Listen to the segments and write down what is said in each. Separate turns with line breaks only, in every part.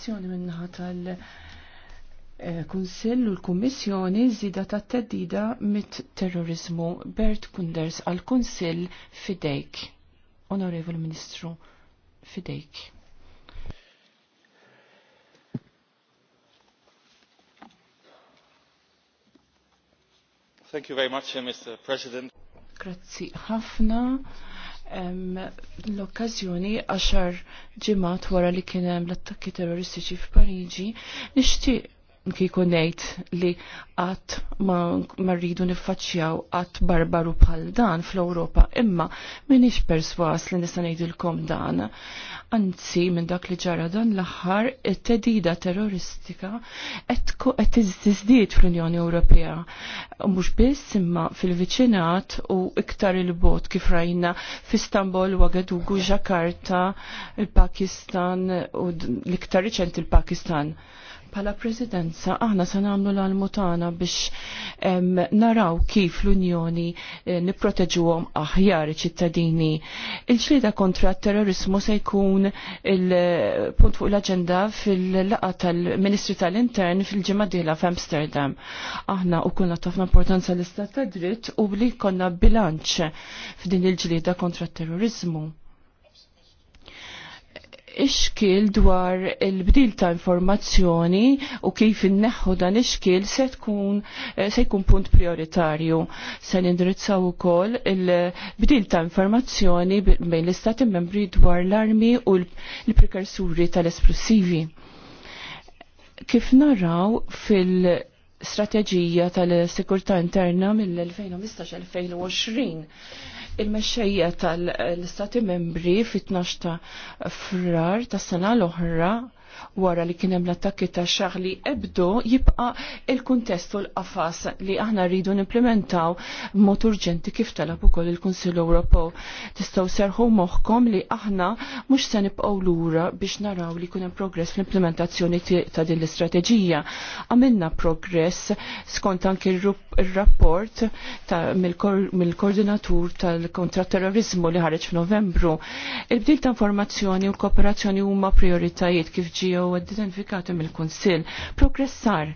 azzjoni minnaħa tal- Kunsill u l-Kummissjoni żida ta' teddida mit-terrorizmu Bert Kunders għal kunsill fidejk. Onorevol Ministru, fidejk.
Thank you very much, Mr. President.
Grazzi ħafna l-okkazjoni għaxar ġimat wara li kien hemm l-attakki terroristiċi f'Pariġi nixtieq kiku nejt li għat ma rridu nifacċjaw għat barbaru bħal dan fl-Europa imma minix perswas li nista' ngħidilkom dan. Anzi minn dak li ġara dan l-aħħar it-tedida terroristika qed tiżdied fl-Unjoni Ewropea. Mhux biss imma fil-viċinat u iktar il-bot kif rajna u Wagadugu, Ġakarta, il-Pakistan u l-iktar riċent il-Pakistan. il pakistan u l iktar riċent il pakistan Pala presidenza, aħna se nagħmlu l mutana biex em, naraw kif l-Unjoni eh, nipproteġuhom aħjar ċittadini Il-ġlieda kontra terrorismu se jkun il-punt fuq l-aġenda fil-laqa tal-Ministri tal-Intern fil-ġimgħa dieħla f'Amsterdam. Aħna kuna tafna importanza l-istat ta' dritt u li konna bilanċ f'din il-ġlieda kontra terrorizmu ixkil dwar il-bdil ta' informazzjoni u kif inneħħu dan ixkil se tkun eh, se jkun punt prioritarju. Se nindrizzaw ukoll il-bdil ta' informazzjoni bejn l-istati membri dwar l-armi u l-prekursuri tal-esplosivi. Kif naraw fil- strateġija tal sikurtà interna mill-2015-2020 il-mexxejja tal-Istati membri fit-12 ta' frar tas-sena l-oħra wara li kien hemm l-attakki ta' xaħli ebdo jibqa' il kontestu l-qafas li aħna rridu nimplementaw mod urġenti kif talab ukoll il-Kunsill Ewropew. Tistgħu serħu moħħkom li aħna mhux se nibqgħu lura biex naraw li kun hemm progress fl-implementazzjoni ta' din l-istrateġija. Għamilna progress skont anki r rapport mill-koordinatur tal-kontraterrorizmu li ħareġ f'Novembru. Il-bdil ta' informazzjoni u l-kooperazzjoni huma prioritajiet kif ġi ġew identifikati mill-Kunsill. Progressar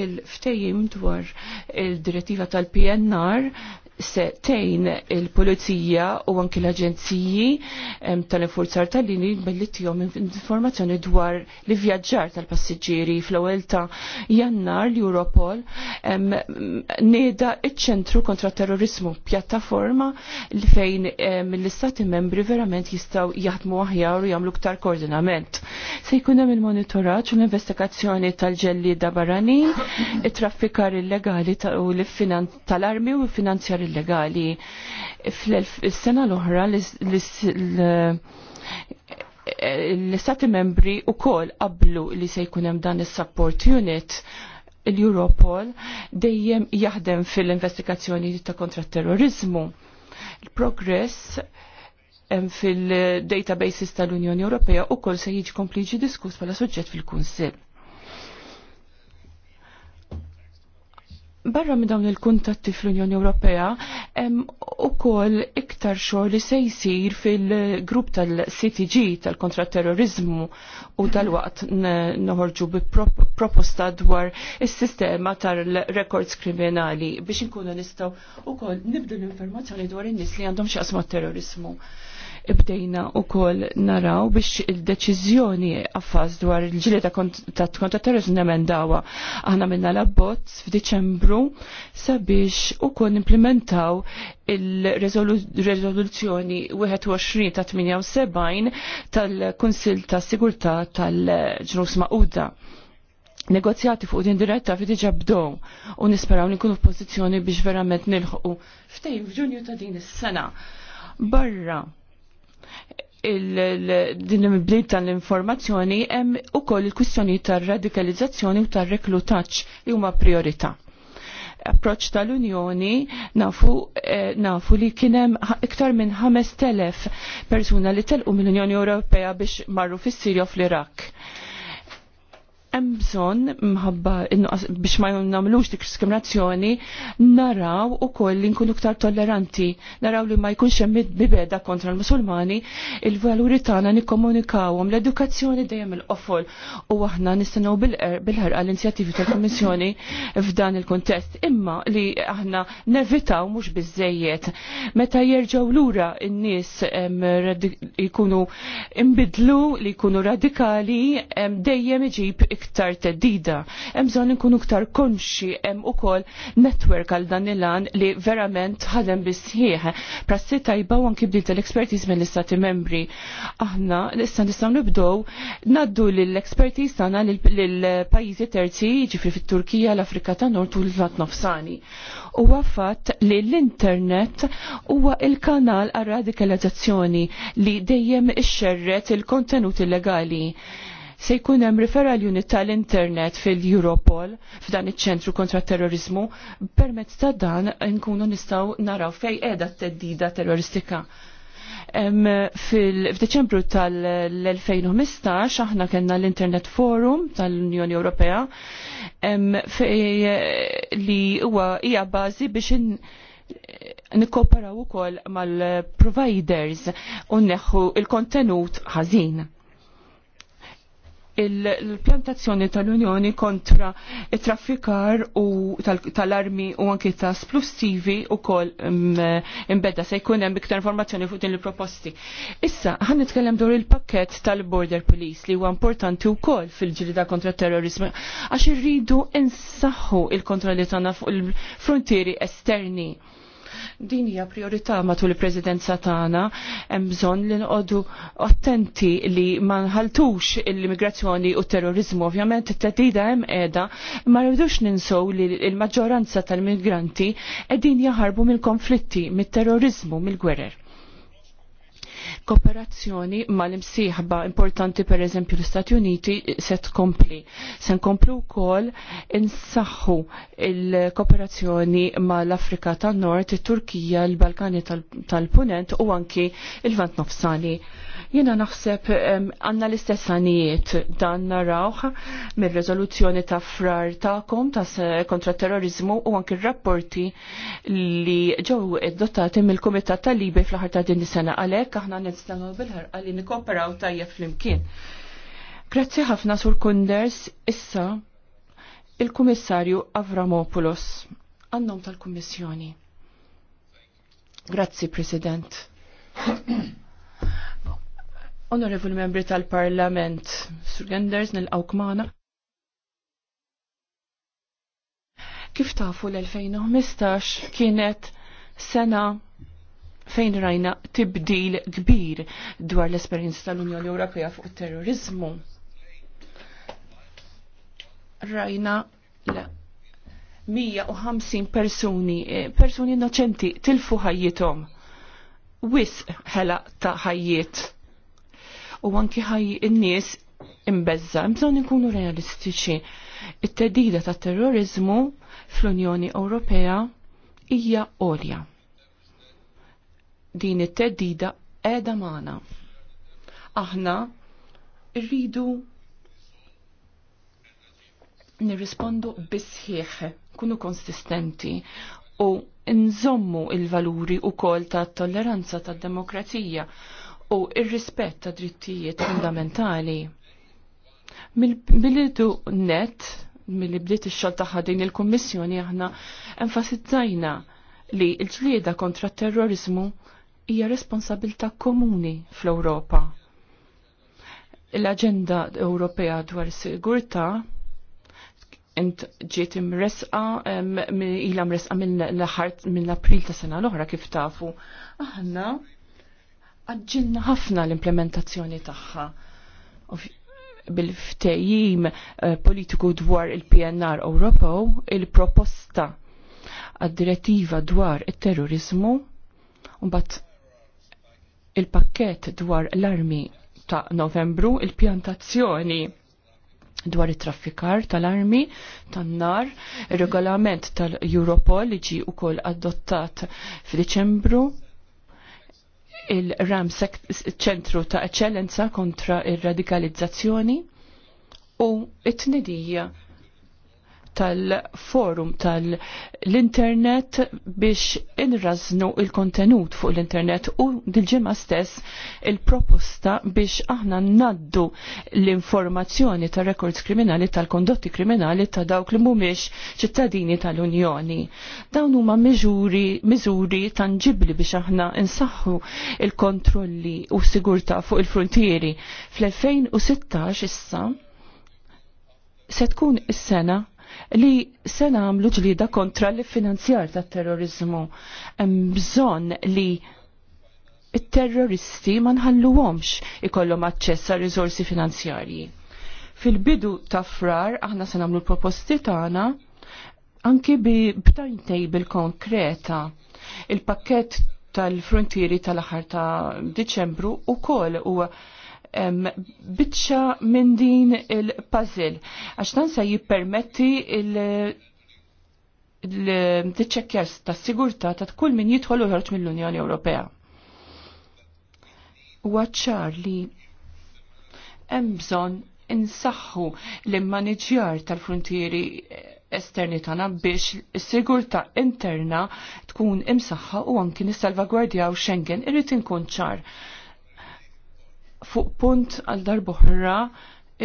il-ftejim dwar il-direttiva tal-PNR se tejn il-polizija u anki l-aġenziji tal-infurzar tal-lini billi informazzjoni dwar li vjaġġar tal-passiġġieri fl-ewwel ta' jannar l-Europol neda iċ-ċentru kontra t-terrorismu pjattaforma li fejn l-istati membri verament jistaw jaħdmu aħjar u jagħmlu ktar koordinament. Se jkun hemm il-monitoraġġ u l-investigazzjoni tal da barranin, it-traffikar illegali u l-armi tal u l-finanzjar illegali. Fl-sena l-oħra l-istati membri u koll qablu li se jkunem dan is support unit l-Europol dejjem jaħdem fil-investigazzjoni ta' kontra t-terrorizmu, Il-progress fil-databases tal-Unjoni Ewropea u kol se jiġi kompliġi diskus pala suġġett fil-Kunsil. barra minn dawn il-kuntatti fl-Unjoni Ewropea hemm ukoll iktar xogħol li se jsir fil-grupp tal-CTG tal-kontraterrorizmu u tal-waqt noħorġu bi proposta dwar is-sistema tal-records kriminali biex inkunu nistgħu kol nibdu l-informazzjoni dwar in-nies li għandhom xasma terrorizmu. Ibdejna u kol naraw biex il-deċizjoni għaffaz dwar il ġili ta' konta terrorizm nemendawa aħna minna l-abbozz f'Diċembru sabiex u kol implementaw il-rezoluzzjoni 21 ta' 78 tal-Kunsil ta' Sigurta tal-ġnus Mauda negozjati fuq din diretta fi diġa bdow u nisperaw li nkunu f'pożizzjoni biex verament nilħu ftejn f'Ġunju ta' din is-sena. Barra din il-bliet tal-informazzjoni hemm ukoll il-kwistjoni tar-radikalizzazzjoni u tar-reklutaġġ li huma priorità. Approċċ tal-Unjoni nafu, eh, nafu li kien hemm iktar minn 5000 persuna li telqu mill-Unjoni Ewropea biex marru fis-Sirja u fl-Irak hemm bżonn mħabba biex ma nagħmlux diskriminazzjoni naraw ukoll li nkunu ktar tolleranti, naraw li ma jkunx hemm bibeda kontra l-Musulmani, il-valuri tagħna nikkomunikawhom l-edukazzjoni dejjem il-qofol u aħna nistennew bil-ħarqa l-inzjattivi tal-Kummissjoni f'dan il-kuntest. Imma li aħna nevitaw mhux biżejjed. Meta jerġgħu lura n-nies jkunu imbidlu li jkunu radikali dejjem iġib iktar teddida. Hemm bżonn inkunu iktar konxi hemm ukoll netwerk għal dan il li verament ħadem bisħieħ. Prassi tajba u anki bdil tal-expertiż mill-istati membri. Aħna issa nistgħu nibdew naddu l-expertise tagħna lill-pajjiżi terzi ġifri fit-Turkija, l-Afrika ta' Nord u l-Vat Nofsani. Huwa fatt li l-internet huwa il-kanal għar radikalizzazzjoni li dejjem ixxerret il-kontenut illegali se jkun hemm referral unit tal-internet fil-Europol f'dan iċ-ċentru kontra terrorizmu permezz ta' dan nkunu nistgħu naraw fej qiegħda t-teddida terroristika. F'Deċembru tal-2015 aħna kellna l-Internet Forum tal-Unjoni Ewropea li huwa hija bażi biex nikkooperaw ukoll mal-providers u neħħu il-kontenut ħażin il-pjantazzjoni tal-Unjoni kontra traffikar u tal-armi u anki ta' splussivi u kol mm, imbedda se jkun hemm iktar informazzjoni fuq din il-proposti. Issa, ħan nitkellem dwar il-pakket tal-Border Police li huwa importanti wkoll fil-ġilida kontra terrorizmu għax irridu insaħħu il-kontrolli tagħna fuq il-frontieri esterni Din hija priorità matul il-Presidenza tagħna hemm bżonn li nqogħdu attenti li ma nħaltux l-immigrazzjoni u terrorizmu. Ovvjament it-tedida hemm qiegħda, ma rridux ninsow li l-maġġoranza tal-migranti qegħdin jaħarbu mill-konflitti, mit-terrorizmu, mill-gwerer. Kooperazzjoni mal-imsieħba importanti per eżempju l-Istati Uniti se tkompli. Se nkomplu wkoll insaħħu il-kooperazzjoni mal-Afrika tan-Nord, it-Turkija, il-Balkani tal-Punent u anki il-Vant Nofsani. Jena naħseb għanna l-istess għanijiet dan narawħ mir rezoluzzjoni ta' frar ta'kom ta' kontra terrorizmu u anki rapporti li ġew dotati mill-Kumitat tal-Libi fl-ħar ta' din is-sena għalhekk aħna nistgħu bil-ħarqa li nikkomparaw tajjeb flimkien. Grazzi ħafna sur Kunders issa il-Kummissarju Avramopoulos għannom tal-Kummissjoni. Grazzi, President. Onorevoli membri tal-Parlament, Sur Genders nil-għawk maħna. Kif tafu l-2015 kienet sena fejn rajna tibdil kbir dwar l-esperienza tal-Unjoni Ewropea fuq terrorizmu. Rajna l 150 persuni, eh, persuni innoċenti tilfu ħajjithom. Wis ħela ta' ħajjiet u anki ħaj n nies imbezza. Bżon ikunu realistiċi. It-tedida ta' terrorizmu fl-Unjoni Ewropea hija għolja. Din it-tedida qiegħda magħna. Aħna rridu nirrispondu bisħieħ, kunu konsistenti u nżommu il-valuri u kol ta' tolleranza ta' demokrazija u ir-rispett ta' drittijiet fundamentali. Mill-bidu net, mill bdiet ix-xogħol ta' din il-Kummissjoni aħna enfasizzajna li l-ġlieda kontra t terrorizmu hija responsabilità komuni fl-Ewropa. L-Aġenda Ewropea dwar is-sigurtà int ġiet imresqa ilha mresqa mill-april ta' sena l-oħra kif tafu. Aħna għadġilna ħafna l-implementazzjoni tagħha bil-ftejjim eh, politiku dwar il-PNR Ewropew il-proposta għad-direttiva dwar il-terrorizmu mbagħad il-pakket dwar l-armi ta' novembru il-pjantazzjoni dwar it-traffikar tal-armi, tan-nar, il regolament tal-Europol li ġi u koll adottat f'Diċembru, il-RAM ċentru ta' eccellenza kontra il radikalizzazzjoni u it-tnedija tal-forum tal-internet biex inraznu il-kontenut fuq l-internet u dil-ġimma stess il-proposta biex aħna naddu l-informazzjoni ta' rekords kriminali tal-kondotti kriminali ta' dawk li mumiex ċittadini tal-Unjoni. Dawn huma miżuri miżuri tangibli biex aħna insaħħu il-kontrolli u sigurta fuq il-frontieri. Fl-2016 issa se tkun is-sena li se nagħmlu ġlieda kontra l-finanzjar tat-terrorizmu. Hemm bżonn li it-terroristi ma nħalluhomx ikollhom aċċess għal rizorsi finanzjarji. Fil-bidu ta' frar aħna se nagħmlu proposti tagħna anki bi b'timetable konkreta. Il-pakket tal-frontieri tal-aħħar ta' Diċembru u kol huwa biċċa minn din il-puzzle għax dan se jippermetti il- l-tiċċekkjar ta' sigurta ta' kull min jidħol u jħorġ mill-Unjoni Ewropea. għacċar li hemm bżonn insaħħu l-immaniġjar tal-frontieri esterni tagħna biex is-sigurtà interna tkun imsaħħa u anki nissalvagwardjaw Schengen irrid inkun ċar fuq punt għal darboħra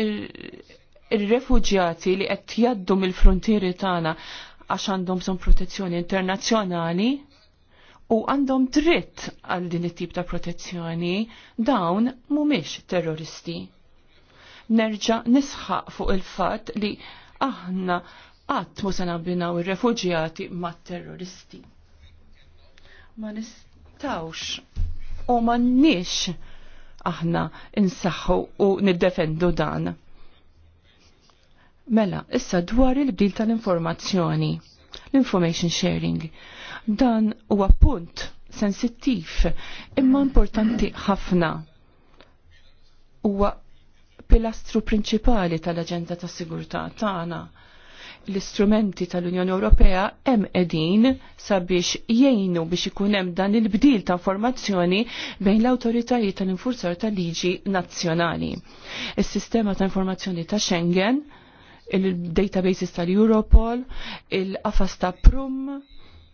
il-refugjati il li qed jaddu mill-frontieri tagħna għax għandhom son protezzjoni internazzjonali u għandhom dritt għal din it-tip ta' protezzjoni dawn mhumiex terroristi. Nerġa' nisħaq fuq il-fatt li aħna qatt mhux se nabbinaw ir-refuġjati mat-terroristi. Ma nistawx u ma nix aħna insaħħu u niddefendu dan. Mela, issa dwar il-bdil tal-informazzjoni, l-information sharing, dan huwa punt sensittiv imma importanti ħafna. Huwa pilastru prinċipali tal-aġenda tas-sigurtà tagħna. Ta l-istrumenti tal-Unjoni Ewropea hemm qegħdin sabiex jgħinu biex ikun hemm dan il-bdil ta' informazzjoni bejn l-awtoritajiet tal-infurzar tal-liġi nazzjonali. Is-sistema ta' informazzjoni ta' Schengen, il-databases tal-Europol, il-qafas ta' Prum,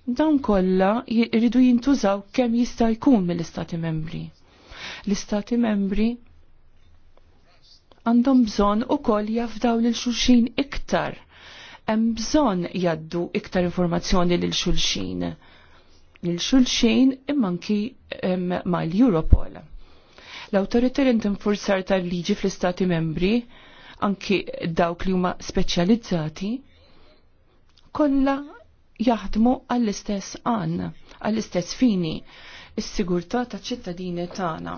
dan kollha jridu jintużaw kemm jista' jkun mill-Istati Membri. L-Istati Membri għandhom bżonn u koll jafdaw l xulxin iktar hemm bżonn jaddu iktar informazzjoni lil xulxin. Lil xulxin immanki mal-Europol. L-autoritet infurzar tal-liġi fl-istati membri, anki dawk li huma speċjalizzati, kollha jaħdmu għall-istess għan, għall-istess fini, is-sigurtà ta' ċittadini tagħna.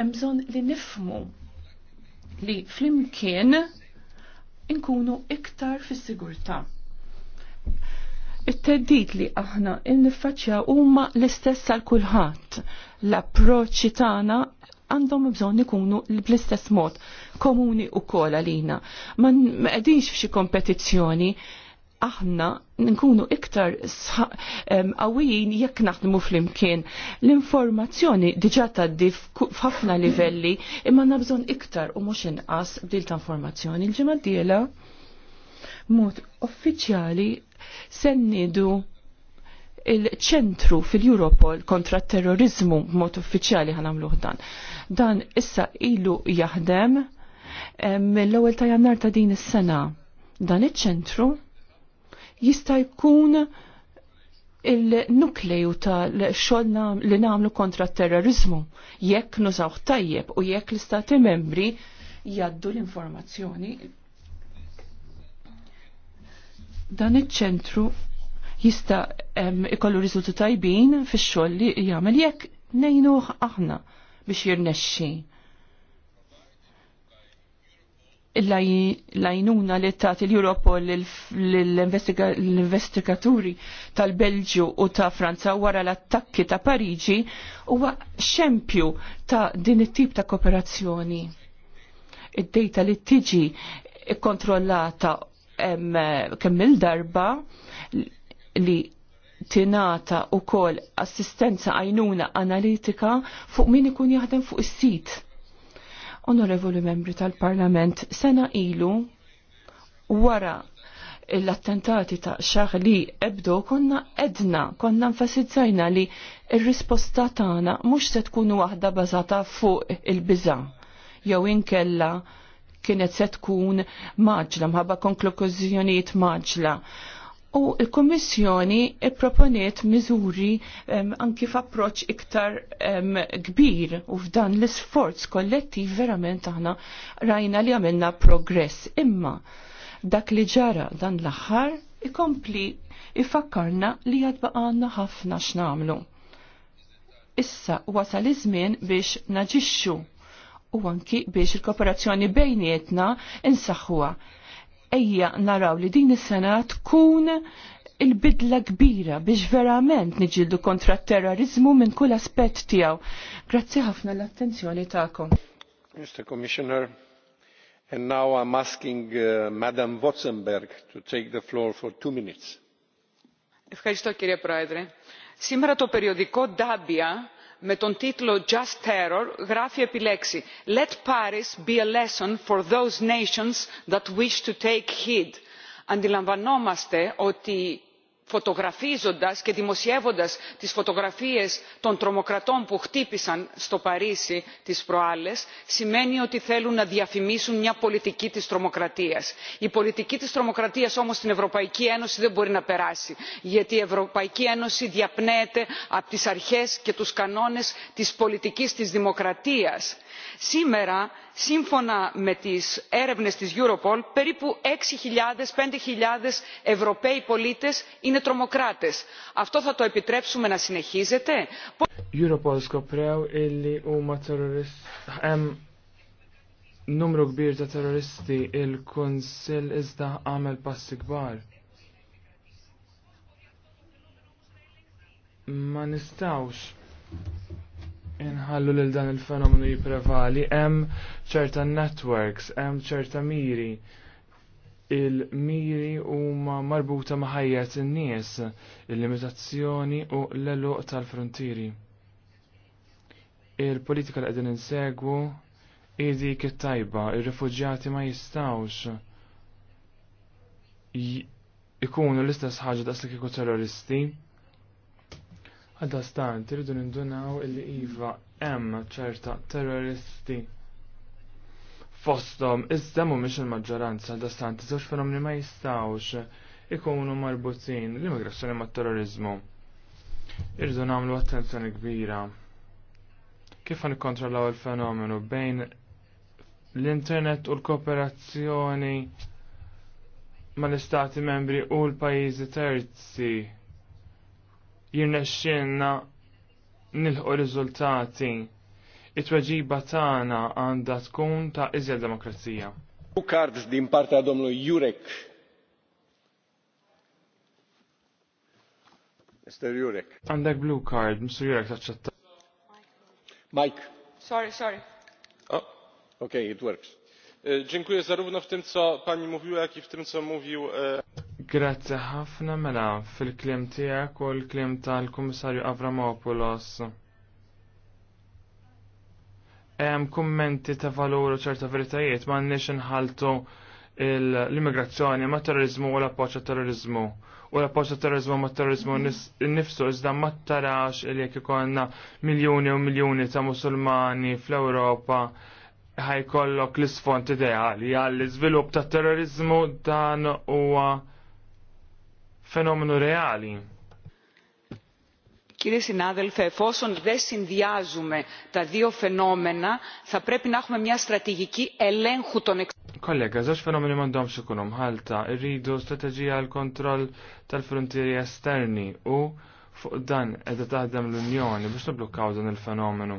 Hemm bżonn li nifmu li flimkien inkunu iktar fis-sigurtà. It-teddit li aħna niffaċċja huma l-istess għal kulħadd. L-approċċi tagħna għandhom bżonn ikunu bl-istess mod komuni u kola lina. Ma qegħdinx f'xi kompetizzjoni, aħna nkunu iktar għawijin jekk naħdmu fl-imkien. L-informazzjoni diġa taddi f'ħafna livelli imma nabżon iktar u mux inqas bdil ta' informazzjoni. il ġimgħa d-diela mod uffiċjali sennidu il-ċentru fil-Europol kontra terrorizmu mod uffiċjali ħanamluħ dan. Dan issa ilu jaħdem mill-ewwel ta' jannar ta' din is-sena. Dan iċ-ċentru jista' jkun il-nukleju tal-xogħol li nagħmlu kontra terrorizmu jekk nużaw tajjeb u jekk l-istati membri jaddu l-informazzjoni. Dan iċ-ċentru jista' ikollu rizultu tajbin fix-xogħol li jagħmel jekk nejnuh aħna biex jirnexxi l-lajnuna li tat il-Europol l-investigaturi tal-Belġu u ta' Franza wara l-attakki ta' Pariġi huwa xempju ta' din it-tip ta' kooperazzjoni. Id-dejta li tiġi kontrollata kemm il-darba li tinata u kol assistenza għajnuna analitika fuq min ikun jaħdem fuq is-sit Onorevoli membri tal-Parlament, sena ilu wara l-attentati ta' xaħ li ebdo konna edna, konna nfasizzajna li il-risposta tagħna mhux se tkun waħda bażata fuq il-biża' jew inkella kienet se tkun maġla, mħabba konklużjonijiet maġla. U il-Kommissjoni proponiet miżuri anki f'approċċ iktar kbir u f'dan l-isforz kollettiv verament aħna rajna li għamilna progress. Imma dak li ġara dan l-aħħar ikompli ifakkarna li għadba għanna ħafna x'namlu. Issa wasal iż-żmien biex naġixxu u anki biex il-kooperazzjoni bejnietna insaħħuha ejja naraw li din is-sena tkun il-bidla kbira biex verament niġildu kontra terrorizmu minn kull aspett tiegħu. Grazzi ħafna l-attenzjoni tagħkom.
Mr. Commissioner, and now I'm asking uh, Madam Wotzenberg to take the floor for two minutes.
Ευχαριστώ κύριε Πρόεδρε. Σήμερα το περιοδικό Ντάμπια με τον τίτλο Just Terror γράφει επιλέξει Let Paris be a lesson for those nations that wish to take heed. Αντιλαμβανόμαστε φωτογραφίζοντας και δημοσιεύοντας τις φωτογραφίες των τρομοκρατών που χτύπησαν στο παρίσι τις προάλλες σημαίνει ότι θέλουν να διαφημίσουν μια πολιτική της τρομοκρατίας. η πολιτική της τρομοκρατίας όμως στην ευρωπαϊκή ένωση δεν μπορεί να περάσει γιατί η ευρωπαϊκή ένωση διαπνέεται από τις αρχές και τους κανόνες της πολιτικής της δημοκρατίας σήμερα σύμφωνα με τις έρευνες της europol περίπου έξι χιλιάδες πέντε χιλιάδες ευρωπαίοι πολίτες είναι τρομοκράτες. αυτό θα το επιτρέψουμε να συνεχίζεται.
Europol skoprew illi huma hemm numru kbir ta' terroristi il-Kunsill iżda għamel passi kbar. Ma nistawx inħallu lil dan il-fenomenu jipprevali hemm ċerta networks, hemm ċerta miri. Il-miri huma marbuta ma' il in-nies, il-limitazzjoni u l-eluq tal-frontieri. Il-politika li qegħdin insegwu idi kittajba, ir-refuġjati ma jistawx ikunu l-istess ħaġa daqs terroristi stan, irridu nindunaw illi Iva hemm ċerta terroristi fostom, iżda mhumiex il-maġġoranza għadastant, iżewġ fenomeni ma jistawx ikunu marbutin l-immigrazzjoni mat terrorizmu. Irridu nagħmlu attenzjoni kbira. Kif għan ikkontrollaw il-fenomenu bejn l-internet u l-kooperazzjoni mal istati membri u l-pajizi terzi jirnexxinna nilħu riżultati. It-tweġiba tagħna għandha tkun ta' iżjed demokrazija.
U kards din parta domlu Jurek. Mr. Jurek.
Għandek blue card, Mr. Jurek taċċetta.
Mike. Sorry, sorry. Oh, okay, it works. E, dziękuję zarówno w tym, co pani mówiła, jak i w tym, co mówił. E,
Grazzi ħafna mela fil-klim tiegħek u l-klim tal-Kummissarju Avramopoulos. Hemm kummenti ta' valur u ċerta veritajiet m'għandniex inħaltu l-immigrazzjoni ma' terrorizmu u l appoċa terrorizmu. U l appoċa terrorizmu ma' terrorizmu nnifsu iżda ma tarax il jekk ikollna miljuni u miljuni ta' Musulmani fl-Ewropa ħajkollok l sfont ideali għall-iżvilupp ta' terrorizmu dan huwa fenomenu reali.
Κύριε συνάδελφε, εφόσον δεν συνδυάζουμε τα δύο φαινόμενα, θα πρέπει να έχουμε μια στρατηγική ελέγχου των
Kollega, zax fenomeni mandom xikunum ħalta, irridu strategija għal kontroll tal-frontieri esterni u fuq dan edha taħdem l-Unjoni biex niblukkaw dan il-fenomenu.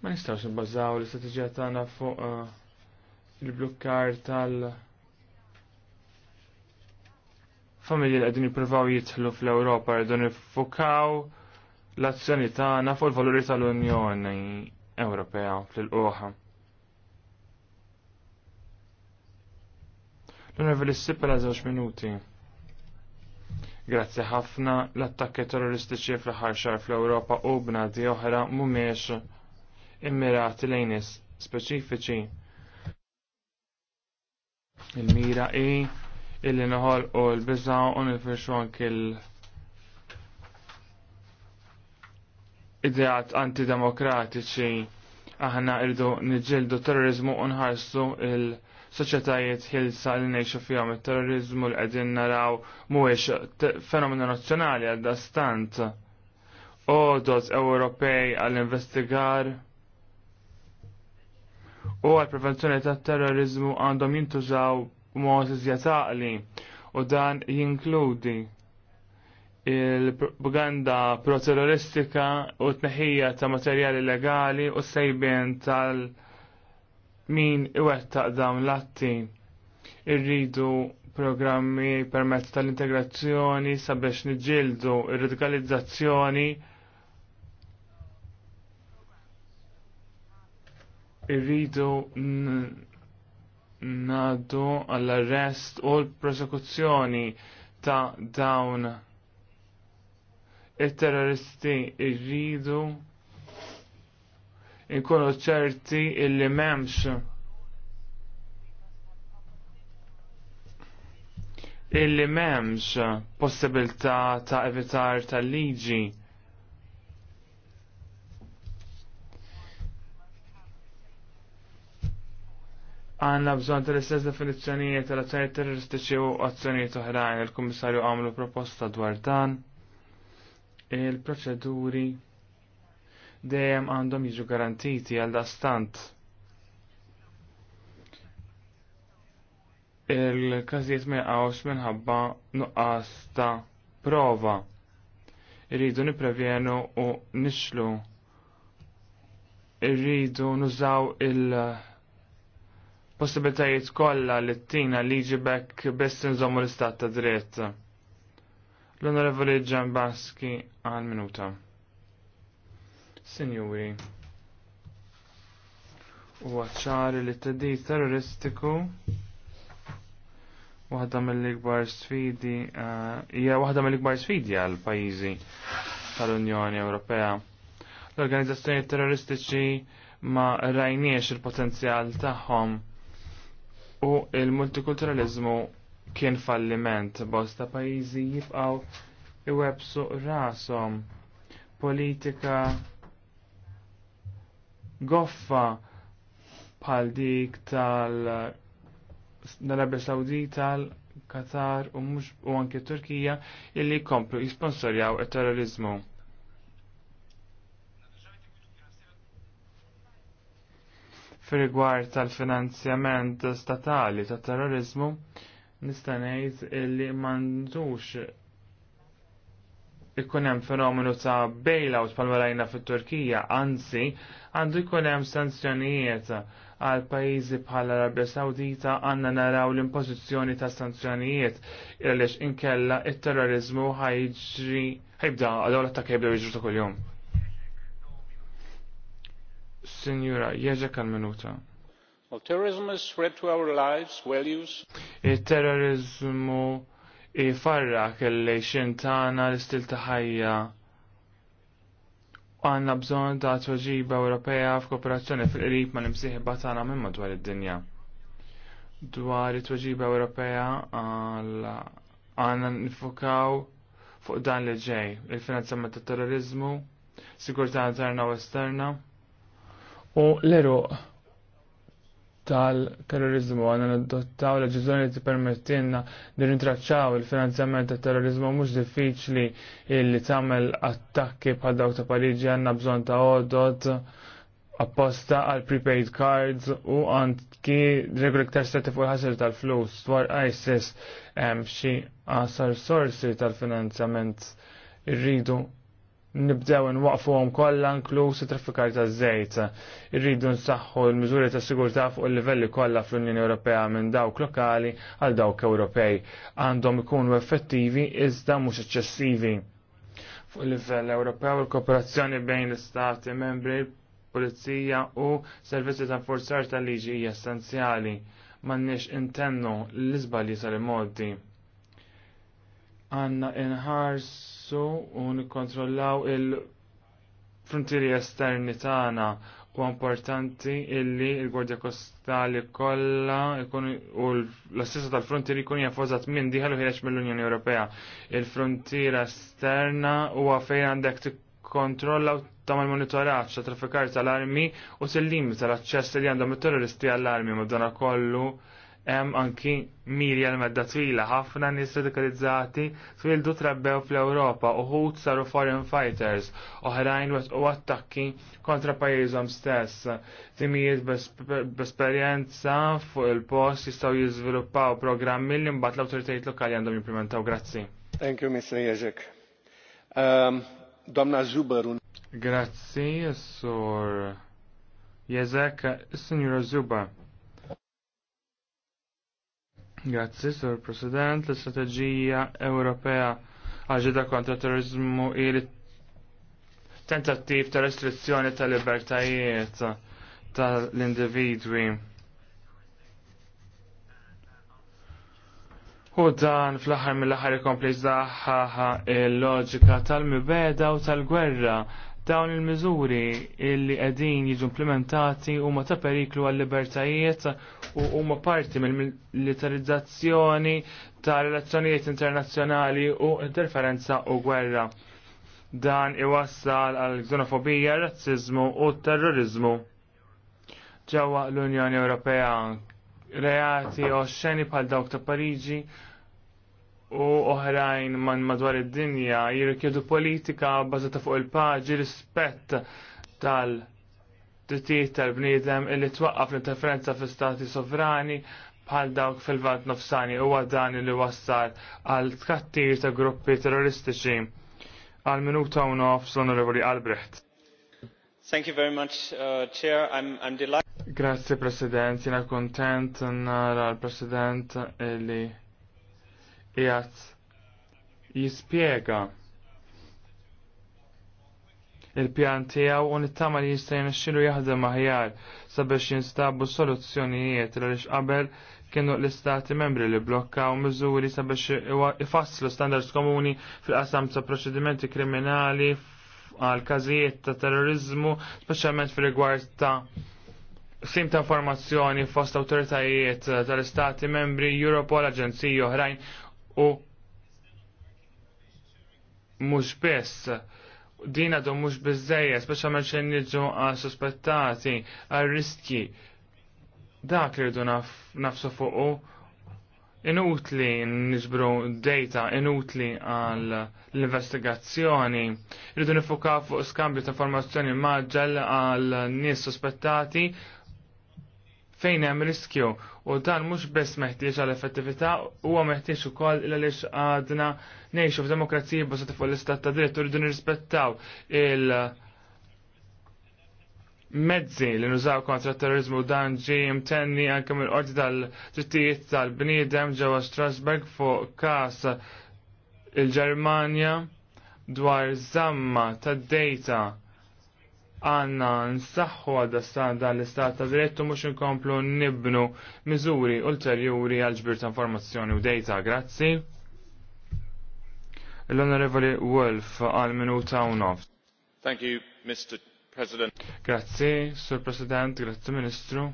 Ma nistawx nbazzaw l-istrategija tagħna fuq uh, il-blokkar tal- familji li għedin jipruvaw jitħlu fl-Europa, għedin jifukaw l-azzjoni tagħna fuq il-valuri tal-Unjoni Ewropea fil-qoħa. L-Unjoni la żewġ minuti. Grazzi ħafna l-attakki terroristiċi fl-ħar xar fl-Ewropa u bnadi oħra mhumiex immirati lejn speċifiċi Il-mira i illi noħol u l-bizza u nifirxu anki l-ideat antidemokratiċi aħna irdu nġildu terrorizmu nħarsu il-soċetajiet ħilsa li nejxu fjom il-terrorizmu l għedin naraw mhuwiex fenomenu nazzjonali għadda stant. Odos Ewropej għall-investigar u għal prevenzjoni tat terrorizmu għandhom jintużaw mod iżjataqli u dan jinkludi il-propaganda pro-terroristika u t-neħija ta' materjali legali u sejbien tal- min iwettaq dawn l-atti. Irridu programmi permezz tal-integrazzjoni sabiex niġildu ir-radikalizzazzjoni irridu nadu għall-arrest u l-prosekuzzjoni ta' dawn il-terroristi irridu inkunu ċerti illi memx illi memx possibilta ta' evitar tal-liġi. għanna bżon tal-istess definizzjonijiet tal-azzjonijiet terroristiċi u azzjonijiet oħrajn il-Kummissarju għamlu proposta dwar dan il-proċeduri dejjem għandhom jiġu garantiti għal dastant il-każijiet ma jaqgħux minħabba nuqqas ta' prova irridu niprevjenu u nixlu irridu nużaw il- possibilitajiet kollha li t-tina liġi bekk biss nżommu l-istat ta' dritt. L-Onorevoli Ġambaski għal minuta. Sinjuri, u għacċari li t tadi terroristiku waħda mill-ikbar sfidi eh, hija waħda mill-ikbar sfidi għal pajjiżi tal-Unjoni Ewropea. L-organizzazzjoni terroristiċi ma rajniex il-potenzjal tagħhom u il-multikulturalizmu kien falliment bosta pajizi jibqaw iwebsu rasom politika goffa bħal dik tal l-Arabja Sawdita, Qatar katar u mux u anke Turkija illi komplu jisponsorjaw il-terrorizmu. Fir-rigward tal-finanzjament statali tat terrorizmu, nista' ngħid li m'għandux ikun hemm fenomenu ta' bailout pal malajna fit-Turkija, anzi għandu jkun hemm sanzjonijiet għal pajjiżi bħal Arabja Sawdita għandna naraw l-impożizzjoni ta' sanzjonijiet għaliex inkella it-terrorizmu ħajġri ħajbda għal l-attakki jibdew jiġru ta' kuljum. Signora, jeġa kal minuta.
Well, terrorism is threat to our lives, values.
Il-terrorizmu ifarra kelli xintana l-istil ta' ħajja. Għanna bżon ta' tweġiba Ewropea f'kooperazzjoni fil-qrib ma' l imsiħi batana minn madwar id-dinja. Dwar it-tweġiba Ewropea għanna nifukaw fuq dan li ġej, il-finanzjament tat terrorizmu, sigurtà interna u esterna u l-eruq tal-terrorizmu għanna nadottaw leġizjoni li permettinna li rintraċċaw il-finanzjament tal terrorizmu mhux diffiċli li tagħmel attakki bħal dawk ta' Pariġi għandna bżonn ta' odot apposta għal prepaid cards u għandki regoli ktar strati fuq ħasel tal-flus dwar ISIS hemm xi għasar sorsi tal-finanzjament irridu nibdew nwaqfuhom kollha inkluż it-traffikar taż zzejt. Irridu nsaħħu l-miżuri ta' sigurtà fuq il-livelli kollha fl-Unjoni Ewropea minn dawk lokali għal dawk Ewropej għandhom ikunu effettivi iżda mhux eċċessivi. Fuq il-livell Ewropew il-kooperazzjoni bejn l-istati membri pulizija u servizzi ta' forzar tal-liġi hija essenzjali m'għandniex intennu l-iżbalji sal-modi. Għanna inħars innaqsu u nikkontrollaw il-frontieri esterni tagħna u importanti illi il-Gwardja Kostali kollha u l-assessa tal-frontieri jkun jaffożat minn diħal u ħireġ mill-Unjoni Ewropea. Il-frontiera esterna huwa fejn għandek tikkontrolla u tagħmel monitoraġġ ta' traffikar tal-armi u tal-limi tal-aċċess li għandhom it-terroristi għall-armi madonna kollu hemm anki miri għal medda twila ħafna nies radikalizzati twildu trabbew fl-Ewropa uħud saru foreign fighters oħrajn u attakki kontra pajjiżhom stess. Timijiet b'esperjenza fuq il-post jistgħu jiżviluppaw programmi li mbagħad l-awtoritajiet lokali għandhom jimplementaw. Grazzi.
Thank you, Mr. Jeżek. Um, Domna
Zuber. Grazzi, Sur Jeżek, Signora Zuber. Grazie, Sur President. L-Istrateġija Ewropea għal kontra terrorizmu il tentattiv ta' restrizzjoni ta' libertajiet tal-individwi. U dan fl ħar mill ħar ikompli zaħħa il-loġika tal-mibeda u tal-gwerra dawn il-miżuri illi qegħdin jiġu implementati huma ta' periklu għal libertajiet u huma parti mill-militarizzazzjoni ta' relazzjonijiet internazzjonali u interferenza u gwerra. Dan iwassal għal xenofobija, razzizmu u terrorizmu. Ġewwa l-Unjoni Ewropea reati ox-xeni bħal dawk ta' Pariġi u oħrajn man madwar id-dinja jirrikjedu politika bażata fuq il-paġi rispett tal tittijiet tal-bniedem illi twaqqaf l-interferenza fi stati sovrani bħal dawk fil-vant nofsani u dan li wassal għal tkattir ta' gruppi terroristiċi għal minuta u nof sonorevoli Albrecht. Thank you very much, uh, Chair. I'm, I'm delighted. Grazie, President. Jena kontent nara l-President illi jgħat jispiega il-pjan tiegħu u nittama li jista' xilu jaħdem aħjar sabiex jinstabu soluzzjonijiet li għaliex qabel kienu l-istati membri li blokkaw miżuri sabiex ifasslu standards komuni fil-qasam ta' proċedimenti kriminali għal każijiet ta' terrorizmu, speċjalment fil-rigward ta' sim ta' informazzjoni fost autoritajiet tal-istati membri, Europol, aġenziji oħrajn u mhux biss din għadhom mhux biżejjed speċjalment xejn niġu għal suspettati għal riski dak li rridu nafsu u inutli nġbru data inutli għal l-investigazzjoni rridu nifukaw fuq skambju ta' informazzjoni maġġal għal nies suspettati fejn hemm riskju U dan mhux biss meħtieġ għal effettività huwa meħtieġ ukoll għalix għadna ngħixu f'demokrazija bbażata fuq l-istat ta' dritt u rridu nirrispettaw il mezzi li nużaw kontra terrorizmu dan ġim mtenni anke mill-qorti tal trittijiet tal-bniedem ġewwa Strasberg fuq każ il-Ġermanja dwar zamma tad-dejta għanna nsaħħu għadda s dan l-istat ta' drittu mux nkomplu nibnu miżuri ulterjuri għal ġbir ta' informazzjoni u data. Grazzi. L-Onorevoli Wolf għal minuta u nof. Thank you, Mr. President. Grazzi, Sur President, grazzi Ministru.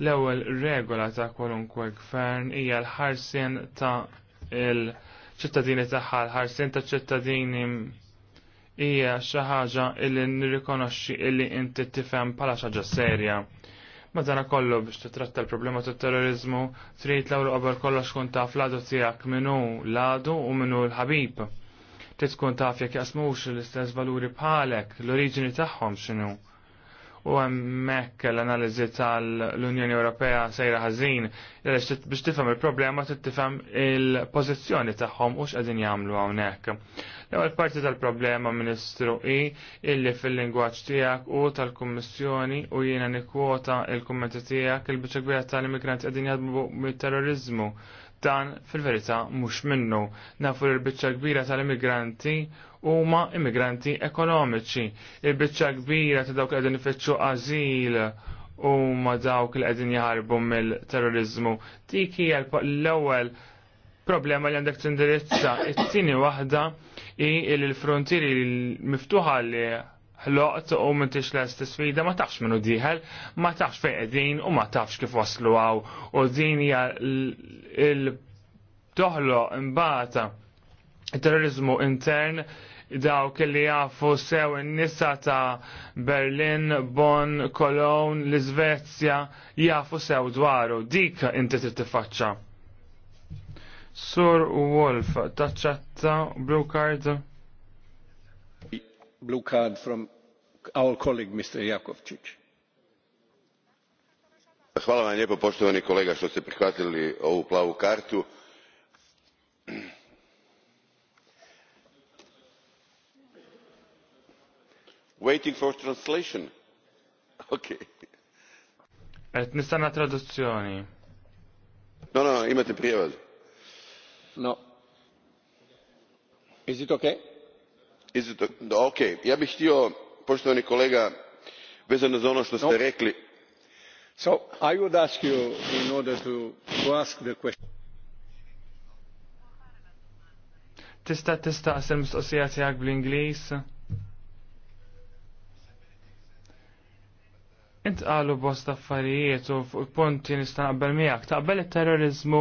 L-ewwel regola ta' kwalunkwe gvern hija l-ħarsien ta' il-ċittadini tagħha, l-ħarsien ta' ċittadini hija xi ħaġa illi nirrikonoxxi illi inti tifhem bħala xi ħaġa serja. Madana kollu biex titratta l-problema tat terrorizmu trid l-ewwel qabel kollox tkun taf l-għadu tiegħek minnu l-għadu u minnu l-ħabib. Trid tkun taf jekk jaqsmux l-istess valuri bħalek, l-oriġini tagħhom x'inhu u hemmhekk l-analiżi tal-Unjoni Ewropea sejra ħażin biex tifhem il-problema trid tifhem il-pożizzjoni tagħhom u x'qegħdin jagħmlu hawnhekk. L-ewwel parti tal-problema Ministru hi illi fil-lingwaġġ tiegħek u tal-Kummissjoni u jiena nikkwota il-kummenti tiegħek il-biċċa tal-immigranti qegħdin jaħdmu mit-terrorizmu Dan fil-verità mhux minnu. Nafu l-biċċa kbira tal-immigranti huma immigranti ekonomiċi. Il-biċċa kbira ta' dawk li qegħdin ifittxu għażil huma dawk li qegħdin jaħarbu mill-terrorizmu. Tiki hija l-ewwel problema li għandek tindirizza. It-tieni waħda hi l-frontieri miftuħa li ħloqt u m'intix lest sfida ma tafx minnu diħel, ma tafx fejn qegħdin u ma tafx kif waslu għaw u din hija il toħlo imbagħad terrorizmu intern daw kelli jafu sew in-nisa ta' Berlin, Bonn, Cologne, l-Iżvezja jafu sew dwaru. Dik inti trid tiffaċċa. Sur Wolf, taċċatta, blue card
blue card from our colleague Mr. Jakovčić. Hvala vam lijepo poštovani kolega što ste prihvatili ovu plavu kartu. Waiting for translation. Okay.
Et nistana traduzzjoni. No, no, imate prijevod.
No. Is it okay? ja bih htio poštovani kolega vezano za ono što ste rekli
tista' tistaqsi mistoqsija bl-Ingliż? Intqalu bost affarijiet u punti nista' naqbel miegħek taqbel it-terrorizmu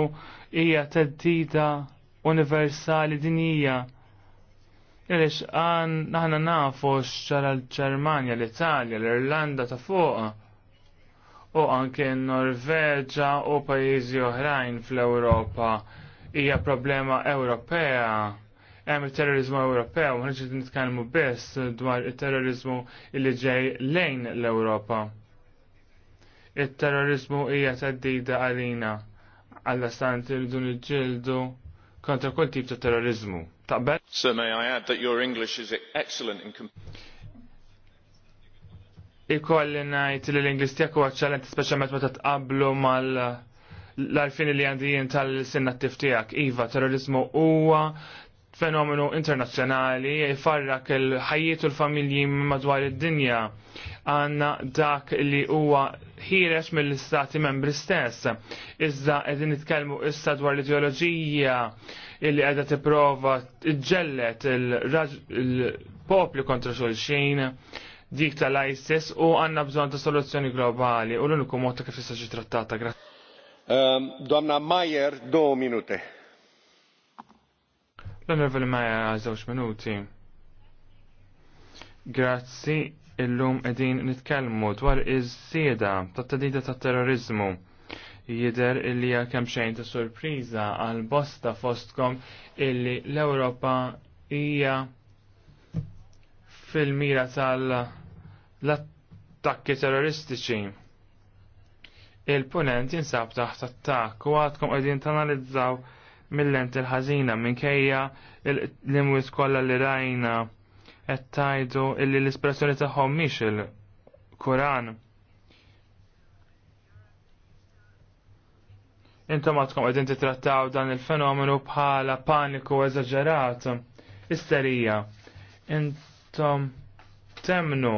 hija teddida universali dinija. hija Għalix, għan naħna nafu xċara l-ċermanja, l-Italja, l-Irlanda ta' fuq, u anke Norveġa u pajizi oħrajn fl-Europa hija problema Ewropea. Hemm terrorizmu Ewropew, ma nixtieq nitkellmu biss dwar it-terrorizmu li ġej lejn l-Ewropa. It-terrorizmu hija teddida għalina għall il-dun il niġġieldu kontra kull tip ta' terrorizmu. Taqbel?
So may I add that your English is excellent in
Ikolli najt li l-Inglis tiegħek huwa eċċellenti speċjalment meta tqablu mal l-arfin li għandijin tal-sinnattif tiegħek. Iva, terrorizmu huwa fenomenu internazzjonali jifarrak il-ħajiet u l-familji madwar id-dinja għanna dak li huwa ħirex mill-istati membri stess. Iżda qegħdin nitkellmu issa dwar l-ideoloġija illi qiegħda tipprova tġellet il-popli kontra xulxin dik tal-ISIS u għanna bżon ta' soluzzjoni globali u l-uniku mod ta' kif tista' ġi trattata.
Ehm, Donna Majer, do minute.
L-Onorevoli Majer għal żewġ minuti. Grazzi illum edin nitkellmu dwar iż-sieda ta' tadida tat-terrorizmu jider illi kemm xejn ta' surpriża għal bosta fostkom illi l-Ewropa hija fil-mira tal-attakki terroristiċi. Il-punent jinsab taħt attakk u għadkom qegħdin tanalizzaw mill-lent il-ħażina minkejja l-imwis kollha li rajna qed tajdu illi l-espressjoni tagħhom mhix il-Kuran Intom għadkom għedin titrattaw dan il-fenomenu bħala paniku eżagġerat. Isterija. Intom temnu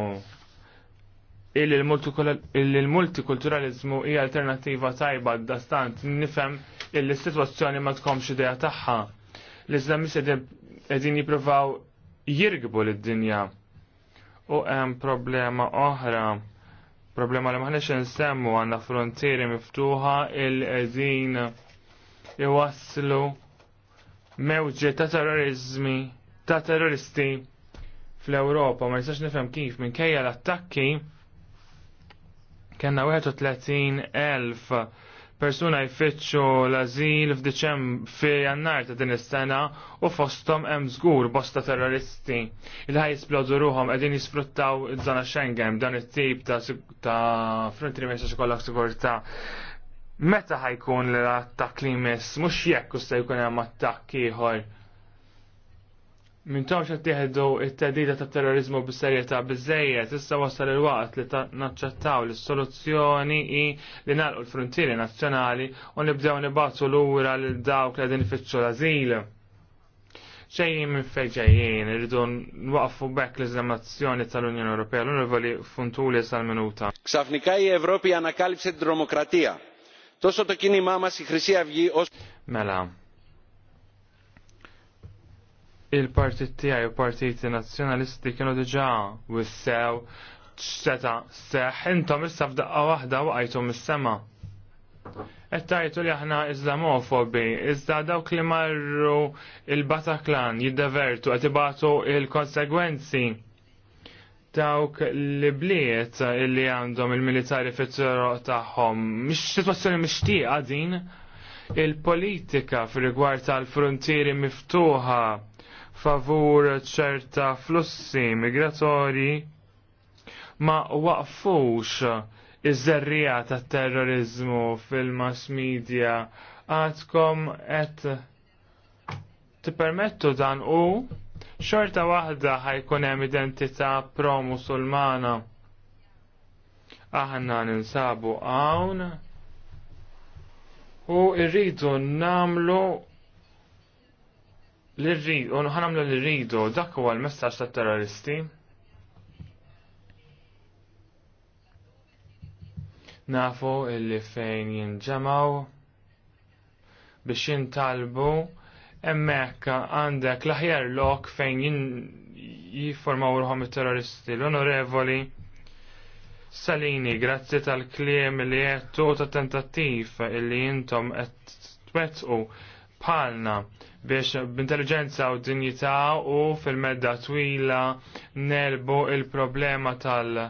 il-multikulturalizmu hija alternativa tajba dastant nifhem il-situazzjoni ma tkomx idea tagħha. L-Islamisti qegħdin jippruvaw jirgbu lid-dinja u hemm problema oħra Problema li maħnex nsemmu għanna frontieri miftuħa il-edin iwasslu mewġi ta' terrorizmi ta' terroristi fl-Europa ma jistax nifhem kif minkejja l-attakki kena 31,000 persuna jfittxu l-azil f'Diċem fi jannar ta' din is-sena u fostom hemm żgur bosta terroristi. Il-ħaj jisplodu ruhom qegħdin jisfruttaw iż-żona Schengen dan it-tip ta' ta' frontieri minn xakollok sigurtà. Meta ħajkun l-attakk li jmiss mhux jekk se jkun hemm attakk ieħor Min tawx qed tieħdu t tadida ta' terrorizmu bis-serjetà biżejjed, issa wasal il-waqt li naċċettaw li s-soluzzjoni hi li nagħlqu l-frontieri nazzjonali u nibdew nibgħatu lura lil dawk li qegħdin fitxu l-ażil. Xejn minn fejn ġejjin, irridu nwaqfu bekk l-eżamazzjoni tal-Unjoni Ewropea l-Univoli Funtuli sal-minuta.
Ksafnikaj i Evropi anakalipsi d-demokratija. Tosso ta' kini μας η Χρυσή Αυγή os.
Mela, il-partit tiegħi u partiti nazzjonalisti kienu diġà wissew ċseta seħ intom issa f'daqqa waħda waqajtu mis-sema. Qed tajtu li aħna iżlamofobi, iżda dawk li marru il-Bataklan jiddevertu qed il-konsegwenzi dawk li bliet illi għandhom il-militari fit-toroq tagħhom. Mhix sitwazzjoni mixtieqa din il-politika fil-rigward tal-frontieri miftuħa favur ċerta flussi migratori ma waqfux iż-żerrija tat terrorizmu fil-mass media għadkom qed tippermettu dan u xorta waħda ħajkun hemm identità pro-musulmana. Aħna ninsabu hawn u rridu namlu l unu ħanamlu l rridu, dak huwa l-messaġġ tat-terroristi. Nafu illi fejn jinġemaw biex jintalbu emmekka għandek l-aħjar lok fejn jifformaw ruħom il-terroristi l-onorevoli Salini, grazzi tal-kliem li jettu ta' tentattiv li jintom għet twetqu palna biex b'intelligenza u dinjità u fil-medda twila nelbu il-problema tal-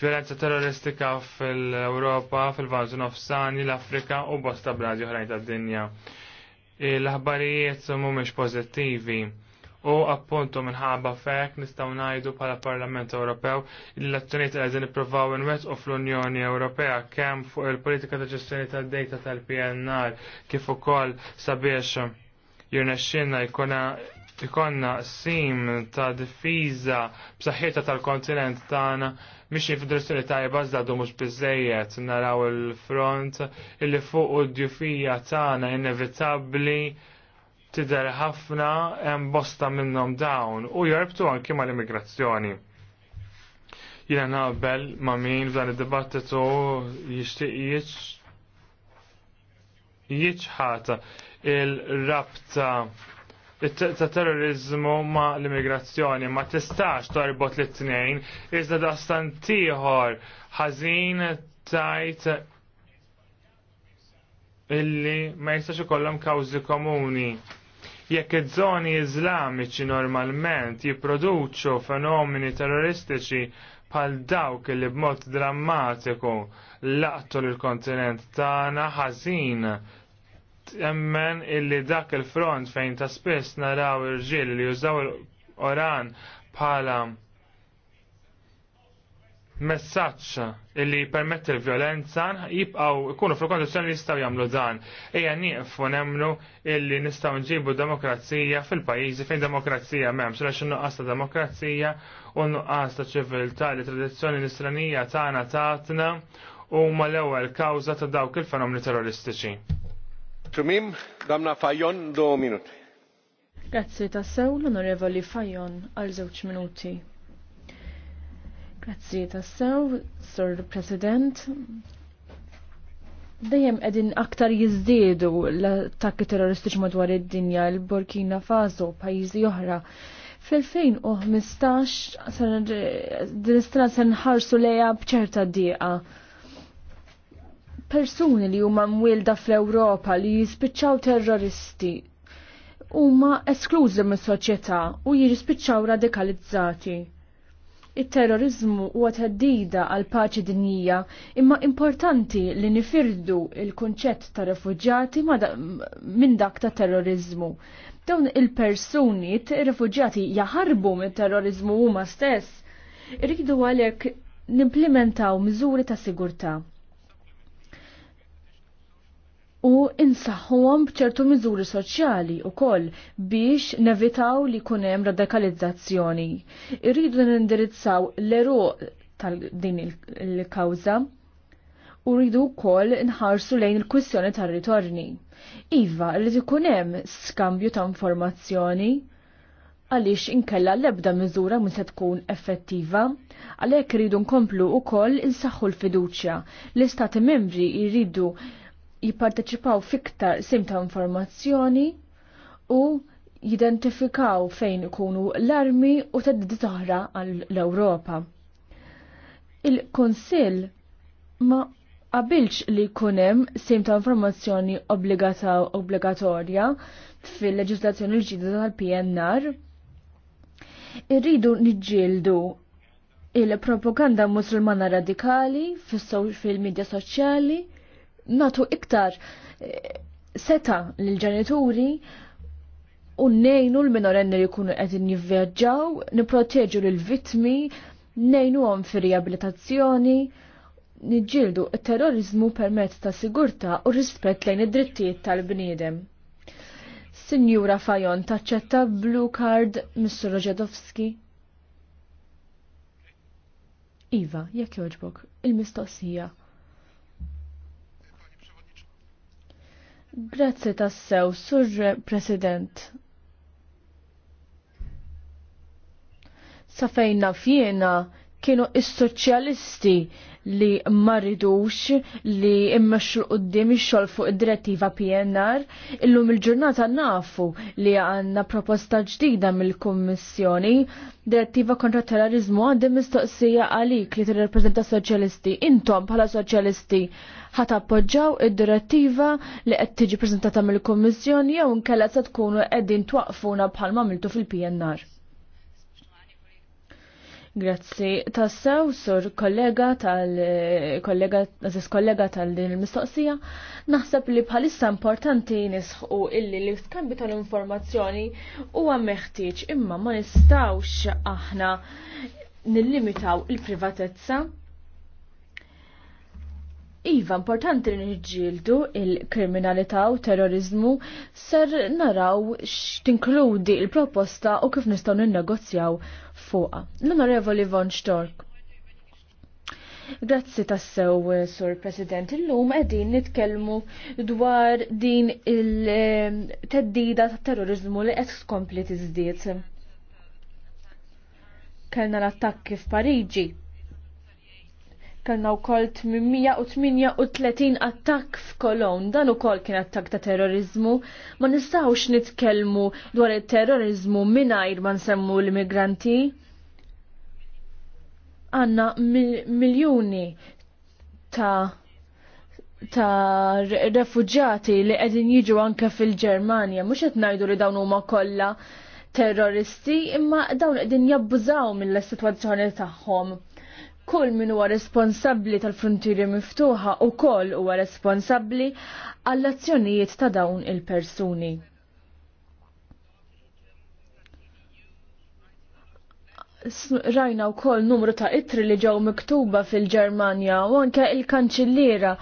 violenza terroristika fil-Europa, fil of Nofsani, l-Afrika u bosta bladi oħrajn tad-dinja. L-aħbarijiet mhumiex pożittivi. U appuntu minħabba fek nistaw najdu pala Parlament Ewropew l-azzjoniet għedin ipprovaw nwet u fl-Unjoni Ewropea kemm fuq il-politika ta' ġestjoni tal dejta tal-PNR kif ukoll sabiex jirna xinna jkona ikonna sim ta' diffiża b'saħħita tal-kontinent tagħna mixi f'direzzjoni tajba żdadu mhux biżejjed naraw il-front illi fuq d djufija tagħna inevitabbli tidher ħafna hemm bosta minnhom dawn u jorbtu anke mal-immigrazzjoni. Jiena naqbel ma' min f'dan id-dibattitu jixtieq jiġ jiġħata il-rabta ta' terrorizmu ma' l-immigrazzjoni ma' tistax torbot l-tnejn iżda da' stantiħor ħażin tajt illi ma jistax ikollhom kawżi komuni. Jekk iż-żoni iżlamiċi normalment jipproduċu fenomeni terroristiċi bħal dawk li b'mod drammatiku laqtu l-kontinent tagħna ħażin temmen illi dak il-front fejn ta' spess naraw il-ġil li jużaw il-oran bħala messaċ illi permetti l-violenza jibqaw ikunu fil kondizjoni li jistaw jamlu dan. Eja nieqfu nemmnu illi nistaw nġibu demokrazija fil-pajizi fejn demokrazija memx, għax nuqqas ta' demokrazija u nuqqas ta' ċiviltà li tradizzjoni nisranija tagħna tatna u ma l-ewwel kawża ta' dawk il-fenomeni terroristiċi. Tumim, damna Fajon, do minuti.
Grazzi ta' sew l-onorevoli Fajon għal żewġ minuti. Grazzi ta' sew, Sir President. Dejjem qegħdin aktar jiżdiedu l-attakki terroristiċi madwar id-dinja l-Burkina Faso pajjiżi oħra fl-2015 din is-sena se nħarsu lejha bċerta dieqa persuni li huma mwielda fl-Ewropa li jispiċċaw terroristi huma esklużi mis-soċjetà u jispiċċaw radikalizzati. Il-terrorizmu huwa teddida għal paċi dinjija, imma importanti li nifirdu il-kunċett ta' refugjati minn dak ta' terrorizmu. Dawn il-persuni, il jaħarbu mit terrorizmu huma stess, irridu għalhekk nimplementaw miżuri ta' sigurtà u insaħħuhom bċertu miżuri soċjali wkoll biex nevitaw li jkun hemm radikalizzazzjoni. Irridu nindirizzaw l-eruq tal-din il-kawża u rridu wkoll nħarsu lejn il-kwistjoni tar-ritorni. Iva, rridu ikun hemm skambju ta' informazzjoni għaliex inkella l-ebda miżura mhux se tkun effettiva, għalhekk rridu nkomplu wkoll insaħħu l-fiduċja. L-istati membri jridu jipparteċipaw fiktar sim ta' informazzjoni u jidentifikaw fejn ikunu l-armi u teddidi toħra għall-Ewropa. Il-Konsil ma qabilx li kunem sim ta' informazzjoni obbligatorja fil-leġislazzjoni l-ġdida tal-PNR. Irridu niġġieldu il-propaganda musulmana radikali fil-medja soċjali natu iktar eh, seta l-ġenituri u nejnu l-minorenni li kunu għedin jivvjaġġaw, niproteġu l-vitmi, nejnu għom fi riabilitazzjoni, nġildu terrorizmu permezz ta' sigurta u rispett lejn id-drittijiet tal-bniedem. Sinjura Fajon taċċetta Blue Card Mr. Roġedowski. Iva, jekk joġbok, il-mistoqsija. Grazzi tassew, sur President. Safejna fjena kienu is-soċjalisti li maridux li immexxu qudiem ix-xogħol fuq id-direttiva PNR, illum il-ġurnata nafu li għandna proposta ġdida mill-Kummissjoni direttiva kontra terrorizmu għandi mistoqsija għalik li tirrappreżenta soċjalisti. Intom bħala soċjalisti ħat appoġġaw id-direttiva li qed tiġi preżentata mill-Kummissjoni jew inkella se tkunu qegħdin twaqfuna bħalma mamiltu fil-PNR. Grazzi. Tassew, sur kollega tal-kollega, aziz kollega tal-din il-mistoqsija, naħseb li bħalissa importanti nisħu illi li skambi tal-informazzjoni u meħtieġ imma ma nistawx aħna nillimitaw il-privatezza Iva, importanti li nġildu il-kriminalità u terrorizmu ser naraw x'tinkludi il-proposta u kif nistgħu ninnegozjaw fuqha. L-Onorevoli Von Stork. Grazzi tassew, Sur President. Illum qegħdin nitkellmu dwar din il-teddida ta' terrorizmu li qed tkompli tiżdied. Kellna l-attakki f'Pariġi Kellna wkoll 838 attakk f'Kolon, dan ukoll kien attakk ta' terrorizmu. Ma nistgħux nitkellmu dwar it-terrorizmu mingħajr ma nsemmu l-immigranti. Għanna miljuni ta' ta' refugġati li qegħdin jiġu anke fil-Ġermanja, mhux qed ngħidu li dawn huma kollha terroristi, imma dawn qegħdin jabbużaw mill-sitwazzjoni tagħhom kull min huwa responsabbli tal-frontieri miftuħa u koll huwa responsabbli għall-azzjonijiet ta' dawn il-persuni. Rajna u koll numru ta' itri li ġew miktuba fil-Ġermanja u anke il-kanċilliera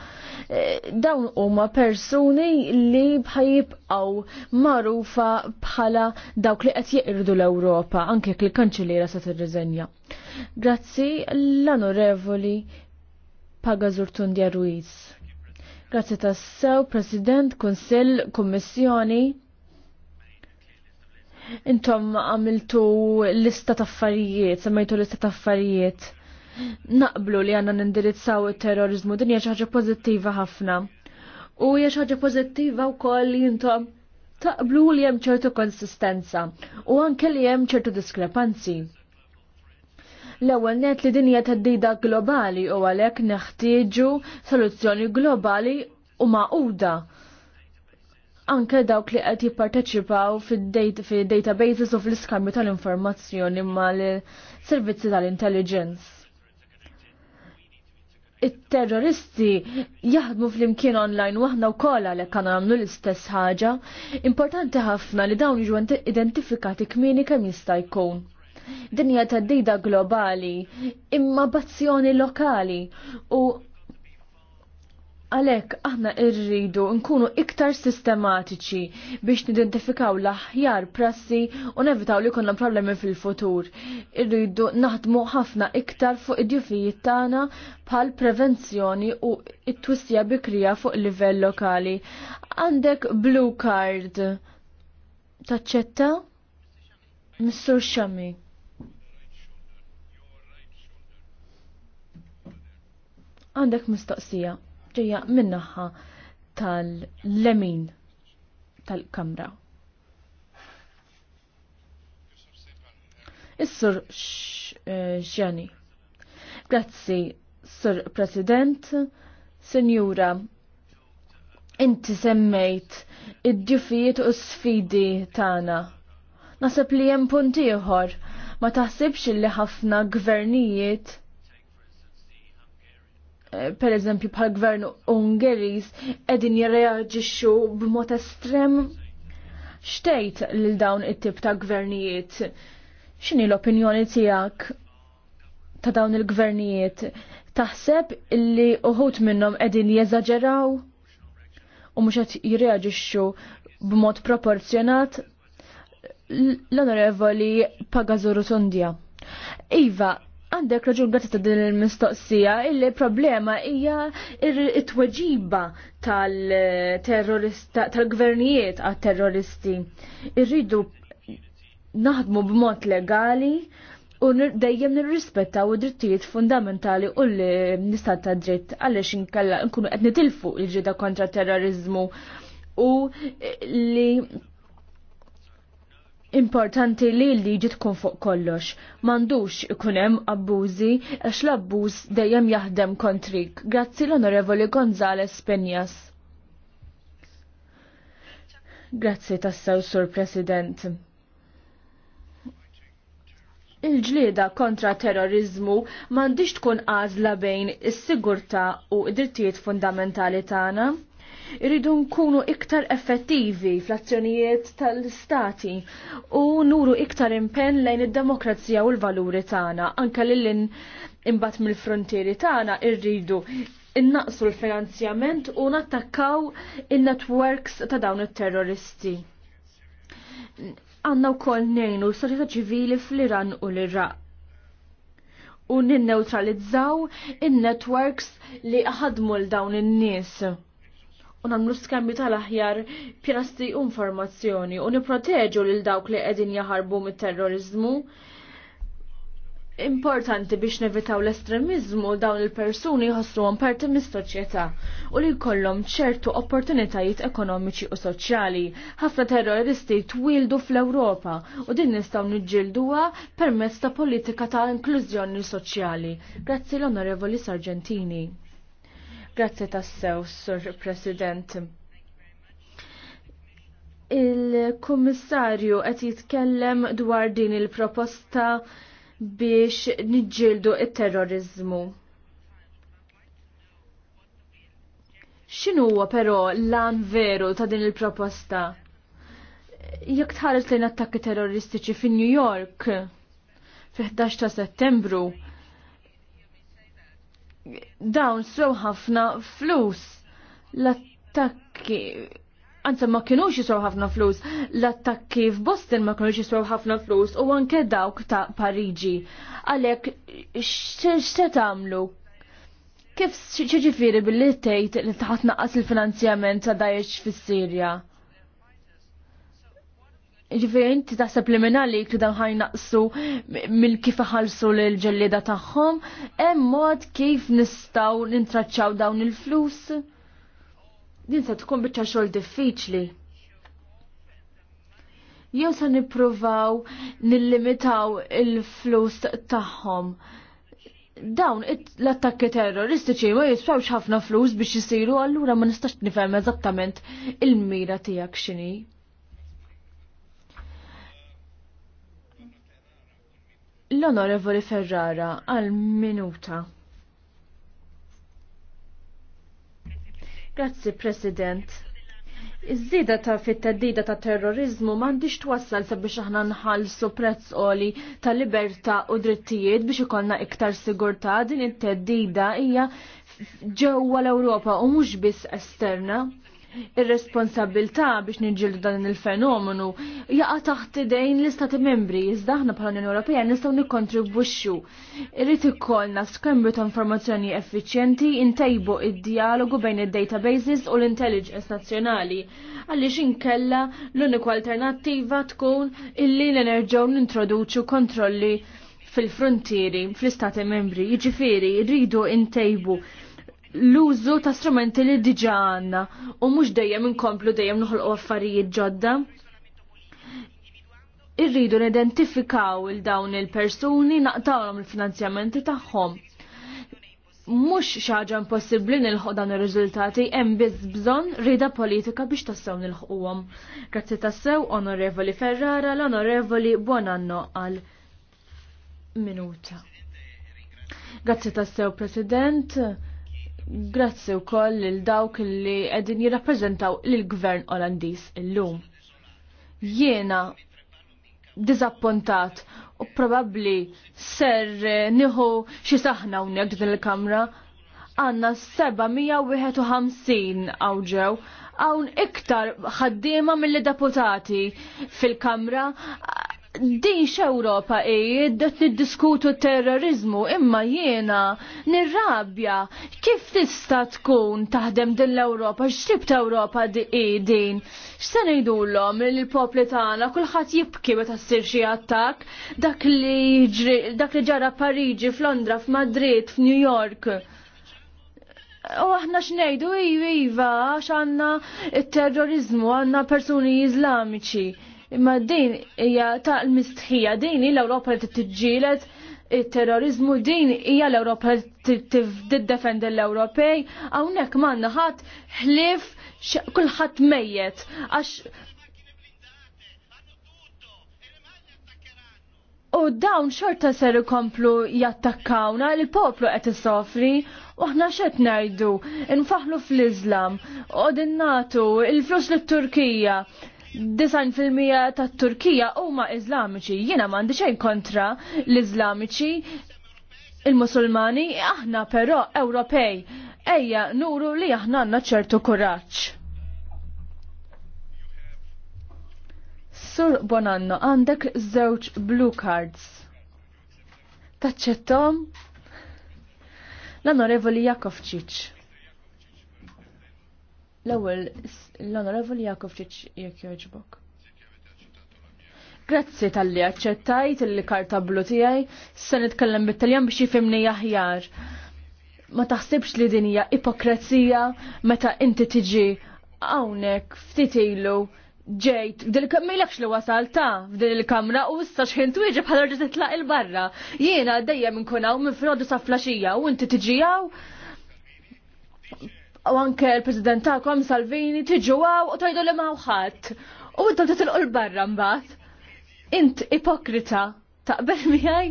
Eh, dawn huma persuni li għaw marufa bħala dawk li qed jeqirdu l-Ewropa anke jekk il-kanċiliera se tirriżenja. Grazzi l-Onorevoli Tundja Ruiz. Grazzi tassew, President, Kunsill, Kummissjoni intom għamiltu lista taffarijiet, semmejtu lista taffarijiet naqblu li għanna nindirizzaw il-terrorizmu, din hija ħaġa pożittiva ħafna. U hija ħaġa pożittiva wkoll li intom taqblu li hemm ċertu konsistenza u anke li hemm ċertu diskrepanzi. L-ewwel net li din hija teddida globali u għalhekk neħtieġu soluzzjoni globali u maquda anke dawk li qed jipparteċipaw fid-databases u fl-iskambju tal-informazzjoni mal-servizzi tal-intelligence il-terroristi jaħdmu fl-imkien online u aħna wkoll għalhekk għandna għamlu l-istess ħaġa. Importanti ħafna li dawn jiġu identifikati kmieni kemm jista' jkun. Dinja ta' globali, imma bazzjoni lokali u Għalek, aħna irridu nkunu iktar sistematiċi biex nidentifikaw l-aħjar prassi u nevitaw li konna problemi fil-futur. Irridu naħdmu ħafna iktar fuq id-djufijiet tagħna bħal prevenzjoni u it-twissija bikrija fuq livell lokali. Għandek blue card. Taċċetta? Missur Xami. Għandek mistoqsija ġeja minnaħħa tal-lemin tal-kamra. Is-sur ġani. Grazzi, sur President, Senjura, inti semmejt id-ġifijiet u s-sfidi tagħna. Nasab li hemm punt ieħor ma taħsibx li ħafna gvernijiet per eżempju bħal gvern Ungeris edin jirreaġixxu b'mod estrem xtejt lil dawn it-tip ta' gvernijiet. X'inhi l-opinjoni tiegħek ta' dawn il-gvernijiet? Taħseb illi uħut minnhom qegħdin jeżaġeraw u mhux qed jirreaġixxu b'mod proporzjonat l-onorevoli Pagazuru Tundja. Iva, Għandek raġun għati ta' din il-mistoqsija, illi problema hija it-tweġiba tal-gvernijiet terrorista tal għat terroristi Irridu naħdmu b'mod legali u dejjem nirrispettaw id-drittijiet fundamentali u l-nistat ta' dritt għaliex nkunu qed nitilfu il-ġida kontra terrorizmu u li importanti li l-liġi tkun fuq kollox. Mandux ikunem abbużi, għax l-abbuż dejjem jaħdem kontrik. Grazzi l-Onorevoli Gonzales Penjas. Grazzi tassew, Sur President. Il-ġlieda kontra terrorizmu mandiġ tkun għażla bejn is-sigurta u id-drittijiet fundamentali tagħna Irridu nkunu iktar effettivi fl-azzjonijiet tal-istati u nuru iktar impenn lejn id-demokrazija u l-valuri tagħna anke lil imbagħad mill-frontieri tagħna irridu innaqsu l-finanzjament u nattakkaw in-networks ta' dawn it-terroristi. Għanna wkoll ngħinu nejnu s soċjetà ċivili fl-Iran u l-Iraq u ninneutralizzaw in-networks li ħadmu l-dawn in-nies u nagħmlu skambju tal-aħjar pjanasti informazzjoni u niproteġu lil dawk li qegħdin jaħarbu mit-terrorizmu. Importanti biex nevitaw l-estremizmu dawn il-persuni għan parti mis-soċjetà u li jkollhom ċertu opportunitajiet ekonomiċi u soċjali. Ħafna terroristi twildu fl-Ewropa u din nistgħu niġġielduha permezz ta' politika ta' inklużjoni soċjali. Grazzi l-Onorevoli Sargentini. Grazzi tassew, Sur President. Il-Kummissarju qed jitkellem dwar din il-proposta biex niġġieldu it-terrorizmu. X'inhuwa però lan veru ta' din il-proposta? Jekk tħares lejn attakki terroristiċi fin New York fi 11 ta' Settembru, dawn sew ħafna flus. L-attakki Anza ma kienux jisraw ħafna flus, l-attakki f'Boston ma kienux jisraw ħafna flus u anke dawk ta' Pariġi. Għalek, x'se tagħmlu? Kif ċiġifieri billi tgħid li taħat naqas il-finanzjament ta' Daesh fis-Sirja? ġifiri, inti taħseb li minn għalik li dan ħajnaqsu mill kif iħallsu l ġellida tagħhom, mod kif nistgħu nintraċċaw dawn il-flus. Din se tkun biċċa xogħol diffiċli. Jew sa nippruvaw nillimitaw il-flus tagħhom. Dawn l-attakki terroristiċi ma jiswawx ħafna flus biex jisiru allura ma nistax nifhem eżattament il-mira tiegħek x'inhi. L-Onorevoli Ferrara għal minuta. Grazzi, President. Iż-żieda ta' fit-teddida ta' terrorizmu m'għandix twassal sabiex aħna nħallsu prezz qoli ta' libertà u drittijiet biex ikollna iktar sigurtà din it-teddida hija ġewwa l-Ewropa u mhux biss esterna ir-responsabilità biex niġġieldu dan il-fenomenu jaqa' taħt idejn l-Istati Membri iżda aħna bħala Unjoni Ewropea nistgħu nikkontribwixxu. Irid ikollna skambju ta' informazzjoni effiċjenti intejbu id-dialogu bejn id-databases u l-intelligence nazzjonali għaliex inkella l-uniku alternattiva tkun illi l-nerġgħu nintroduċu kontrolli fil-frontieri, fl-istati membri, jiġifieri rridu intejbu l-użu ta' strumenti li diġa għanna u mux dejjem inkomplu dejjem nħolqu affarijiet ġodda. Irridu nidentifikaw il-dawn il-persuni naqtawhom il-finanzjamenti tagħhom. Mhux xi ħaġa impossibbli nilħu dan ir-riżultati hemm biss bżonn rida politika biex tassew nilħquhom. Grazzi tassew Onorevoli Ferrara l-Onorevoli anno għal minuta. Grazzi tassew President. Grazzi wkoll lil dawk li qegħdin jirrappreżentaw lill gvern Olandiż illum. Jiena diżappuntat u probabbli ser nieħu xi saħna hawnhekk din il-kamra għandna 751 awġew hawn iktar ħaddiema mill-deputati fil-kamra din x'Ewropa hi tiddiskutu terrorizmu imma jiena nirrabja kif tista' tkun taħdem din l-Ewropa x'tib ta' Ewropa hi din x'se ngħidulhom lill popli tagħna kulħadd jibki meta ssir xi attakk dak li jiġri dak li ġara Pariġi, f'Londra, f'Madrid, f'New York. U aħna x'ngħidu iva għax għandna t terrorizmu għandna persuni iżlamiċi Imma din hija ta' l-mistħija, din hija l-Ewropa li tiġġielet il-terrorizmu din hija l-Ewropa tiddefend l-Ewropej, hawnhekk m'għandna ħadd ħlief kulħadd mejjed għax U dawn xorta ser ikomplu jattakkawna il-poplu qed isofri u aħna x'qed ngħidu, infaħlu fl-Iżlam, qogħdin nagħtu il-flus lit-Turkija, design fil-mija ta' Turkija huma Iżlamiċi. Jiena m'għandi xejn kontra l-Iżlamiċi il-Musulmani, aħna però Ewropej. Ejja, nuru li aħna għandna ċertu kuraġġ. Sur Bonanno, għandek żewġ blue cards. Taċċettom? L-Onorevoli Jakovčić. L-ewwel l Jakov Ċiċ jekk jogħġbok. Grazzi tal-li aċċettajt il-karta blu tiegħi, se nitkellem bit-Taljan biex jifhimni aħjar. Ma taħsibx li din hija ipokrezija meta inti tiġi hawnhekk ftit ilu ġejt, milakx li wasal ta' f'din il-kamra u issa xħin twieġi bħal ġi titlaq il-barra. Jiena dejjem nkun hawn minn frodu sa' flaxija u inti tiġi hawn u anke l-President tagħkom Salvini tiġu għaw u tajdu li mawħat. U intom titilqu l-barra mbagħad. Int ipokrita taqbel miħaj?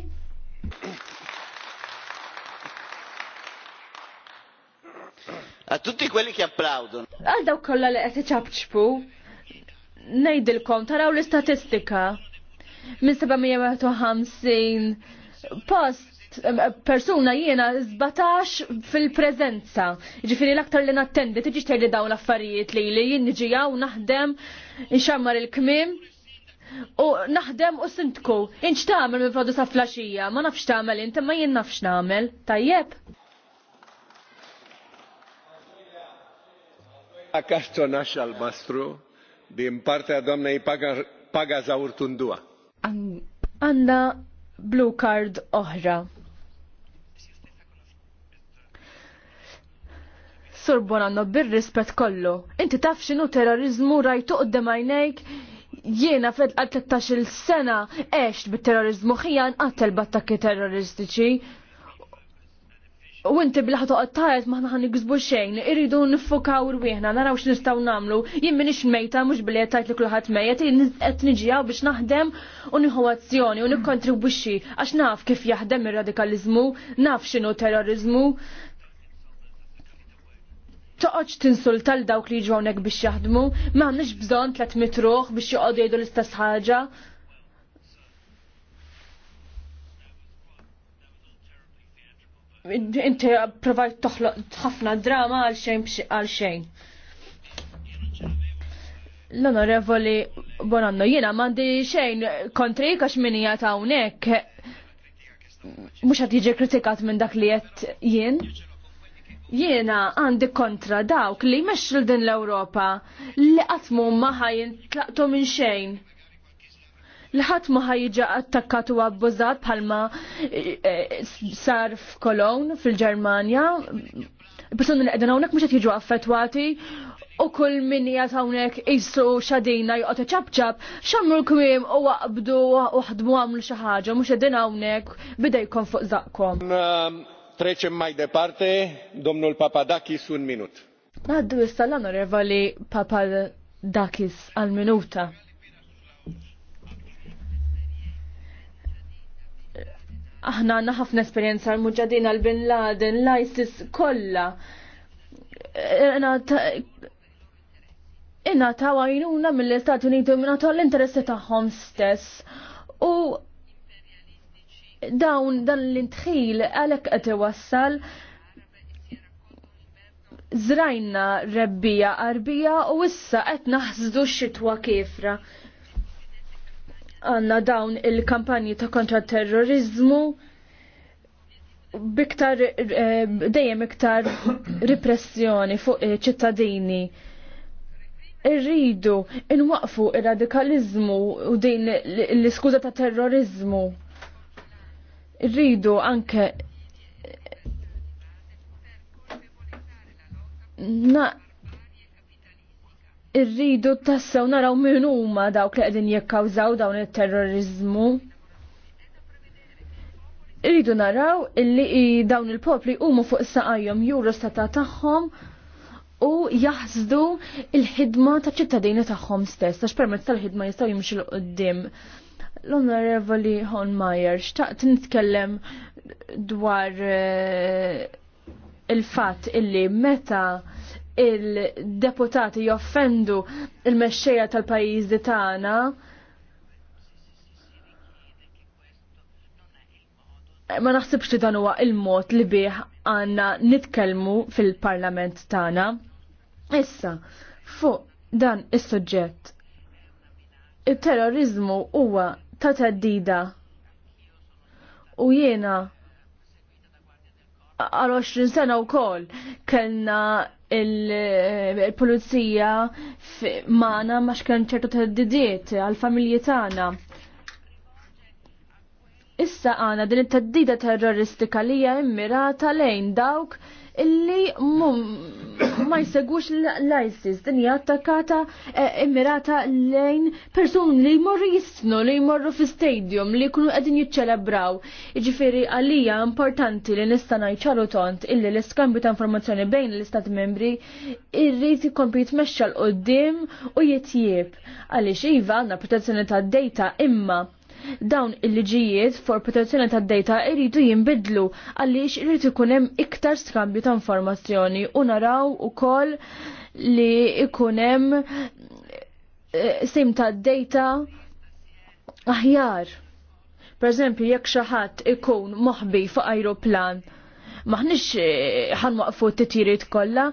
A tutti quelli che applaudono.
Għal daw kolla li qed iċabċbu. Ngħidilkom taraw l-istatistika. Minn 750 post persuna jiena zbatax fil-prezenza. Ġifiri l-aktar li nattendi, tiġi tgħidli dawn l-affarijiet li li jien niġi naħdem, nxammar il-kmim. U naħdem u sintku, inx tagħmel minn produsa flaxija, ma nafx tagħmel inti ma jien nafx nagħmel, tajjeb.
Akaxto naxal mastru imparte partea doamnei Paga Zaurtundua.
Għanda blue card oħra. Sur Bonanno, bir-rispet kollu, inti taf xinu terrorizmu rajtu qoddim għajnejk? Jiena fil-13 sena eċt bit-terrorizmu xijan għattel battakki terroristiċi. U inti bil-ħatu għattajet maħna ħan iqzbu xejn, irridu nifukaw rwieħna, naraw x'nistgħu namlu. Jien minix mejta, mux bil għattajt li kulħadd mejjet, qed niġijaw biex naħdem u nieħu azzjoni u nikkontribwixxi għax naf kif jaħdem ir-radikalizmu, naf x'inhu terrorizmu, toqgħodx tinsulta l dawk li jiġu hawnhekk biex jaħdmu, m'għandniex bżonn tlet mitruħ biex joqogħdu jgħidu l-istess ħaġa. Inti provajt toħloq ħafna drama għal xejn għal xejn. L-onorevoli Bonanno, jiena mandi xejn kontri għax minija ta' unek. Mux għat jiġi kritikat minn dak li jett jien jiena għandi kontra dawk li jmexxu din l-Ewropa li għatmu ma tlaqtu minn xejn. Li ħadd ma ħajġa attakkat u abbużat bħalma eh, eh, sar f'Kolon fil-Ġermanja. Persuni li qegħdin għonek mhux qed jiġu affettwati u kull min jgħat hawnhekk jissu xadina joqgħod iċabċab xamru kwiem u għabdu u ħdmu għamlu xi ħaġa mhux għonek hawnhekk bidejkom fuq zaqkom.
Um, Trecem mai departe, domnul Papadakis, un minut.
Naddu issa l Papa Papadakis għal-minuta. Aħna għanna ħafna esperjenza għal-Mujadin għal-Bin Laden, l-ISIS kolla. Inna ta' għajnuna mill-Istat Uniti minna ta' l-interessi ta' stess. U dawn dan l-intħil għalek qed iwassal zrajna rebbija arbija u issa qed naħżdu xitwa kifra. Għanna dawn il-kampanji ta' kontra terrorizmu biktar eh, dejjem iktar repressjoni fuq eh, ċittadini irridu inwaqfu ir-radikalizmu u din l-iskuża ta' terrorizmu rridu anke na irridu tassew naraw min huma dawk li qegħdin jikkawżaw dawn it-terrorizmu. Irridu naraw illi dawn il-popli huma fuq saqajhom juru stata tagħhom u jaħsdu il-ħidma ta' ċittadini tagħhom stess, għax permezz tal-ħidma jistgħu jimxu l L-Onorevoli Meyer, xtaqt nitkellem dwar eh, il-fat illi meta il-deputati joffendu il mesċeja tal-pajjiżi tagħna ma naħsibx li dan huwa il-mod li bih għandna nitkellmu fil-parlament tagħna. Issa, fuq dan is-suġġett. Il-terrorizmu huwa ta' teddida. U jiena għal 20 sena u kol kellna il-pulizija il mana ma xkien ċertu teddidiet għal familji tagħna. Issa għana din it-teddida terroristika li hija immirata lejn dawk illi ma jsegwux l-ISIS din hija attakkata eh, immirata lejn persuni li jmorru jistnu, li jmorru fi stadium, li jkunu qegħdin jiċċelebraw. Jiġifieri għalija importanti li nista' ngħid ċaru tont illi l-iskambju ta' informazzjoni bejn l-Istat membri irrid ikompli jitmexxa l qudiem u jitjieb. Għaliex iva għandna protezzjoni tad-dejta imma Dawn il-liġijiet for protezzjoni tad data iridu jinbidlu għaliex irid ikun hemm iktar skambju ta' informazzjoni u naraw ukoll li ikun hemm eh, sim ta' data aħjar. Per eżempju, jekk xi ħadd ikun moħbi fuq ajruplan maħniex eh, ħanwaqfu t-titiriet kollha,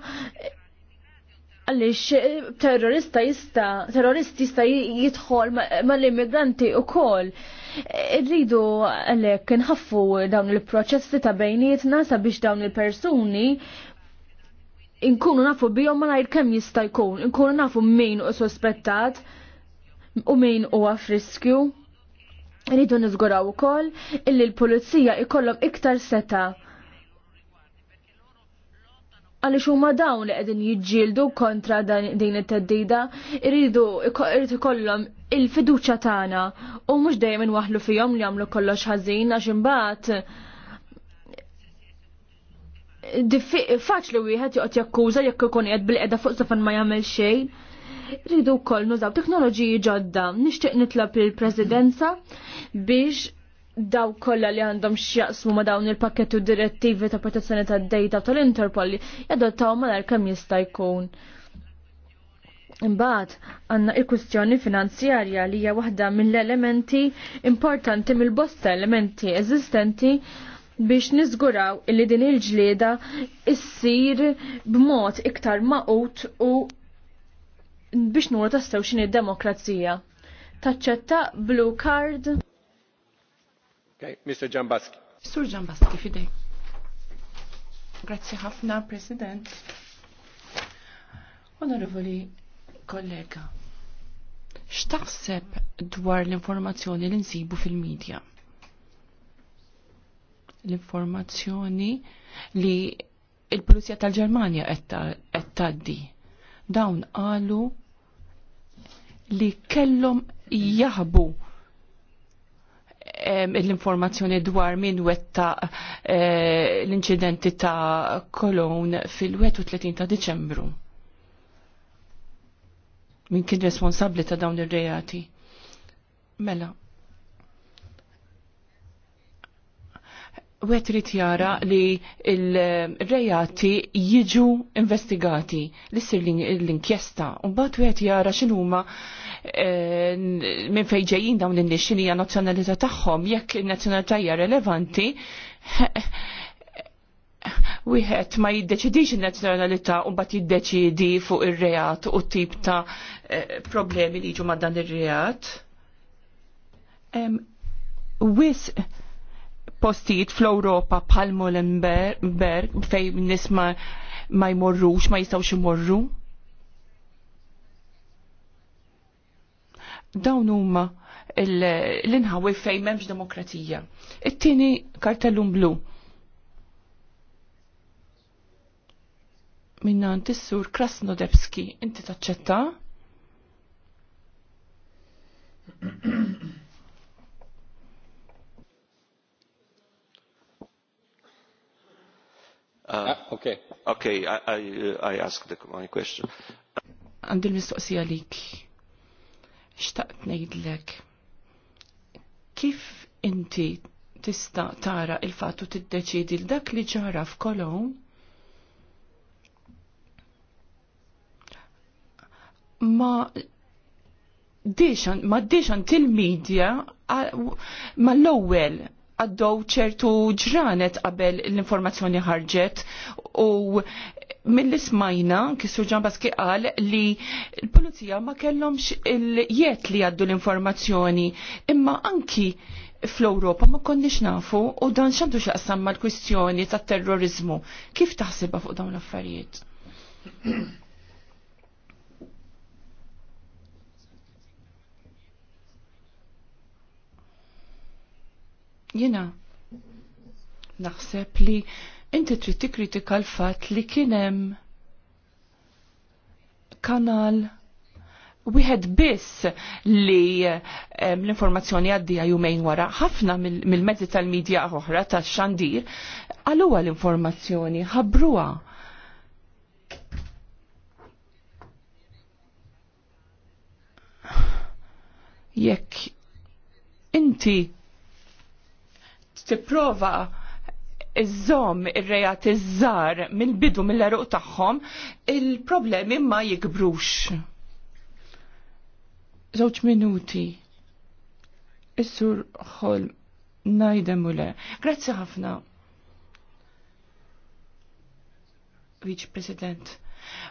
għalix eh, terrorista jista, terrorist jista jidħol mal-immigranti u kol. Eh, rridu għalek nħaffu dawn il-proċessi ta' bejnietna sabiex dawn il-persuni inkunu nafu bijom ma najr kem jista jkun, inkunu nafu min u sospettat u min u għafriskju. Rridu nizguraw u kol illi l-polizija ikollom iktar seta' għalix huma dawn li qegħdin jiġġieldu kontra din it-teddida, iridu irid ikollhom il-fiduċja tagħna u mhux dejjem inwaħlu fihom li jagħmlu kollox ħażin għax imbagħad faċli wieħed joqgħod jakkuża jekk ikun qed bil-qeda fuq sofan ma jagħmel xejn. Rridu wkoll nużaw teknoloġiji ġodda, nixtieq nitlob il-Presidenza biex daw kollha li għandhom x'jaqsmu ma dawn il-pakket u direttivi ta' protezzjoni tad data tal-Interpol jadottaw malar kemm jista' jkun. Imbagħad għandna l-kwistjoni finanzjarja li hija waħda mill-elementi importanti mill-bosta elementi eżistenti biex niżguraw li din il-ġlieda issir b'mod iktar maqut u biex nura tassew x'inhi demokrazija Taċċetta blue
card.
Mr. Ġambaski.
Sur Ġambaski, fidej. Grazzi ħafna, President. Onorevoli kollega, x'taħseb dwar l-informazzjoni li nsibu fil-medja? L-informazzjoni li il-Pulizija tal-Ġermanja qed tgħaddi. Dawn qalu li kellhom jaħbu l-informazzjoni dwar min wetta eh, l-inċidenti ta' Kolon fil-31 ta' Deċembru. Min kien responsabli ta' dawn ir-reati? Mela. Wet rrit jara li l rejati jiġu investigati l-inkjesta, un bat wet jara xinuma Eh, minn fejġejjin dawn in nixinija xinija nazzjonalità tagħhom jekk in-nazzjonalità hija relevanti wieħed ma jiddeċidix in-nazzjonalità u mbagħad jiddeċidi fuq ir-reat u tip ta' eh, problemi li jiġu ma' dan ir-reat. Wis postijiet fl-Ewropa bħal Molenberg fejn nisma' ma jmorrux, ma jistawx imorru. dawn huma l-inħawi fejn m'hemmx demokratija. It-tieni kartellum blu. Minnan tissur Krasnodebski, inti taċċetta?
Uh, okay. Okay, I, I, uh, I the, my question.
Għandil mistoqsija lik xtaqt ngħidlek kif inti tista tara il-fatu t-deċidi l dak li ġara f'Kolon ma diexan, ma diexan til-medja ma l-ewwel għaddew ċertu ġranet qabel l-informazzjoni ħarġet u mill-ismajna ġan baski qal li l-pulizija ma kellhomx il-jiet li għaddu l-informazzjoni imma anki fl-Europa ma konniex nafu u dan xandu xaqsam mal-kwistjoni tat terrorizmu. Kif taħsibha fuq dawn l-affarijiet? Jina, naħseb li inti trid tikkritika l-fatt li kien hemm kanal wieħed biss li l-informazzjoni għaddija jumejn wara ħafna mill-mezzi tal-medja oħra tax-xandir għaluha l-informazzjoni, ħabruha. Jekk inti tipprova iżżomm ir-rejat iż-żar mill-bidu mill-eruq tagħhom, il-problemi ma jikbrux. Żewġ minuti. Is-sur ħol najdemule. Grazzi ħafna. Vice President.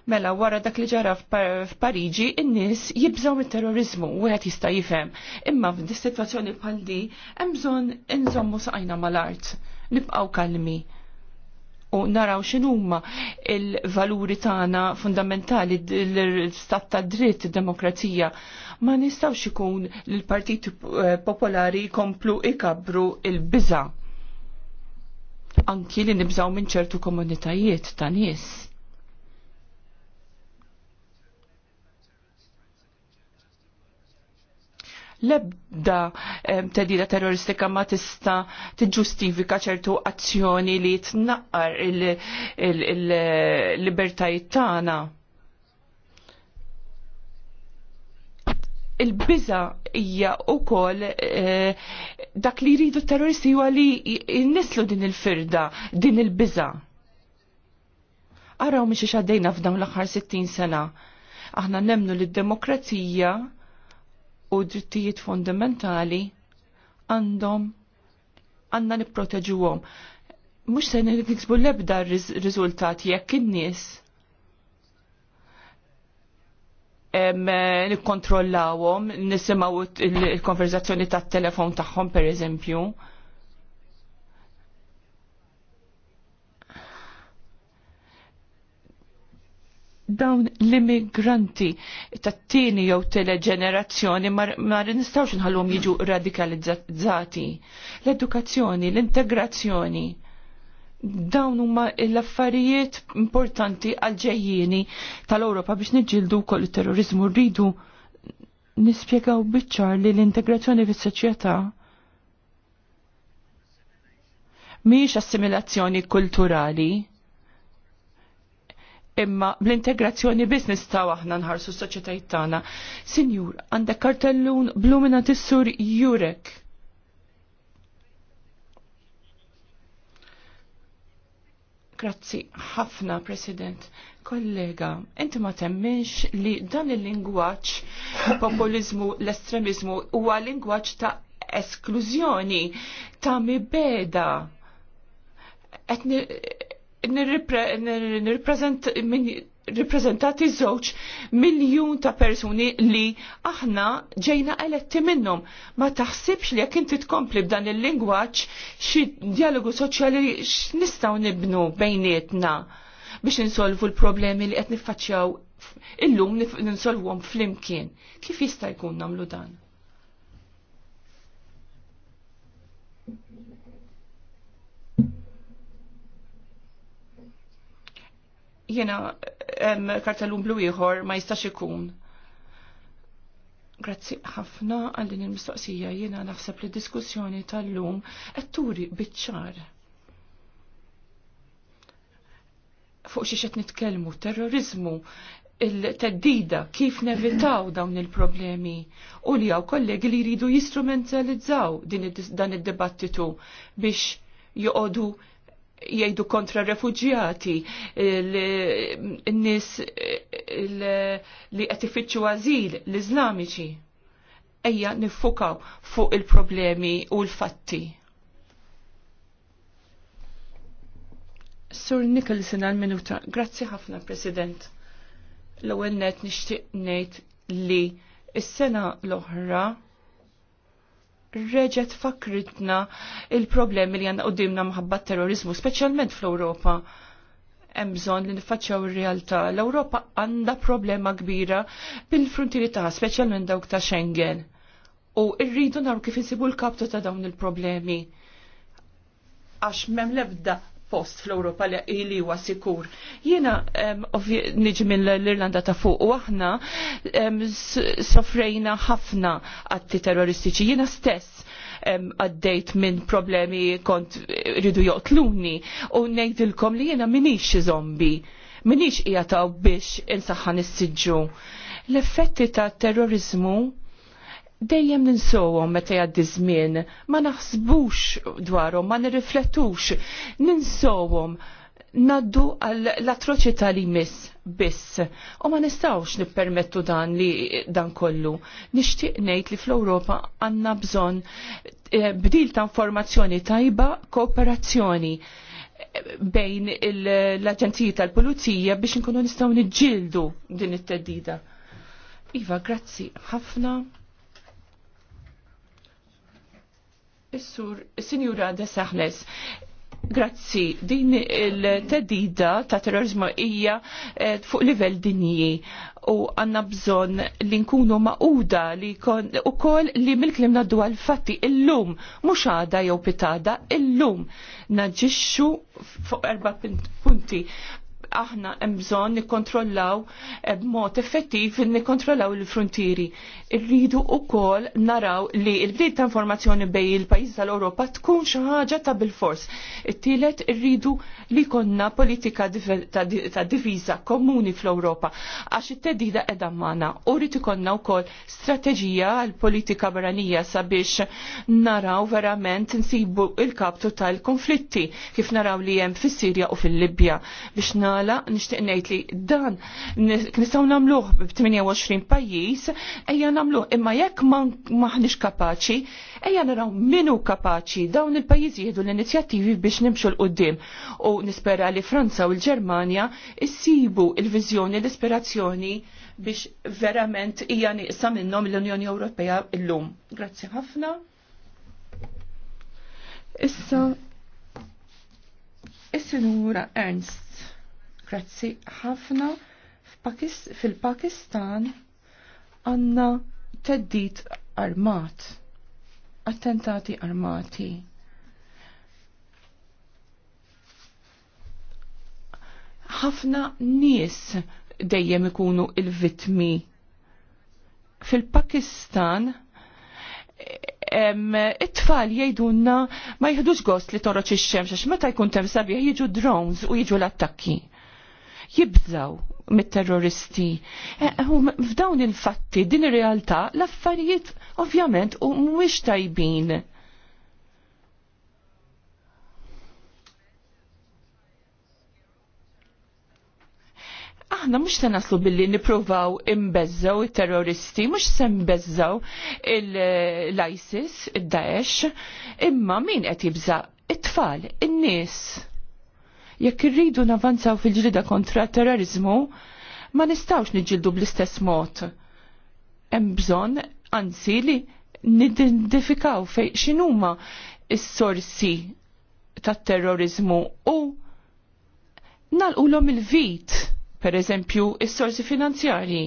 Mela wara dak li ġara f'Pariġi in-nies jibżgħu mit-terrorizmu wieħed jista' jifhem. Imma f'dis-sitwazzjoni bħal di hemm bżonn inżommu saqajna mal-art, nibqgħu kalmi u naraw x'inhuma il-valuri tagħna fundamentali l-istat ta' dritt id-demokrazija. Ma nistgħux ikun l-Partit Popolari jkomplu ikabru il-biża' anki li nibżaw minn ċertu komunitajiet ta' nies. l-ebda tedida terroristika ma tista tiġġustifika ċertu azzjoni li tnaqqar il-libertajiet tagħna. il-biza hija wkoll e, dak li jridu terroristi huwa li nislu din il-firda, din il-biża. Araw miex għaddejna f'dawn l-aħħar 60 sena. Aħna nemnu li d-demokrazija u drittijiet fondamentali għandhom għanna nipproteġuhom. Mhux se niksbu l-ebda riżultat jekk in-nies nikkontrollawhom, nisimgħu il-konverzazzjoni tat-telefon tagħhom pereżempju. dawn l-immigranti tat-tieni jew teleġenerazzjoni ma nistgħux nħallhom jiġu radikalizzati. L-edukazzjoni, l-integrazzjoni dawn huma l-affarijiet importanti għal ġejjieni tal-Ewropa biex niġġieldu wkoll it-terrorizmu rridu nispjegaw biċċar li l-integrazzjoni fis-soċjetà mhijiex assimilazzjoni kulturali imma bl-integrazzjoni biznis ta' aħna nħarsu s-soċetajt tagħna. Sinjur, għandek kartellun blumina tissur Jurek. Grazzi ħafna, President. Kollega, inti ma temminx li dan il-lingwaġġ populizmu, l-estremizmu huwa lingwaġġ ta' esklużjoni, ta' mibeda. Etni nirrappreżentati żewġ miljun ta' persuni li aħna ġejna eletti minnhom. Ma taħsibx li jekk inti tkompli b'dan il-lingwaġġ xi dialogu soċjali x'nistgħu nibnu bejnietna biex insolvu l-problemi li qed niffaċċjaw illum ninsolvuhom flimkien. Kif jista' jkun nagħmlu dan? jena kartellum blu ieħor ma jistax ikun. Grazzi ħafna għal din il-mistoqsija jiena naħseb li diskussjoni tal-lum qed turi biċ-ċar. Fuq xiex qed nitkellmu terrorizmu, il-teddida kif nevitaw dawn il-problemi u li għaw kollegi li jridu jistrumentalizzaw dan id-dibattitu biex joqodu jgħidu kontra refugjati, n-nis li qed ifittxu għażil, l-Iżlamiċi. Ejja nifukaw fuq il-problemi u l-fatti. Sur Nicholson għal-minuta. Grazzi ħafna, President. L-ewwel net nixtieq ngħid li s-sena l-oħra reġet fakritna il-problemi li għanna qoddimna mħabba terrorizmu, specialment fl-Europa. Emżon li nifacċaw ir-realtà. L-Europa għanda problema kbira bil frontiri taħ, specialment dawk ta' Schengen. U irridu naru kif insibu l-kaptu ta' dawn il-problemi. Għax mem lebda post fl-Europa li huwa sikur. Jiena niġi minn l-Irlanda ta' fuq u aħna sofrejna ħafna atti terroristiċi. Jiena stess għaddejt minn problemi kont ridu joqtluni u ngħidilkom li jiena minix zombi. Minix ijataw biex insaħħa nissiġġu. L-effetti ta' terrorizmu dejjem ninsowhom meta jgħaddi żmien, ma naħsbux dwarhom, ma nirriflettux, ninsowhom naddu għall-atroċità li miss biss. U ma nistawx nippermettu dan li dan kollu. Nixtieq ngħid li fl-Ewropa għandna bżonn eh, bdil ta' informazzjoni tajba, kooperazzjoni eh, bejn l-Aġenziji tal-Pulizija biex nkunu nistgħu niġġieldu din it-teddida. Iva, grazzi ħafna. Is-sur, Sinjura de Saħles, Grazzi, din il-tedida ta' terrorizmu hija eh, fuq livell dinji u għanna bżon li nkunu maquda li kon, u kol li mil-klim naddu għal-fatti illum, mux għada jew pitada illum naġiċu fuq erba punti aħna hemm bżonn nikkontrollaw eh, b'mod effettiv nikkontrollaw il-frontieri. Irridu wkoll naraw li l bdiet ta' informazzjoni bej il-pajjiż tal-Ewropa tkun xi ħaġa ta' bilfors. It-tielet irridu li konna politika ta' diviża komuni fl-Ewropa għax it-tedida qiegħda magħna u rrid ikollna wkoll strateġija għal politika barranija sabiex naraw verament insibu il-kaptu tal-konflitti kif naraw li hemm fis-Sirja u fil-Libja biex naraw Mala nishtiq ngħid li dan nistgħu nagħmluh b'28 pajjiż ejja nagħmluh imma jekk maħniex kapaċi ejja naraw minu kapaċi dawn il-pajjiżi jieħdu l-inizjattivi biex nimxu l-qudiem u nispera li Franza u l-Ġermanja issibu il-viżjoni l-ispirazzjoni biex verament hija nieqsa minnhom l-Unjoni Ewropea llum. Grazzi ħafna. Issa, is-sinura Ernst Grazzi ħafna fil-Pakistan għanna teddit armat, attentati armati. ħafna nies dejjem ikunu il-vitmi. Fil-Pakistan it-tfal jajdunna ma jħidux gost li toroċ ix-xemx għax meta jkun hemm sabiħ jiġu drones u jiġu l-attakki jibżaw mit-terroristi. Eh, eh, f'dawn il-fatti, din ir-realtà, l-affarijiet ovvjament u mhuwiex tajbin. Aħna mhux se naslu billi nippruvaw imbezzaw it-terroristi, mhux se mbezzaw l-ISIS, id-Daesh, imma min qed jibża it-tfal, in-nies. Jekk irridu navanzaw fil-ġrida kontra terrorizmu, ma nistawx niġildu bl-istess mod. Hemm bżonn anzi li nidentifikaw fej x'inhuma s-sorsi tat-terrorizmu u nalqulhom il-vit, per eżempju, is-sorsi finanzjarji.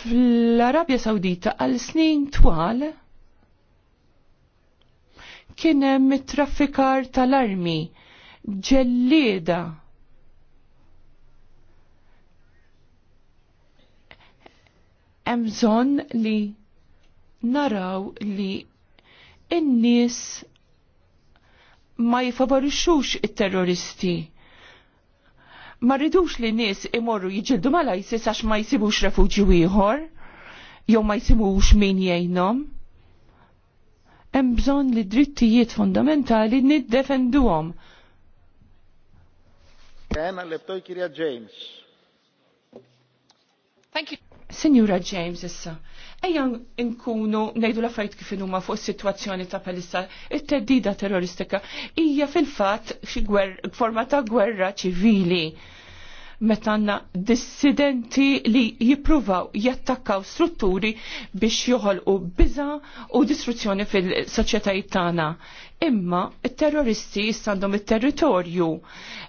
Fl-Arabja Sawdita għal snin twal kien hemm traffikar tal-armi ġellieda. Hemm bżonn li naraw li in-nies ma jifavorixxux it-terroristi ma rridux li nis imorru jiġildu mala jisis għax ma jisibux refugju ieħor, jew ma jisibux min jgħinhom. Hemm bżonn li drittijiet fundamentali niddefenduhom Signora James issa, ejja nkunu ngħidu la fajt kif huma fuq is-sitwazzjoni ta' palissa it-teddida terroristika hija fil-fatt xi forma ta' gwerra ċivili metanna dissidenti li jipruvaw jattakkaw strutturi biex joħolqu biza u distruzzjoni fil-soċjetajiet tagħna. Imma it-terroristi jistandom it-territorju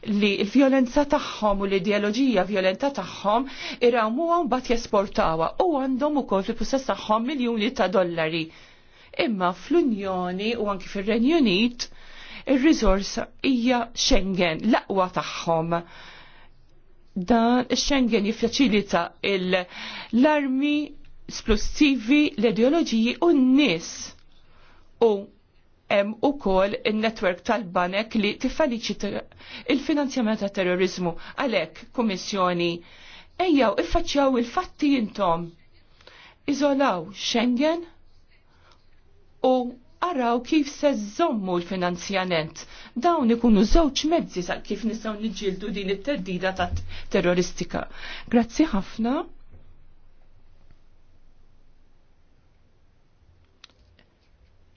li l-vjolenza tagħhom u l-ideoloġija vjolenta tagħhom irawmuha mbagħad jesportawha u għandhom ukoll fil-possess tagħhom miljuni ta' dollari. Imma fl-Unjoni u anki fir-Renju Unit ir-riżorsa hija Schengen l-aqwa tagħhom dan Schengen jiffaċilita l-armi splussivi l-ideoloġiji u n-nis u hemm ukoll in-netwerk tal-banek li tiffaċilita il-finanzjament ta' terrorizmu. Għalhekk, Kummissjoni, ejjaw iffaċċjaw il-fatti intom. Iżolaw Schengen u araw kif se żommu l-finanzjament. Dawn ikunu żewġ mezzi sa' kif nistgħu niġġieldu din it-teddida ta' terroristika. Grazzi ħafna.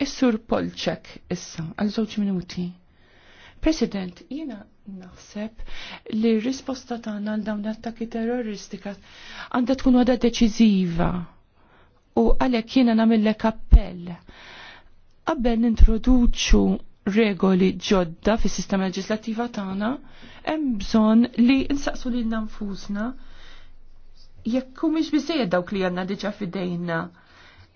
Is-sur Polċek issa għal żewġ minuti. President, jiena naħseb li r-risposta tagħna għal dawn l-attakki terroristika għandha tkun għadha deċiżiva u għalhekk jiena nagħmellek appell Qabel nintroduċu regoli ġodda fis sistema leġislattiva tagħna, hemm bżonn li nsaqsu lil nfusna jekk mhix biżejjed dawk li għandna diġà fidejna.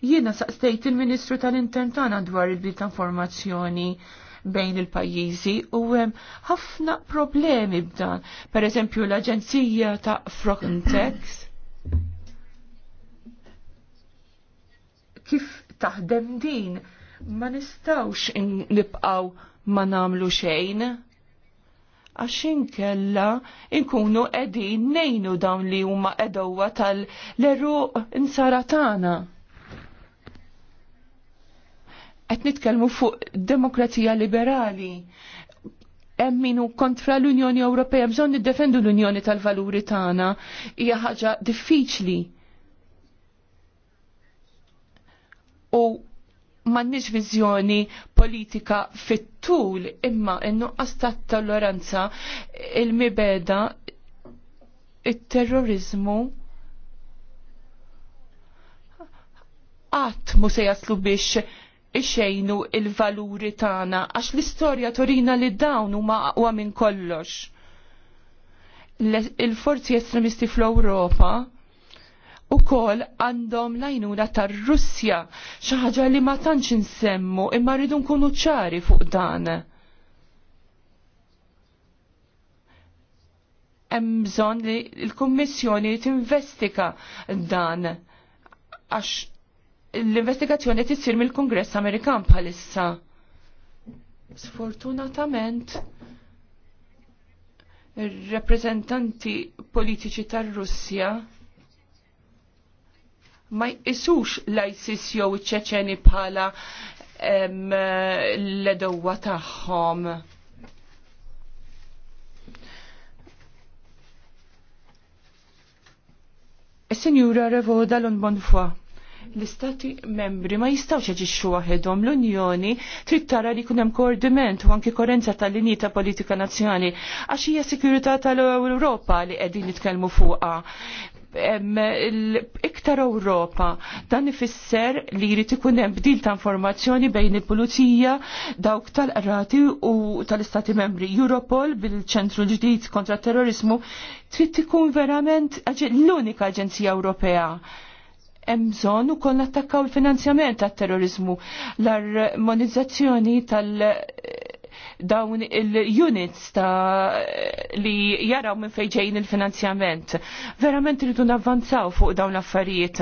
Jiena saqstejt il-Ministru tal-Intern tagħna dwar il-bil ta' informazzjoni bejn il-pajjiżi u hemm ħafna problemi b'dan. Pereżempju l-Aġenzija ta' Frontex kif taħdem din Ma nistawx nibqaw ma namlu xejn. Għax inkella inkunu qegħdin nejnu dawn li huma edowa tal leru insaratana. Qed nitkellmu fuq demokrazija liberali hemm kontra l-Unjoni Ewropea bżonn niddefendu l-Unjoni tal-Valuri tagħna hija ħaġa diffiċli. U m'għandniex viżjoni politika fit-tul imma in-nuqqas tat-tolleranza il-mibeda it-terrorizmu għat qatt mu se jaslu biex ixejnu il-valuri tagħna għax l-istorja torina li dawn huma aqwa minn kollox. Il-forzi estremisti fl-Ewropa u kol għandhom lajnuna tar russja xaħġa li ma tantx insemmu imma rridu nkunu ċari fuq dan. Hemm bżonn li l-Kummissjoni tinvestika dan għax l-investigazzjoni qed issir mill kongress Amerikan bħalissa. Sfortunatament ir-rappreżentanti politiċi tar-Russja ma jisux l-ISIS jew ċeċeni bħala l-edowa tagħhom. Senjura Revoda l-Unbonfwa l-istati membri ma jistaw ġiċu waħedhom l-Unjoni trid tara li kunem koordiment u anki korenza tal-linji ta' politika nazzjonali għax hija sikurità tal-Ewropa li qegħdin nitkellmu fuqha iktar Ewropa. Dan ifisser li jrid ikun hemm bdil ta' informazzjoni bejn il-pulizija dawk tal-qrati u tal-istati membri. Europol bil-ċentru ġdid kontra terrorizmu trid tkun verament l-unika aġenzija Ewropea hemm bżonn ukoll nattakkaw il-finanzjament tat-terrorizmu, l-armonizzazzjoni tal- dawn il-units ta' li jaraw minn fejġejn il-finanzjament. Verament rridu navvanzaw fuq dawn l-affarijiet.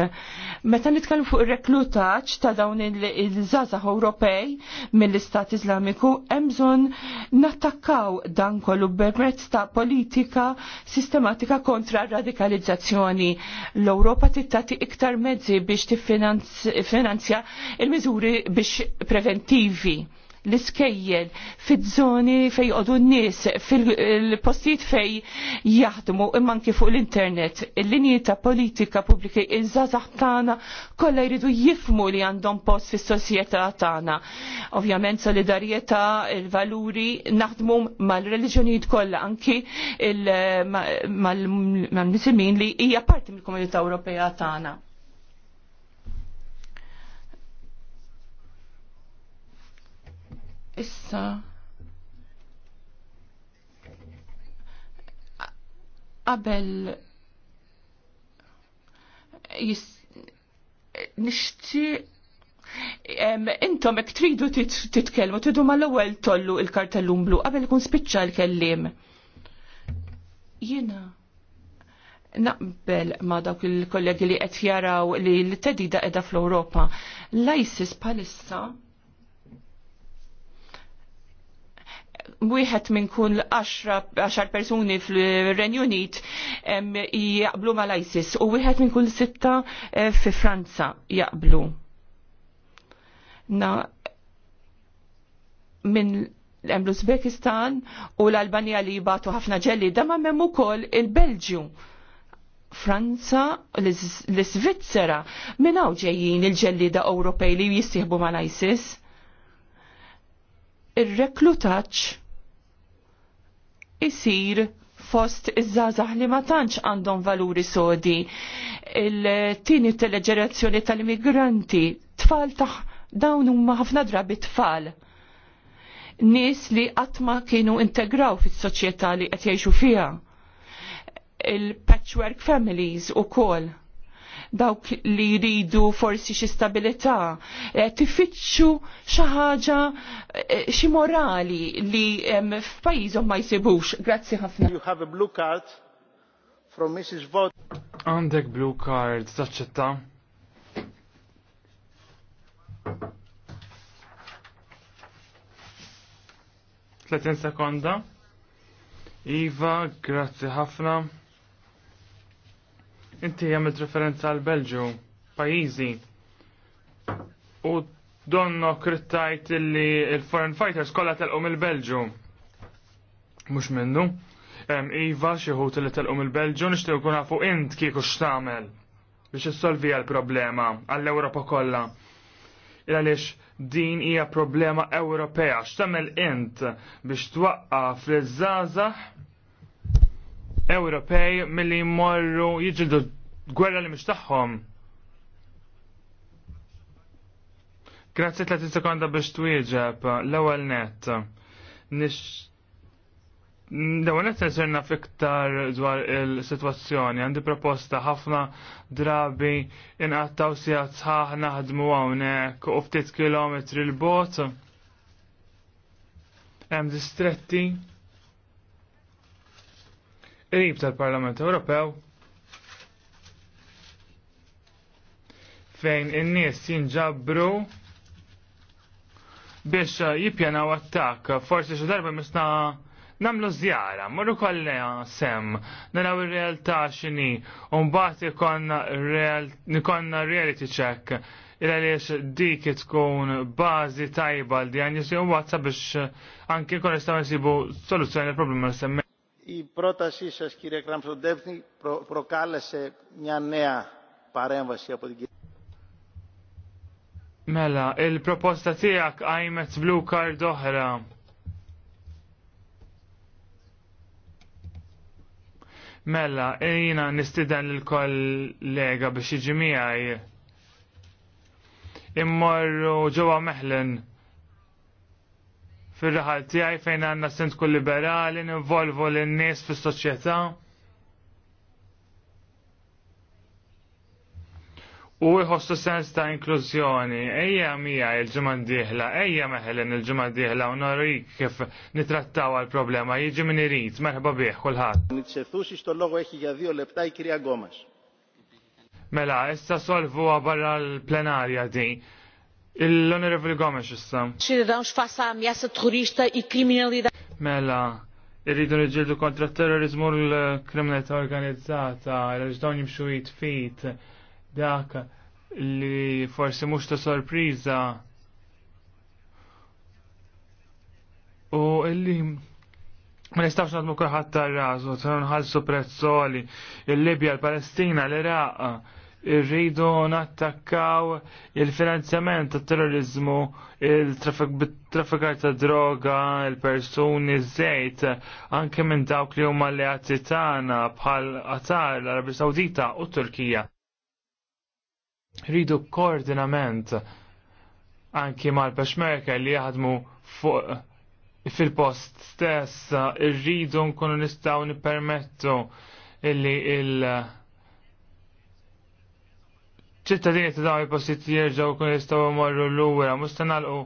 Meta nitkellmu fuq ir-reklutaġġ ta' dawn il-żazaħ Ewropej mill-Istat Islamiku hemm bżonn nattakkaw dan kollu permezz ta' politika sistematika kontra radikalizzazzjoni. L-Ewropa tittati iktar mezzi biex tiffinanzja il-miżuri biex preventivi l-iskejjel fiż-żoni fej għodu n-nies, fil-postijiet fej jaħdmu imman fuq l-internet. Il-linji ta' politika pubblika il żazax tagħna kollha jridu jifmu li għandhom post fis-soċjetà tagħna. Ovvjament solidarjetà, il-valuri naħdmu mal-reliġjonijiet kollha anki mal-misimin li hija parti mill-Komunità Ewropea tagħna Issa qabel nishti intom ek tridu titkellmu ma l ewwel tollu il-kartellum blu qabel kun spiċċa l-kellim. jina naqbel ma dawk il-kollegi li qed jaraw li l-tedida qiegħda fl-Ewropa. L-ISIS bħalissa wieħed minn kull 10 persuni fil-Renju Unit jaqblu mal-ISIS u wieħed minn kull sitta eh, fi Franza jaqblu. Na minn l-Uzbekistan u l-Albanija li jibatu ħafna ġelli, da ma memmu kol il-Belġju. Franza, l-Svizzera, minn ġejjin il-ġellida Ewropej li jissieħbu mal-ISIS? Ir-reklutaċ isir fost iż-żazah li ma tantx għandhom valuri sodi. Il-tini tal-ġerazzjoni tal-immigranti, tfal taħ dawn huma ħafna drabi tfal. Nies li qatt ma kienu integraw fis-soċjetà li qed jgħixu fiha. Il-patchwork families ukoll dawk li jridu forsi xi stabilità, e, tifittxu xi ħaġa e, xi morali li f'pajjiżhom ma jsibux. Grazzi ħafna. You have a blue card from Mrs. Vod.
Għandek blue card, taċċetta. Tletin sekonda. Iva, grazzi ħafna. Inti għamilt referenza għal Belġu, pajizi. U donno krittajt li il-foreign fighters kolla telqom il-Belġu. Mux minnu. Iva xieħut li telqom il-Belġu nishtiq kuna għafu int kieku xtamel biex s-solvi għal-problema għall-Europa kolla. Il-għalix din hija problema Ewropea x'tagħmel int biex twaqqaf fl-żgħażagħ Ewropej milli jmorru jġildu gwerra li mhux tagħhom. Grazzi 30 sekonda biex twieġeb l-ewwel net. Nix Dawn net nesirna fiktar dwar il-sitwazzjoni għandi proposta ħafna drabi inqattaw si sħaħ naħdmu hawnhekk u ftit kilometri l-bot. Hemm distretti qrib tal-Parlament Ewropew fejn in-nies jinġabru biex jippjanaw attak, forsi xi darba misna namlu zjara, morru kollha sem, naraw ir-realtà x'inhi, u mbagħad ikonna reality check il għaliex dik tkun bażi tajba l-diagnosi u wazza biex anke kon jistgħu jsibu soluzzjoni l-problema semmi
η πρότασή σας κύριε Κραμσοντεύθυνη προ, προκάλεσε μια νέα παρέμβαση από την κυρία
Mela, il-proposta tijak għajmet blue card oħra. Mela, jina nistidan l-kollega biex iġimijaj. Immorru ġewa meħlen fil-raħal tiegħi fejn għandna sent kull liberali ninvolvu lin-nies fis-soċjetà. U jħossu sens ta' inklużjoni, ejja mija il-ġimgħa diħla, ejja meħelen il-ġimgħa diħla, u norik kif nitrattaw għal-problema, jiġi min irid, marħba bih kulħadd.
Nitxefux ix-tollogu eħi jadiju leptaj kirja gomax.
Mela, issa solvu barra l-plenarja di l onorevoli Gomes issa.
Cidadãos face à ameaça turista i criminalidade.
Mela, irridu nġildu kontra terrorizmu l-kriminalità organizzata, l dawn jimxu jitfit dak li forsi mhux ta' sorpriża u illi ma nistax nadmu kulħadd tar-rasu, nħallsu prezzoli, il-Libja, il palestina l-Iraq irridu nattakkaw il-finanzjament tat terrorizmu, il-traffikar ta' droga, il-persuni, żejt, anke minn dawk li huma alleati tagħna bħal Qatar, l arabja Sawdita u Turkija. Rridu koordinament anki mal-Peshmerga li jaħdmu fuq fil-post stess irridu nkunu nistgħu nippermettu illi il- ċittadini ta' dawn il jirġaw kun jistgħu jmorru l-lura, mhux u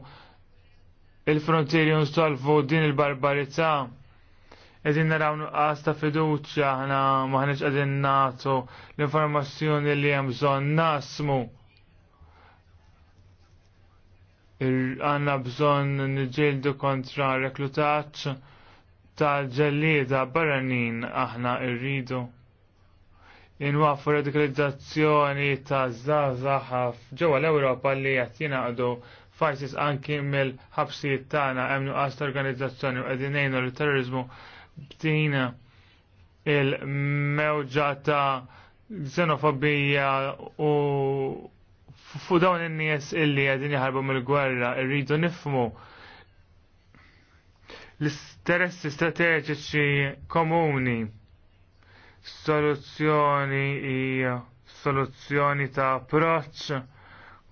il-frontieri nsolvu din il-barbarità. Qegħdin naraw nuqqas ta' fiduċja aħna maħniex qegħdin nagħtu l-informazzjoni li hemm bżonn nasmu għanna bżon nġildu kontra reklutaċ ta' ġellida barranin aħna irridu inwaqfu radikalizzazzjoni ta' zazahaf ġewwa l-Ewropa li qed jingħaqdu fajsis anki mill-ħabsijiet tagħna hemm nuqqas organizzazzjoni u qegħdin l terrorizmu btin il-mewġa ta' xenofobija u fu dawn in-nies illi qegħdin jaħarbu mill-gwerra rridu nifmu l-interessi strateġiċi komuni soluzzjoni hija soluzzjoni ta' approċċ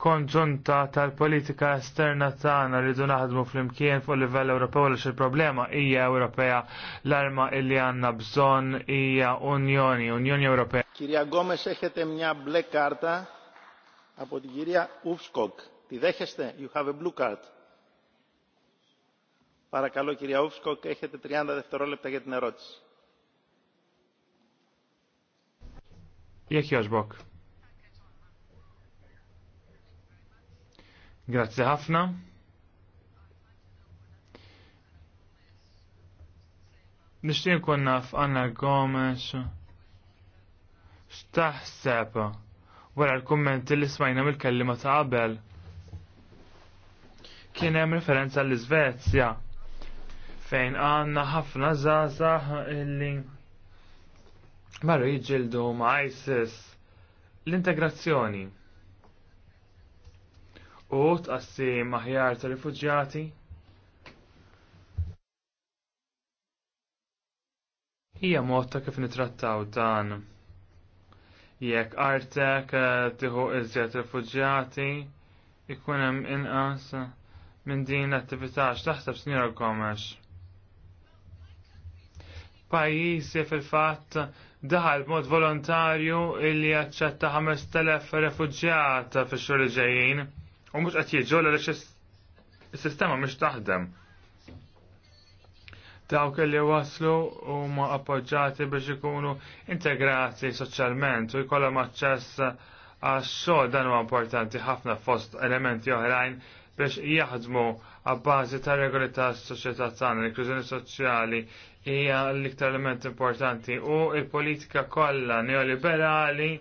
konġunta tal-politika esterna tagħna rridu naħdmu flimkien fuq livell Ewropew għaliex il-problema hija Ewropea l-arma illi għandna bżonn hija Unjoni, Unjoni Ewropea.
Kirja Gomez eħet mja black karta από την κυρία Ουφσκοκ. Τη δέχεστε, you have a blue card. Παρακαλώ κυρία Ουφσκοκ, έχετε 30 δευτερόλεπτα για την ερώτηση.
Jekk jogħġbok. Grazzi ħafna. Nishtiq konna f'Anna Gomes x'taħseb wara l-kummenti li smajna mill-kellima ta' qabel. Kien hemm referenza l-Iżvezja fejn għandna ħafna żgħażagħ illi marru jġildu ma' ISIS l-integrazzjoni u tqassi maħjar ta' rifugġati. Hija mod ta' kif nitrattaw dan. Jekk artek eh, tieħu iżjed rifugġati, ikun hemm inqas minn din l-attività x'taħseb Sinjora Gomex pajjiżi fil-fatt daħal mod volontarju illi jaċċetta 5000 refuġjat fix-xhur li ġejjin u mhux qed jiġu għal is-sistema mux taħdem. Dawk li waslu huma appoġġjati biex ikunu integrati soċjalment u jkollhom aċċess għax-xogħol dan huwa importanti ħafna fost elementi oħrajn biex jaħdmu għabbażi ta' regoli ta' soċjetà tagħna, l-inklużjoni soċjali, hija l-iktar element importanti u il-politika kollha neoliberali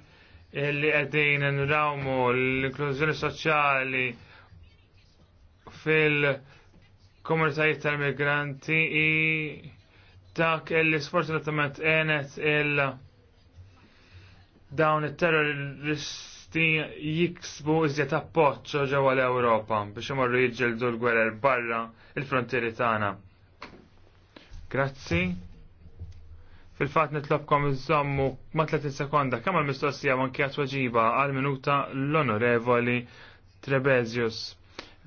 li qegħdin nrawmu l-inklużjoni soċjali fil-komunitajiet tal-migranti i dak li sfortunatament għenet il dawn it-terroristi jiksbu iżjed appoġġ ġewwa l-Ewropa biex imorru jiġġeldu l-gwerer barra il-frontieri tagħna Grazzi. Fil-fat nitlobkom iżommu ma' 30 sekonda kemm għal-mistoqsija ma' kjat waġiba għal-minuta l-onorevoli Trebezius.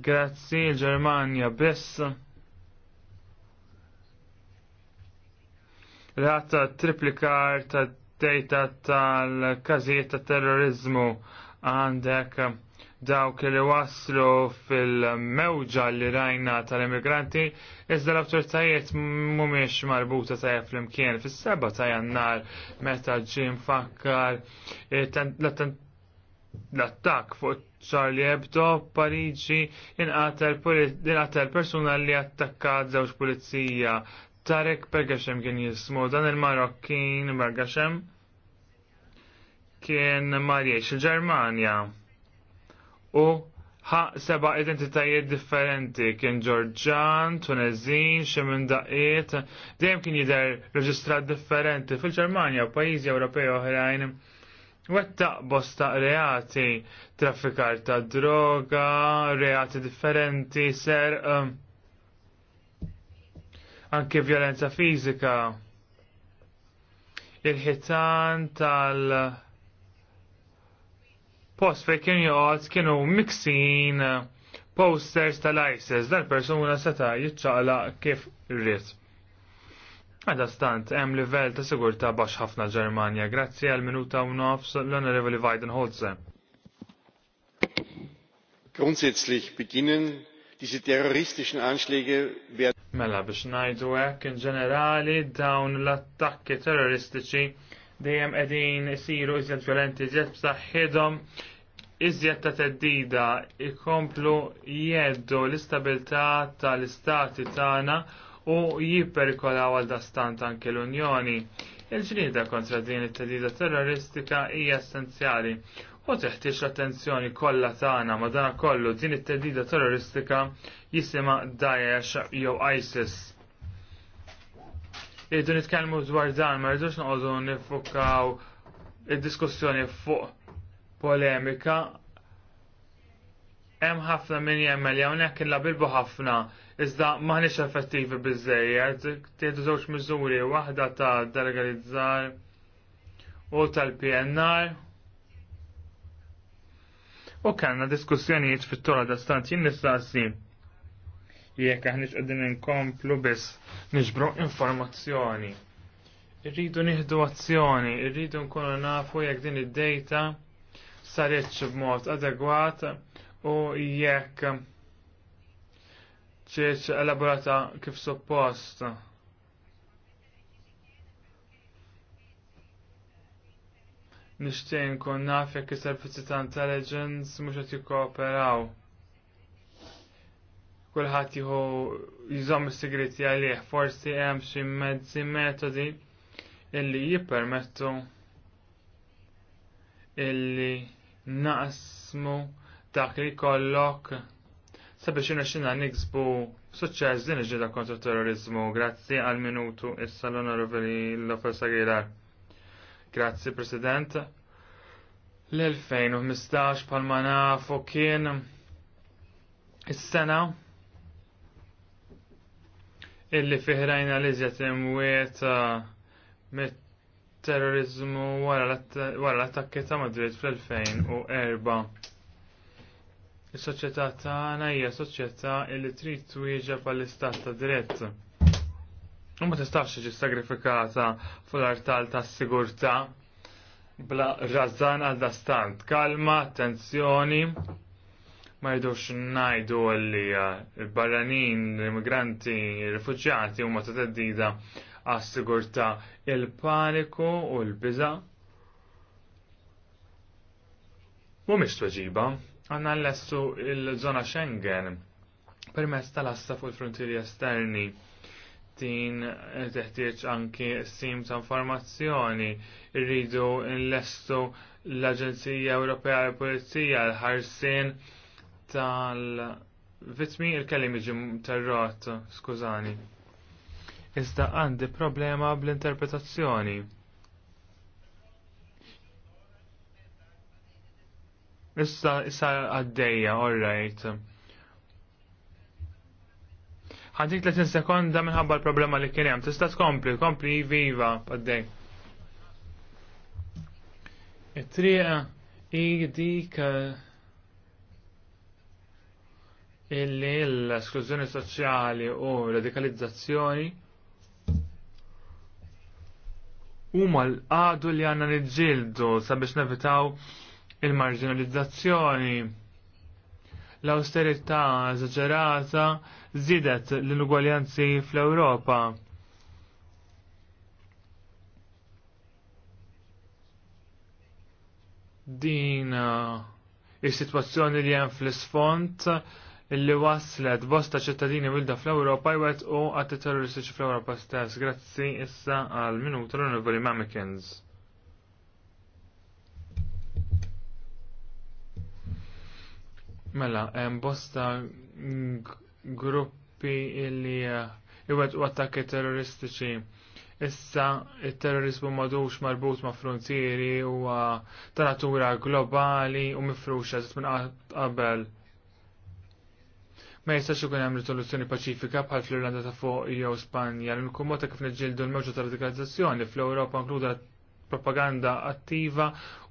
Grazzi, il-Germania biss. rata triplikar ta' data tal-kazijiet ta' terrorizmu għandek dawk li waslu fil-mewġa li rajna tal-immigranti, iżda l-autoritajiet mumiex marbuta tajja fl-imkien fis-seba ta' jannar meta ġim fakkar eh, l-attak fuq Charlie Hebdo Pariġi inqatel persuna li attakkat żewġ pulizija Tarek Pergashem kien jismu dan il-Marokkin Pergashem kien marjex il-Ġermanja u ħaq seba identitajiet differenti kien Ġorġan, Tunezin, xi minn daqiet, dejjem kien jidher reġistrat differenti fil-Ġermanja u pajjiżi Ewropej oħrajn. Wettaq bosta reati, traffikar ta' droga, reati differenti, ser um, anke violenza fizika. Il-ħitan tal- post fej kien joqgħod kienu miksin eh, posters tal-ISIS dan persuna seta jiċċaqla kif rrit. Għada stant, hemm livell ta' sigurta bax ħafna Ġermanja, grazzi għal minuta u nofs l Vajden Holze.
Grundsätzlich beginnen diese terroristischen Anschläge werden.
Mela biex najdu hekk in ġenerali dawn l-attakki terroristiċi dejjem qegħdin isiru iżjed violenti, iżjed b'saħħithom, iżjed ta' teddida ikomplu jeddu l-istabilità tal-istati tagħna u jipperikolaw għal dastant anke l-Unjoni. il ġnida kontra din it-teddida terroristika hija essenzjali u teħtieġ l-attenzjoni kollha tagħna madanakollu din it-teddida terroristika jisima Daesh jew ISIS Iddu nitkellmu dwar dan, ma rridux noqogħdu nifukaw id-diskussjoni fuq polemika. Hemm ħafna min jemmel hawnhekk inlabilbu ħafna, iżda maħniex effettivi biżejjed, tieħdu żewġ miżuri waħda ta' delegalizzar u tal-PNR. U kellna diskussjonijiet fit-tora da' stanzi nistaqsi jekk aħniex qegħdin inkomplu biss niġbru informazzjoni. Irridu nieħdu azzjoni, irridu nkunu nafu jekk din id-dejta saritx b'mod adegwat u jekk ċeċ elaborata kif suppost. Nixtieq nkun naf jekk is-servizzi ta' intelligence mhux qed jikkooperaw kulħadd jieħu jżomm is-sigriti għalih, forsi hemm xi mezzi metodi illi jippermettu illi naqsmu dak li kollok sabiex inaxxina niksbu suċċess din iġġida kontra terrorizmu grazzi għal minutu issa l-onorevoli Lopez Aguilar. Grazzi President. L-2015 palma nafu kien is-sena illi fiħrajna li ġet imwieta mit terrorizmu wara l-attakki ta' Madrid fl-2004. Is-soċjetà tagħna hija soċjetà illi trid twieġeb għall-istat ta' dritt. U ma tistax tiġi sagrifikata fl-artal tas-sigurtà bla razzan għal dastant. Kalma, attenzjoni ma jidux najdu għalli barranin, immigranti, rifugġati u ma ta' teddida għas-sigurta il-paniku u l-biza. Mumiex tweġiba, għanna l-lessu il-zona Schengen permess tal-assa fuq il-frontieri esterni din teħtieġ anki sim ta' informazzjoni rridu nlestu l-Aġenzija Ewropea l pulizija l-ħarsin tal-vitmi il kellim iġi tarrat, skużani. Iżda għandi problema bl-interpretazzjoni. Issa, issa all right. Għandik 30 sekonda minħabba l-problema li kien hemm. Tista tkompli, kompli, viva, għaddej. It-triqa, i dik illi l-esklużjoni soċjali u radikalizzazzjoni huma l-qadu li għanna nġildu sabiex nevitaw il-marginalizzazzjoni. L-austerità eżaġerata zidet l-inugwaljanzi fl-Ewropa. Din uh, is-sitwazzjoni li hemm fl-isfond illi waslet bosta ċittadini wilda fl-Europa jwet u għatti terroristiċi fl-Europa stess. Grazzi issa għal minuta l-Onorevoli Mamikins. Mela, hemm bosta gruppi illi eh, jwet u attakki terroristiċi. Issa, il-terrorizmu madux marbut ma' frontieri u ta' natura globali u mifruxa minn qabel. Ma jistax ikun hemm risoluzzjoni paċifika bħal fl-Irlanda ta' fuq jew Spanja l uniku mod kif niġġieldu l mewġu ta' radikalizzazzjoni fl-Ewropa nkluda propaganda attiva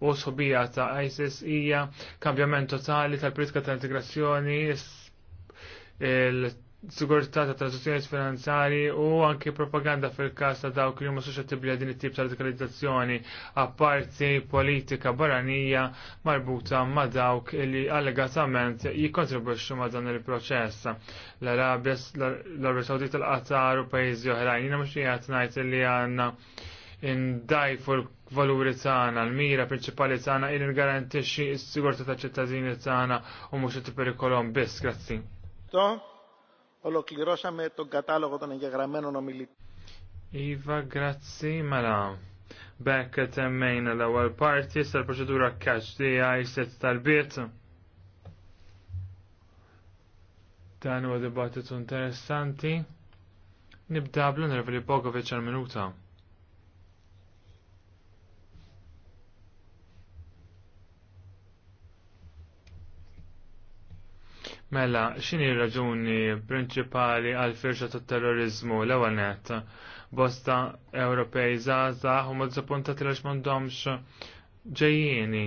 u sobija ta' ISIS hija kambjament totali tal-politika tal integrazzjoni sigurtà ta' transazzjoni finanzjari u anke propaganda fil-każ ta' dawk li huma suscettibbli din it-tip ta' radikalizzazzjoni apparti politika barranija marbuta ma' dawk li allegatament jikkontribwixxu ma' dan il-proċess. L-Arabja, l-Arabja Sawdita l-Qatar u pajjiżi oħrajn. Jiena mhux qiegħed ngħid li għandna indajfu l-valuri tagħna, l-mira prinċipali tagħna il garantixxi s-sigurtà ta' ċittadini tagħna u mhux qed perikolhom biss. Grazzi.
Ολοκληρώσαμε τον κατάλογο των εγγεγραμμένων ομιλητών.
Iva, grazzi, μαλά. Mela. Bekk temmejna l-ewwel parti tal-proċedura catch DI set tal-biet. Dan huwa dibattitu interessanti. Nibda bl μινούτα. minuta Mela, xini raġuni prinċipali għal firxa ta' terrorizmu l ewanet bosta Ewropej zaza u mozzapuntati għax mandomx ġejjini.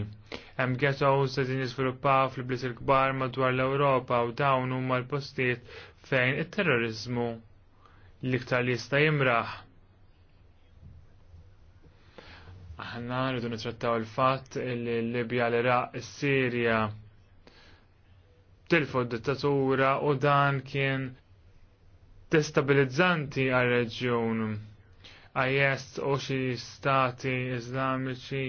Hemm ghetto se din jiżviluppaw fil-bliet il-kbar madwar l-Ewropa u dawn huma l-postijiet fejn it-terrorizmu l-iktar jista' jimraħ. Aħna rridu nittrattaw il-fatt li l-Libja l-Iraq is-Sirja il tilfu dittatura u dan kien destabilizzanti għal reġjun għajest u xi stati iżlamiċi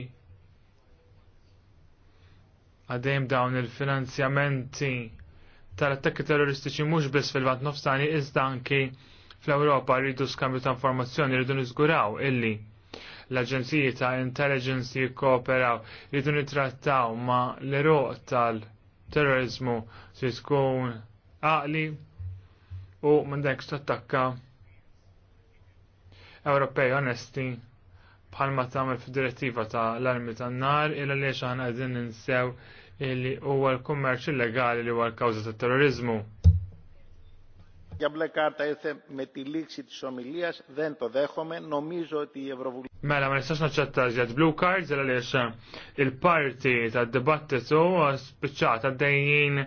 għadejm dawn il-finanzjamenti tal-attakki terroristiċi mhux biss fil-vant nofstani iżda anki fl europa rridu skambju ta' informazzjoni rridu niżguraw illi l-aġenziji ta' intelligence jikkooperaw rridu nitrattaw ma l-eroq tal- terrorizmu se tkun għaqli u m'għandekx tattakka Ewropej onesti bħalma tagħmel fid-direttiva ta' l-armi tan-nar illa li xaħna qegħdin ninsew illi huwa l-kummerċ illegali li huwa l-kawża tat-terrorizmu. Mela, ma nistax naċċetta ġed blue cards, għaliex il-parti ta' dibattitu spiċċata dejjin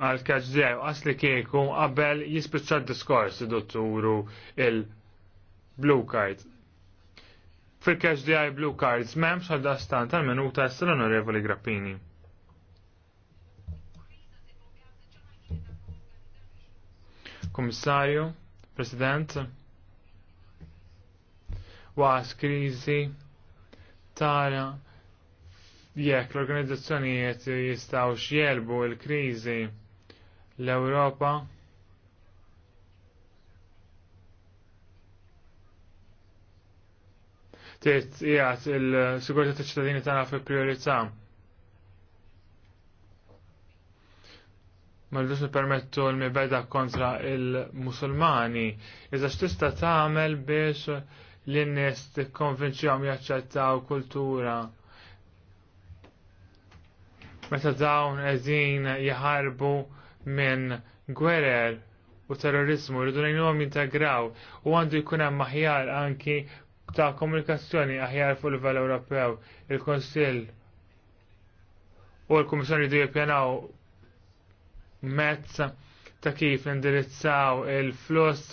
għal kaġdew li kieku qabel jispiċċa diskors dotturu il-blue card. Fil-kaġdew blue cards memx għal dastan tal-minuta s-sal-onorevoli Grappini. Komissarju, President, waqt krizi tara jekk l-organizzazzjonijiet jistaw xjelbu l-krizi l-Europa tiet jgħat il-sigurta ta' ċittadini tagħna fi priorità. l-bis nipermettu l-mibeda kontra il-Musulmani. Iżda x'tista tagħmel biex l-nies tikkonvinċihom jaċċettaw kultura meta dawn qegħdin jħarbu minn gwerer u terrorizmu rridu ngħinuhom jintegraw u għandu jkun hemm aħjar anki ta' komunikazzjoni aħjar fuq livell Ewropew, il-Konsill u l-Kummissjoni jridu jippjanaw mezz ta' kif indirizzaw il-fluss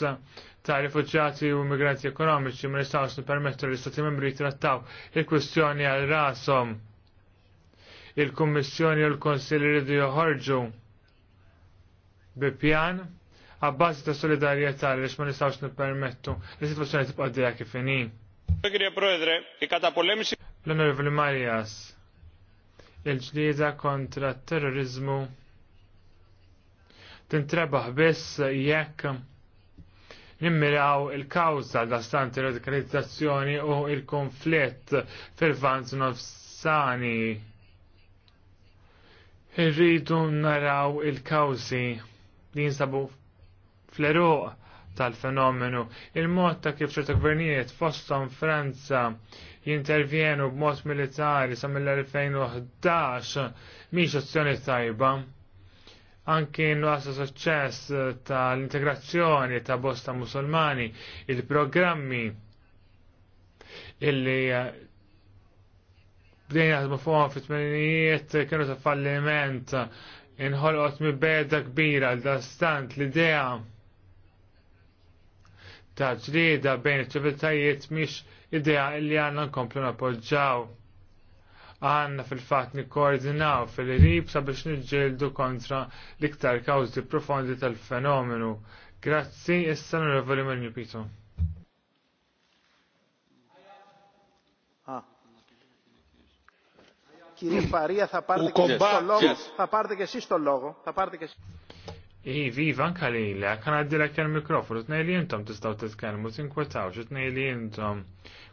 ta' rifugġati u immigranti ekonomiċi ma nistgħux nippermettu li stati membri jitrattaw il-kwistjoni għal rashom. Il-Kummissjoni u l-Konsil iridu joħorġu bi pjan għabbażi ta' solidarjetà li ma nistgħux nippermettu li situazzjoni tibqa' dejja kif inhi. L-Onorevoli Marias, il-ġlieda kontra terrorizmu tintrebaħ biss jekk nimmiraw il-kawza da il radikalizzazzjoni u il-konflitt fil-vanz nofsani. Irridu naraw il-kawzi li jinsabu fl-eruq tal-fenomenu. Il-mod ta' kif ċerta gvernijiet fostom Franza jintervjenu b'mod militari sa' mill-2011 miex azzjoni tajba anki nuqasa suċċess eh, tal-integrazzjoni ta' bosta musulmani, il-programmi illi eh, bdejn jaħdmu fuqhom fit-tmenijiet eh, kienu ta' falliment inħolqot beda kbira l stant l-idea ta' ġlieda bejn iċ-ċiviltajiet miex idea illi għandna nkomplu nappoġġaw għanna fil-fat nikkoordinaw fil-rib sabiex nġildu kontra l-iktar kawzi profondi tal-fenomenu. Grazzi, issa N. revoli Menju Pito.
Κύριε ah. Παρία, θα πάρετε και εσείς το parte Θα πάρετε και εσείς parte λόγο.
Ehi, viva anche εσείς. Ivi, van kalila, kan għaddilek microfono, mikrofonu, t li jintom tistaw t-tkelmu, t-inkwetaw, ne li hai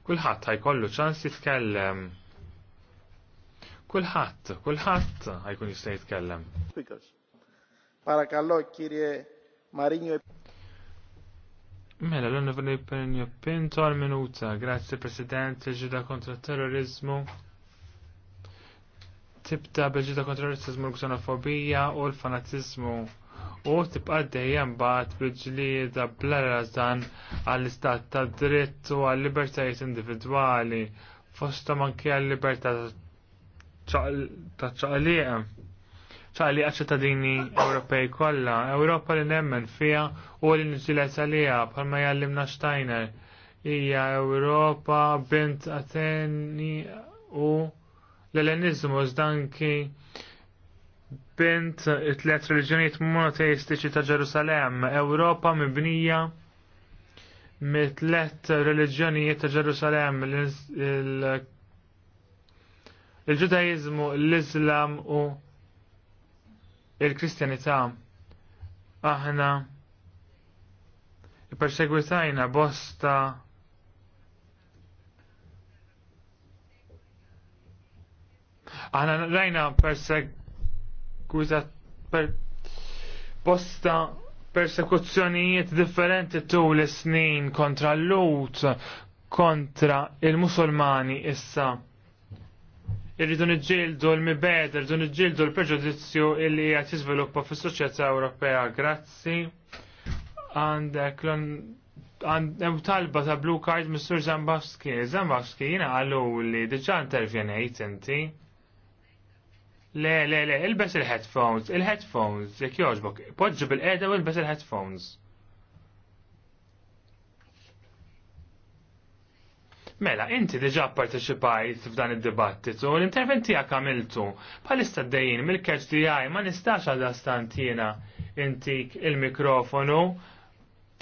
collo ħajkollu ċans scalmo. Kulħadd, kulħadd ħajkun jista' jitkellem.
Parakallo, kirje Marinho.
Mela, l-Onorevoli Perinjo Pinto għal minuta, grazie President, ġida kontra terrorizmu, tibda bil-ġida kontra terrorizmu, l-ksenofobija u l-fanatizmu u tibqa dejjem bat bil-ġlieda bl-razan għall-istat ta' dritt u għall-libertajiet individwali, fosta manki għall-libertà ta' ċaqliqa ċaqliqa ċittadini Ewropej kollha, Ewropa li nemmen fija u li nġilet għalija bħalma jallimna Steiner Ija Ewropa bint Ateni u l-Elenizmu zdanki bint it-tlet reliġjonijiet monoteistiċi ta' Ġerusalem, Ewropa mibnija mit let reliġjonijiet ta' Ġerusalem, il ġudajizmu l-Islam u il-Kristjanità. Aħna perseguitajna bosta Aħna rajna perseguitajna per bosta persekuzzjonijiet differenti tul is-snin kontra l-lut kontra il-Musulmani issa irridu nġildu l-mibed, irridu nġildu l-preġudizzju illi għat jizviluppa fis soċjetà Ewropea. Grazzi. Għandek għandem talba ta' blue card Mr. Zambowski. Zambowski. jina għallu li diġa intervjenejt inti. Le, le, le, il-bess il-headphones, il-headphones, jek joġbok, podġu bil il-bess il-headphones. u bess il-headphones. Mela, inti diġa parteċipajt f'dan id-dibattitu, l interventi għak għamiltu, bħalista d-dejjin mill-kerġ tiegħi ma nistax għadda stantina intik il-mikrofonu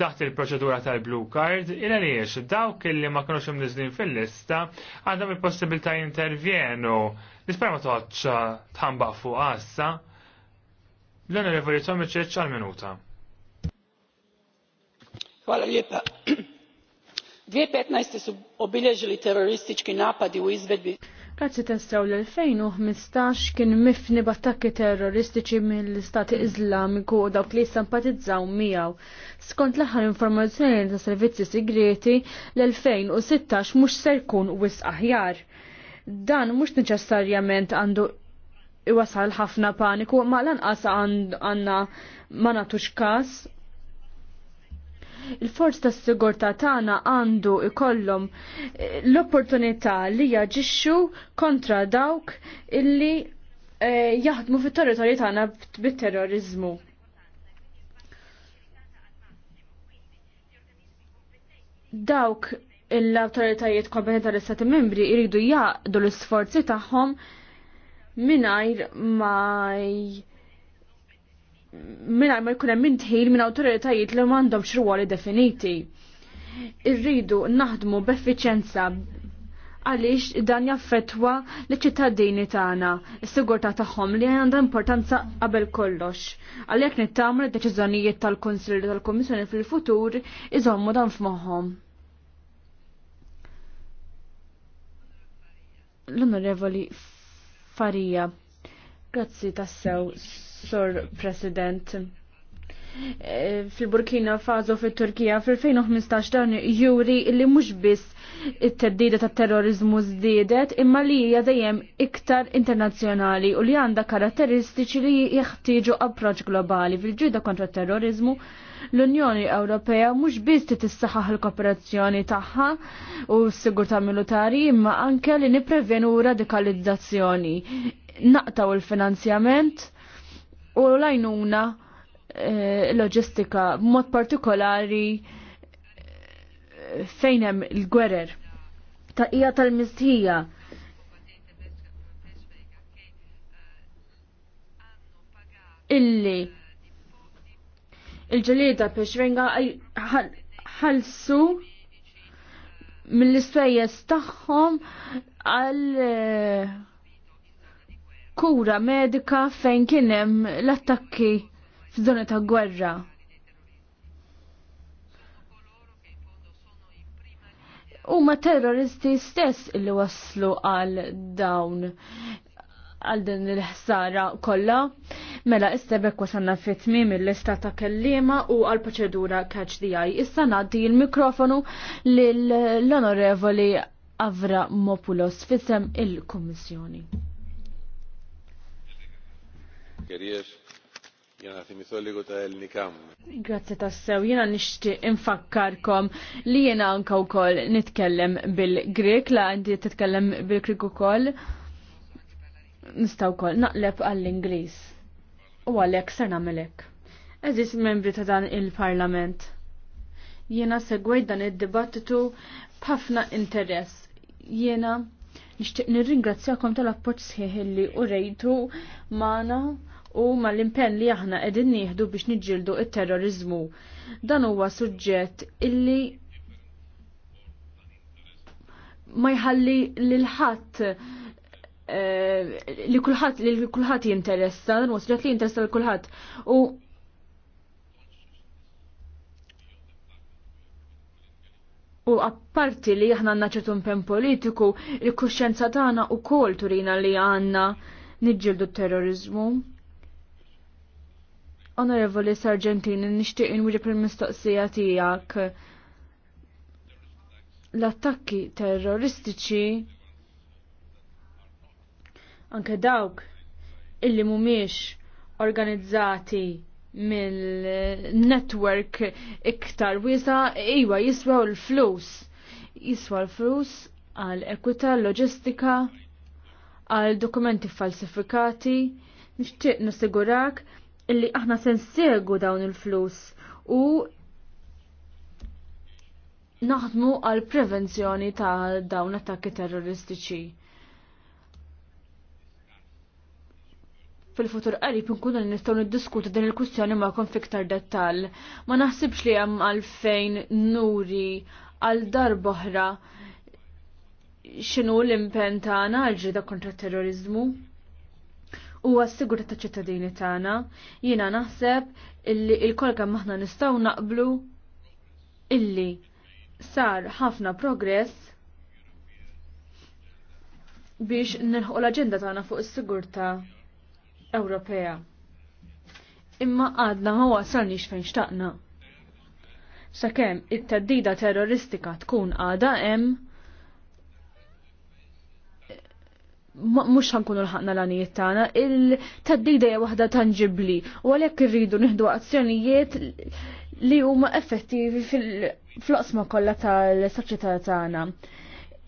taħt il-proċedura tal-blue card, il għaliex dawk li ma kienux imniżlin fil-lista għandhom il-possibilità jintervjenu. Nispera ma toħċ tħamba fuq għassa. L-onorevoli Tomiċeċ għal-minuta.
Hvala lijepa thousand and fifteen su obiljeili teroristiki napadi u izvedbi
Grazzi testaw l-2015 kien mifni b'attakki terroristiċi mill-Istati Iżlamiku u dawk li simpatizzaw miegħu. Skont l-aħħar informazzjoni ta' servizzi segreti l-2016 mhux ser jkun wis aħjar. Dan mhux neċessarjament għandu iwasal ħafna paniku ma lanqas għandna ma nagħtux każ il fors ta' sigurta tagħna għandu ikollhom eh, l-opportunità li jaġixxu kontra dawk illi eh, jaħdmu fit-territorju tagħna bit-terrorizmu. Dawk l-autoritajiet kompetenti tal-Istati membri jridu jaqdu l-isforzi tagħhom mingħajr ma minna ma jkun hemm tħil minn awtoritajiet li m'għandhomx xruwali definiti. Irridu naħdmu b'effiċenza għaliex dan jaffetwa li ċittadini tagħna, is-sigurtà tagħhom li għandha importanza qabel kollox. Għalhekk nittamru d-deċiżjonijiet tal-Kunsill tal-Kummissjoni fil-futur iżommu dan f'moħħhom. L-Onorevoli Farija, grazzi tassew. Sur President. E, Fil-Burkina Faso fil-Turkija fil-2015 dan juri li mhux biss it-teddida tat terrorizmu żdiedet imma li hija dejjem iktar internazzjonali u li għandha karatteristiċi li jeħtieġu approċ globali fil-ġida kontra t terrorizmu l-Unjoni Ewropea mhux biss titissaħħaħ il-kooperazzjoni tagħha u s-sigurtà militari imma anke li nipprevenu radikalizzazzjoni. Naqtaw il-finanzjament u lajnuna e, eh, loġistika b'mod partikolari eh, fejn hemm il-gwerer. ta' ija tal-mistħija illi il-ġelida peċvenga ħalsu mill-ispejjeż tagħhom għal eh, kura medika fejn kien hemm l-attakki f'żoni ta' gwerra. Huma terroristi stess illi waslu għal dawn għal din il-ħsara kollha. Mela istebek wasanna fit tmiem il-lista ta' kellima u għal proċedura catch the eye. Issa nagħti il-mikrofonu lill-Onorevoli Avra Mopulos fisem il-Kummissjoni.
Jena timithol li għuta nikam
Grazie tassew, jena nishti infakkarkom li jena anka u kol nitkellem bil-Grek, la għandi titkellem bil-Grek u kol, Nistaw kol naqleb għall-Inglis. U għalek ser namelek. Eżis membri ta' dan il-parlament. Jena segwej dan id-dibattitu b'ħafna interess. Jena nishtiq nirringrazzjakom tal-appoġġ sħiħ li u rejtu mana u mal-impenn li aħna qegħdin nieħdu biex niġġieldu il terrorizmu Dan huwa suġġett illi ma jħalli lil ħadd eh, li kulħadd li kulħadd jinteressa, dan huwa li jinteressa lil kulħadd. U U apparti li aħna għandna ċertu impenn politiku, il-kuxjenza tagħna wkoll turina li għandna nidġildu t-terrorizmu. Onorevoli Sargentini, nishtiq inwiġi il mistoqsija tijak. L-attakki terroristiċi anke dawk illi mumiex organizzati mill-network iktar wisa, iwa jiswa l-flus. Jiswa l-flus għal ekwita, loġistika, għal dokumenti falsifikati, nixtieq nasigurak illi aħna se nsegu dawn il-flus u naħdmu għal prevenzjoni ta' dawn attakki terroristiċi. fil-futur qarib nkunu nistgħu niddiskutu din il-kwistjoni magħkom fiktar dettall. Ma naħsibx li hemm għalfejn nuri għal darboħra x'inhu l-impen tagħna għal ġrida kontra terrorizmu u għas-sigurta ta' ċittadini tagħna. Jiena naħseb illi il-kol kemm aħna nistgħu naqblu illi sar ħafna progress biex nilħu l-aġenda tagħna fuq is-sigurta Ewropea. Imma għadna ma wasalniex fejn xtaqna. Sakemm it-teddida terroristika tkun għada hemm, mux ħankunu l-ħakna l-għanijiet tagħna, il-taddida hija waħda tangibli u għalhekk irridu nihdu azzjonijiet li huma effettivi fil-floqsma kollha tal-soċjetà tagħna.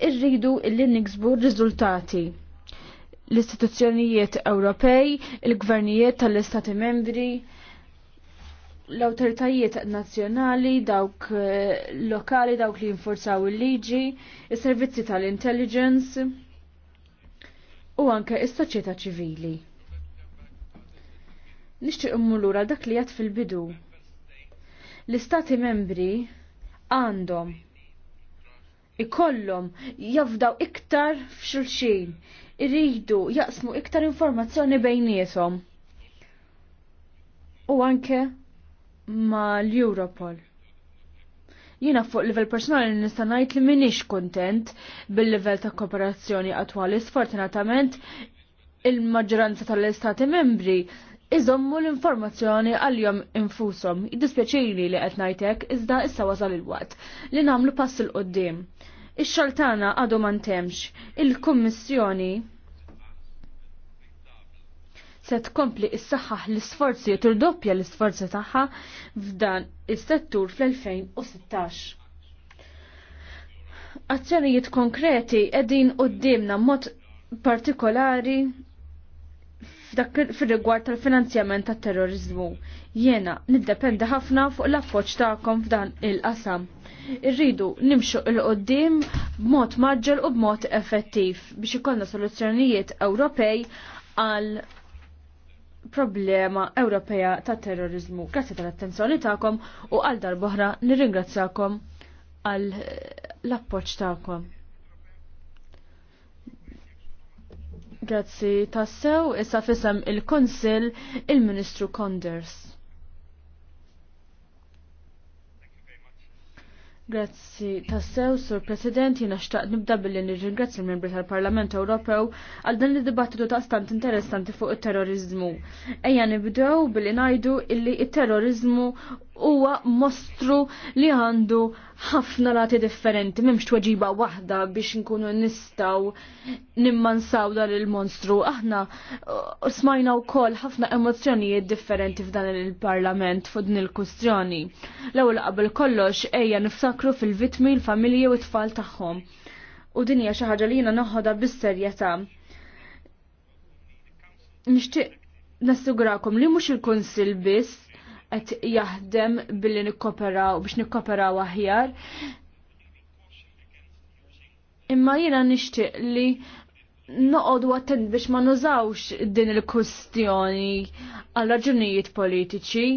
Irridu illi niksbu riżultati l-istituzzjonijiet Ewropej, il-gvernijiet tal-Istati membri, l-autoritajiet nazzjonali, dawk eh, lokali, dawk li jinforzaw il-liġi, il-servizzi tal-intelligence u anke is-soċjetà ċivili. Nixtieq immur għal dak li jgħat fil-bidu. L-istati membri għandhom ikollhom jafdaw iktar f'xulxin, irridu jaqsmu iktar informazzjoni bejniethom. U anke ma l-Europol. Jina fuq livell personali nista' ngħid li m'iniex kuntent bil-livell ta' kooperazzjoni attwali. Sfortunatament il-maġġoranza tal-istati membri iżommu l-informazzjoni għal-jom infusom. Id-dispieċini li qed ngħidlek iżda issa wasal il-waqt li nagħmlu pass il qoddim Ix-xaltana għadu mantemx. Il-Kummissjoni se tkompli is-saħħaħ l-isforzi turdoppja l-isforzi tagħha f'dan is-settur fl-2016. Azzjonijiet konkreti qegħdin quddiemna mod partikolari fir-rigward tal-finanzjament tat-terrorizmu. Jiena niddependa ħafna fuq l-appoġġ tagħkom f'dan il-qasam. Irridu nimxu il-qoddim b'mod maġġor u b'mod effettiv biex ikollna soluzzjonijiet Ewropej għal problema Ewropea ta' terrorizmu. Grazzi tal-attenzjoni ta'kom u għal darbohra nirringrazzjakom għal eh, l-appoċ ta'kom. Grazzi tassew, issa fisem il-Konsil il-Ministru Konders. Grazzi tassew, Sur President, jina xtaqt nibda billi nirringrazzi l-membri tal-Parlament Ewropew għal dan il-dibattitu ta' stant interessanti fuq il-terrorizmu. Ejja nibdew billi najdu illi il-terrorizmu huwa mostru li għandu ħafna lati differenti, m'hemmx tweġiba waħda biex nkunu nistaw nimmansaw dan il-monstru. Aħna uh, smajna wkoll ħafna emozjonijiet differenti f'dan il-parlament fuq din il-kustjoni. L-ewwel qabel kollox ejja nifsakru fil-vitmi l-familji u t-tfal tagħhom. U din hija xi ħaġa li jiena noħodha bis-serjetà. Nixtieq nassugurakom li mhux il-Kunsill biss qed jaħdem billi nikkoperaw biex nikkoperaw aħjar. Imma jiena nixtieq li noqogħdu attent biex ma nużawx din il-kustjoni għal raġunijiet politiċi.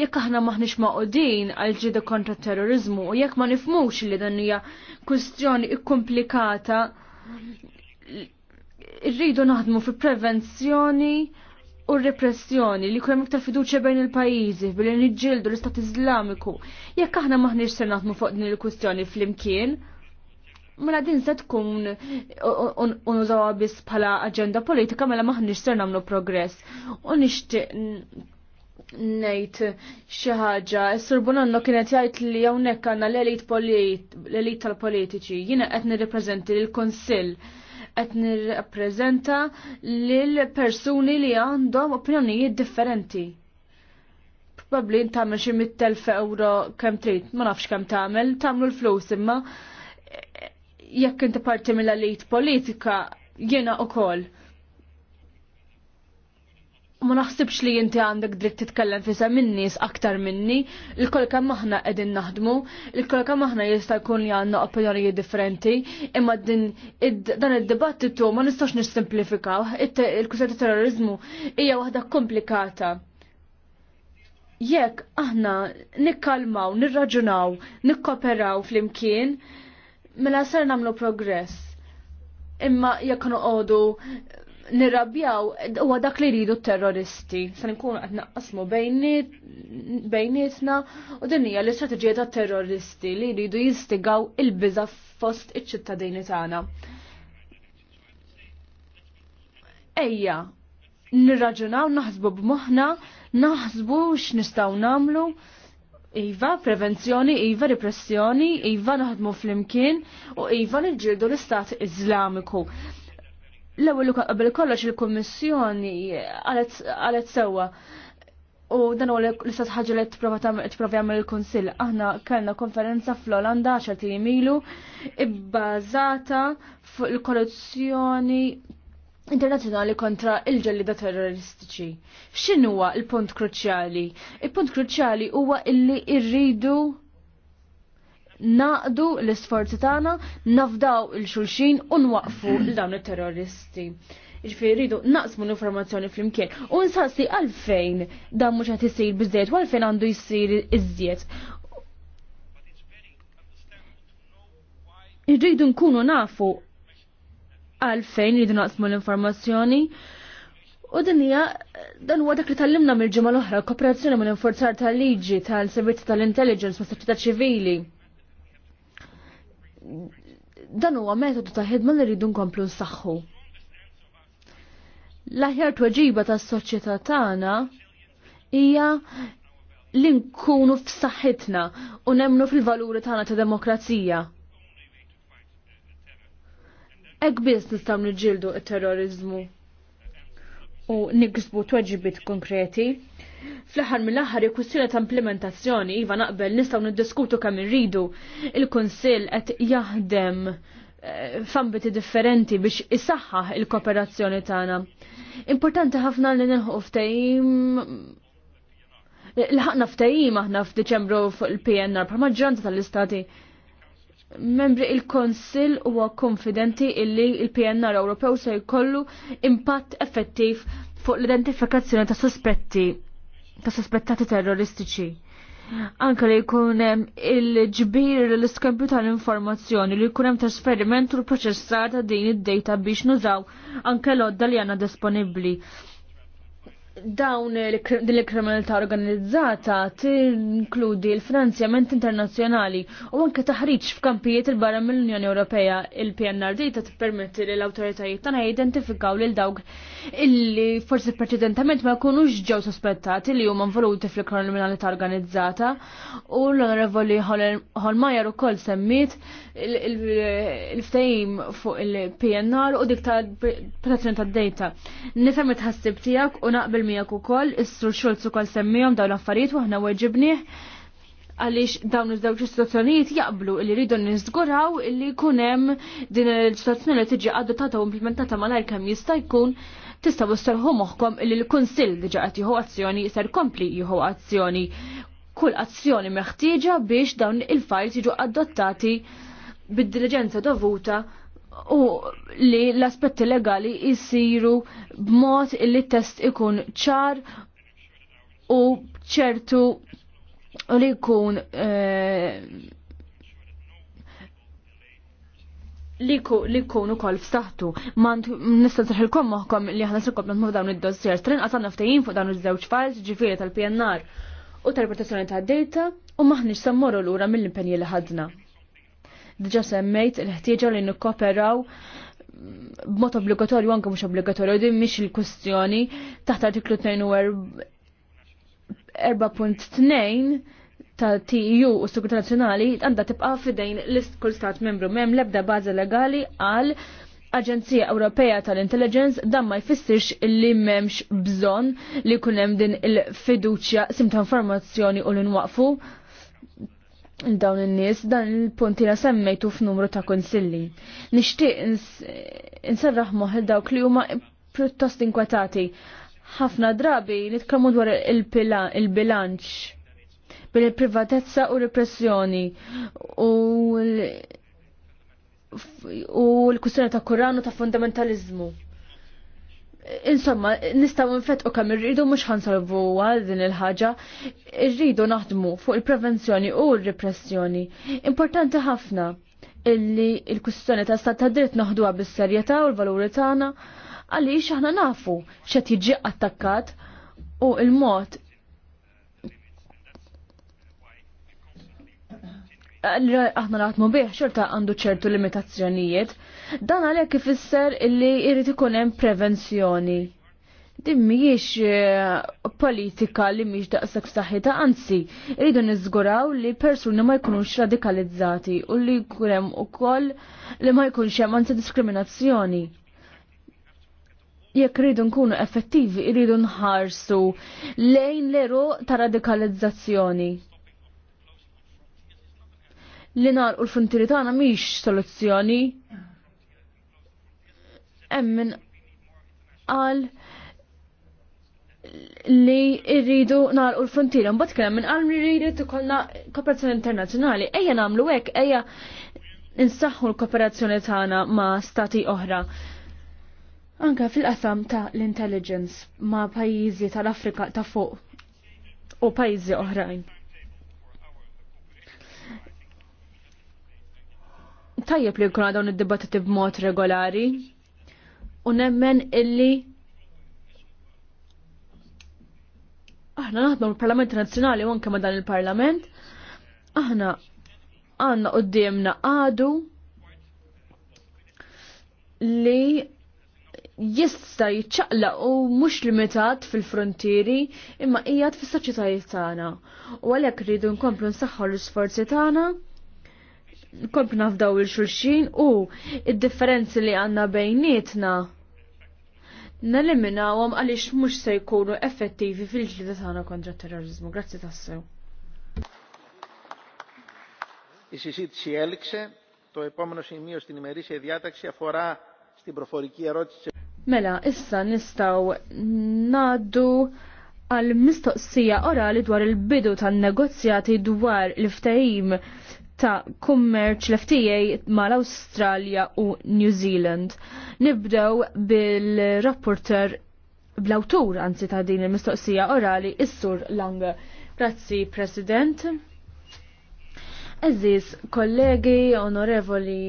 Jekk aħna maħniex maqodin għal ġida kontra terrorizmu u jekk ma nifmux li dan hija kustjoni ikkomplikata rridu naħdmu fi prevenzjoni u r-repressjoni li kujem iktar fiduċja bejn il-pajizi billi niġġieldu l-Istat Iżlamiku jekk aħna maħniex se naħdmu fuq din il-kwistjoni fl-imkien. Mela din se tkun unużawha biss bħala aġenda politika mela maħniex se nagħmlu progress. U nixtieq ngħid xi ħaġa, s-Sur kienet jgħid li hawnhekk għandna l-elit tal-politiċi, jiena qed nirrepreżenti lill-Kunsill qed nirrappreżenta lil persuni li għandhom opinjonijiet differenti. Probabbli tagħmel xi mittelf euro kemm trid, ma nafx kemm tagħmel, tagħmlu l-flus imma jekk inti parti mill-elit politika jiena ukoll ma naħsibx li jinti għandek dritt titkellem fi min-nies aktar minni, il-kol kemm aħna qegħdin naħdmu, il-kol kemm aħna jista' jkun li għandna opinjonijiet differenti, imma din dan id-dibattitu ma nistax nissimplifikaw, il ta' terrorizmu hija waħda komplikata. Jekk aħna nikkalmaw, nirraġunaw, nikkoperaw fl-imkien, mela ser nagħmlu progress imma jekk noqogħdu nirrabjaw huwa dak li jridu terroristi. Se nkunu qed naqqasmu bejnietna u din hija l-istrateġija tat terroristi li jridu jistigaw il-biża fost iċ-ċittadini tagħna. Ejja, nirraġunaw naħsbu b'moħħna, naħsbu x'nistgħu nagħmlu. Iva, prevenzjoni, Iva, repressjoni, Iva naħdmu fl-imkien u Iva nġildu l-Istat Iżlamiku. L-ewwel qabel kollox il-Kummissjoni qalet sewwa U dan huwa l-istess ħaġa li t-provi għamil il kunsill Aħna kellna konferenza fl-Olanda xart li milu, bbażata fuq il-korruzzjoni internazzjonali kontra il-ġellida terroristiċi. X'inhuwa il-punt kruċjali? Il-punt kruċjali huwa illi rridu naqdu l-isforzi tagħna, nafdaw il-xulxin u nwaqfu l dawn it-terroristi. Ġifieri rridu naqsmu l-informazzjoni flimkien u nsaqsi għalfejn dan mhux qed isir biżejjed u għalfejn għandu jsir iżjed. Irridu nkunu nafu għalfejn rridu naqsmu l-informazzjoni. U din hija dan huwa dak li tallimna mill-ġimgħa l-oħra, kooperazzjoni mill-infurzar tal-liġi tal-servizzi tal-intelligence ma' soċjetà ċivili dan huwa metodu ta' ħidma li rridu nkomplu nsaħħu. L-aħjar tweġiba tas-soċjetà tagħna hija li nkunu f'saħħitna u nemnu fil-valuri tagħna ta' demokrazija. Ek biss nistgħu niġġieldu t terrorizmu u niksbu tweġibit konkreti. Fl-aħħar mill-aħħar il-kwistjoni ta' implementazzjoni iva naqbel nistgħu niddiskutu kemm irridu il-Kunsill qed jaħdem eh, f'ambiti differenti biex isaħħaħ il-kooperazzjoni tagħna. Importanti ħafna li nilħu ftehim l-ħakna ftehim aħna f'Diċembru fuq il-PNR bħal maġġoranza tal-istati membri il-Konsil huwa konfidenti illi il-PNR Ewropew se jkollu impatt effettiv fuq l-identifikazzjoni ta' sospetti ta' sospettati terroristiċi. Anke li jkun hemm il-ġbir l iskempju tal-informazzjoni li jkun hemm trasferiment u l-proċessar ta' din id-data biex nużaw anke l-odda li għandna disponibbli dawn din il-kriminalità organizzata tinkludi l-finanzjament internazzjonali u anke taħriġ f'kampijiet il-barra mill-Unjoni Ewropea il-PNRD ta' tippermetti li l-awtoritajiet tagħna jidentifikaw lil dawk illi forsi preċedentament ma jkunux ġew sospettati li huma involuti fil-kriminalità organizzata u l-Onorevoli Holmajer ukoll semmiet il-ftehim fuq il-PNR u dik ta' protezzjoni tad-data. Nifhem it-ħassib tiegħek u naqbel miegħek ukoll, is-sur Schulz ukoll semmihom dawn l-affarijiet u aħna għalix għaliex dawn iż-żewġ istituzzjonijiet jaqblu li rridu niżguraw li jkun hemm din il-leġislazzjoni li tiġi adottata u implementata malajr kemm jista' jkun tista' isserħu moħħkom li l-Kunsill diġà qed jieħu azzjoni ser kompli jieħu azzjoni. Kull azzjoni meħtieġa biex dawn il-files jiġu adottati bid-diligenza dovuta u li l-aspetti legali jisiru b'mod li test ikun ċar u ċertu li jkun eh, li kunu kol f'staħtu. Mant nista' nserħilkom moħkom li aħna se komplement ma' dawn id-dossiers. Trin qasamna ftehim fuq dawn iż-żewġ files ġifieri tal-PNR u tal-protezzjoni tad-data u maħniex l lura mill-impenji li ħadna diġa semmejt il-ħtieġa li nikkoperaw b'mod obbligatorju anke mhux obbligatorju din mhix il-kwestjoni taħt artiklu 4.2 ta' TU e u s-Sekretar Nazzjonali għandha tibqa' fidejn kull stat membru m'hemm l-ebda bażi legali għal Aġenzija Ewropea tal-Intelligence dan ma jfissirx li m'hemmx bżonn li jkun hemm din il-fiduċja sim ta' informazzjoni u l-inwaqfu dawn in-nies dan il punti la semmejtu f'numru ta' konsilli. Nixtieq inserraħ moħħ dawk li huma pjuttost inkwetati. Ħafna drabi nitkellmu dwar il-bilanċ bil-privatezza u repressjoni u
u
l-kustjoni ta' Kuran u ta' fundamentalizmu. Insomma, nistaw u kemm irridu mhux ħansolvu din il-ħaġa, irridu naħdmu fuq il-prevenzjoni u il repressjoni Importanti ħafna illi il-kustjoni ta' stat ta' dritt naħduha bis-serjetà u l-valuri tagħna għaliex aħna nafu xa jiġi attakkat u il-mod aħna naħdmu bih xorta għandu ċertu limitazzjonijiet Dan għalhekk ifisser illi jrid ikun hemm prevenzjoni. Din mhijiex eh, politika li mhix daqshekk f'saħħitha, anzi, rridu niżguraw li persuni ma jkunux radikalizzati u li jkun hemm ukoll li ma jkunx hemm anzi diskriminazzjoni jekk rridu nkunu effettivi, rridu nħarsu lejn l-eru ta' radikalizzazzjoni. Li u l-frontieri tagħna mhix soluzzjoni emmin min qal li irridu u l frontira mbagħad kena hemm min qal li rridu ikollna kooperazzjoni internazzjonali. Ejja nagħmlu hekk, ejja insaħħu l-kooperazzjoni tagħna ma' stati oħra. Anka fil-qasam ta' l-intelligence ma' pajjiżi tal-Afrika ta' fuq u pajjiżi oħrajn. Tajjeb li kuna dawn id-dibattiti b'mod regolari, u nemmen illi aħna naħdmu l-Parlament Nazzjonali u anke ma' dan il-Parlament, aħna għandna qudiemna għadu li jista jiċċaqlaq u mhux limitat fil-frontieri imma ijat fis-soċjetajiet tagħna. U għalhekk rridu nkomplu nsaħħu l-isforzi tagħna kolb nafdaw il-xulxin u id-differenzi li għanna bejnietna neliminawhom għaliex mhux se jkunu effettivi fil-ġlida tagħna kontra terrorizmu. Grazzi tassew.
Η συζήτηση έληξε. Το επόμενο σημείο στην ημερήσια διάταξη αφορά στην προφορική ερώτηση.
Mela, issa nistaw naddu għal mistoqsija orali dwar il-bidu tan negozjati dwar l-ftajim ta' kummerċ l-FTA mal australia u New Zealand. Nibdew bil-rapporter bl-awtur anzi ta' din il-mistoqsija orali is-sur Lang. Grazzi, President. Eżis, kollegi, onorevoli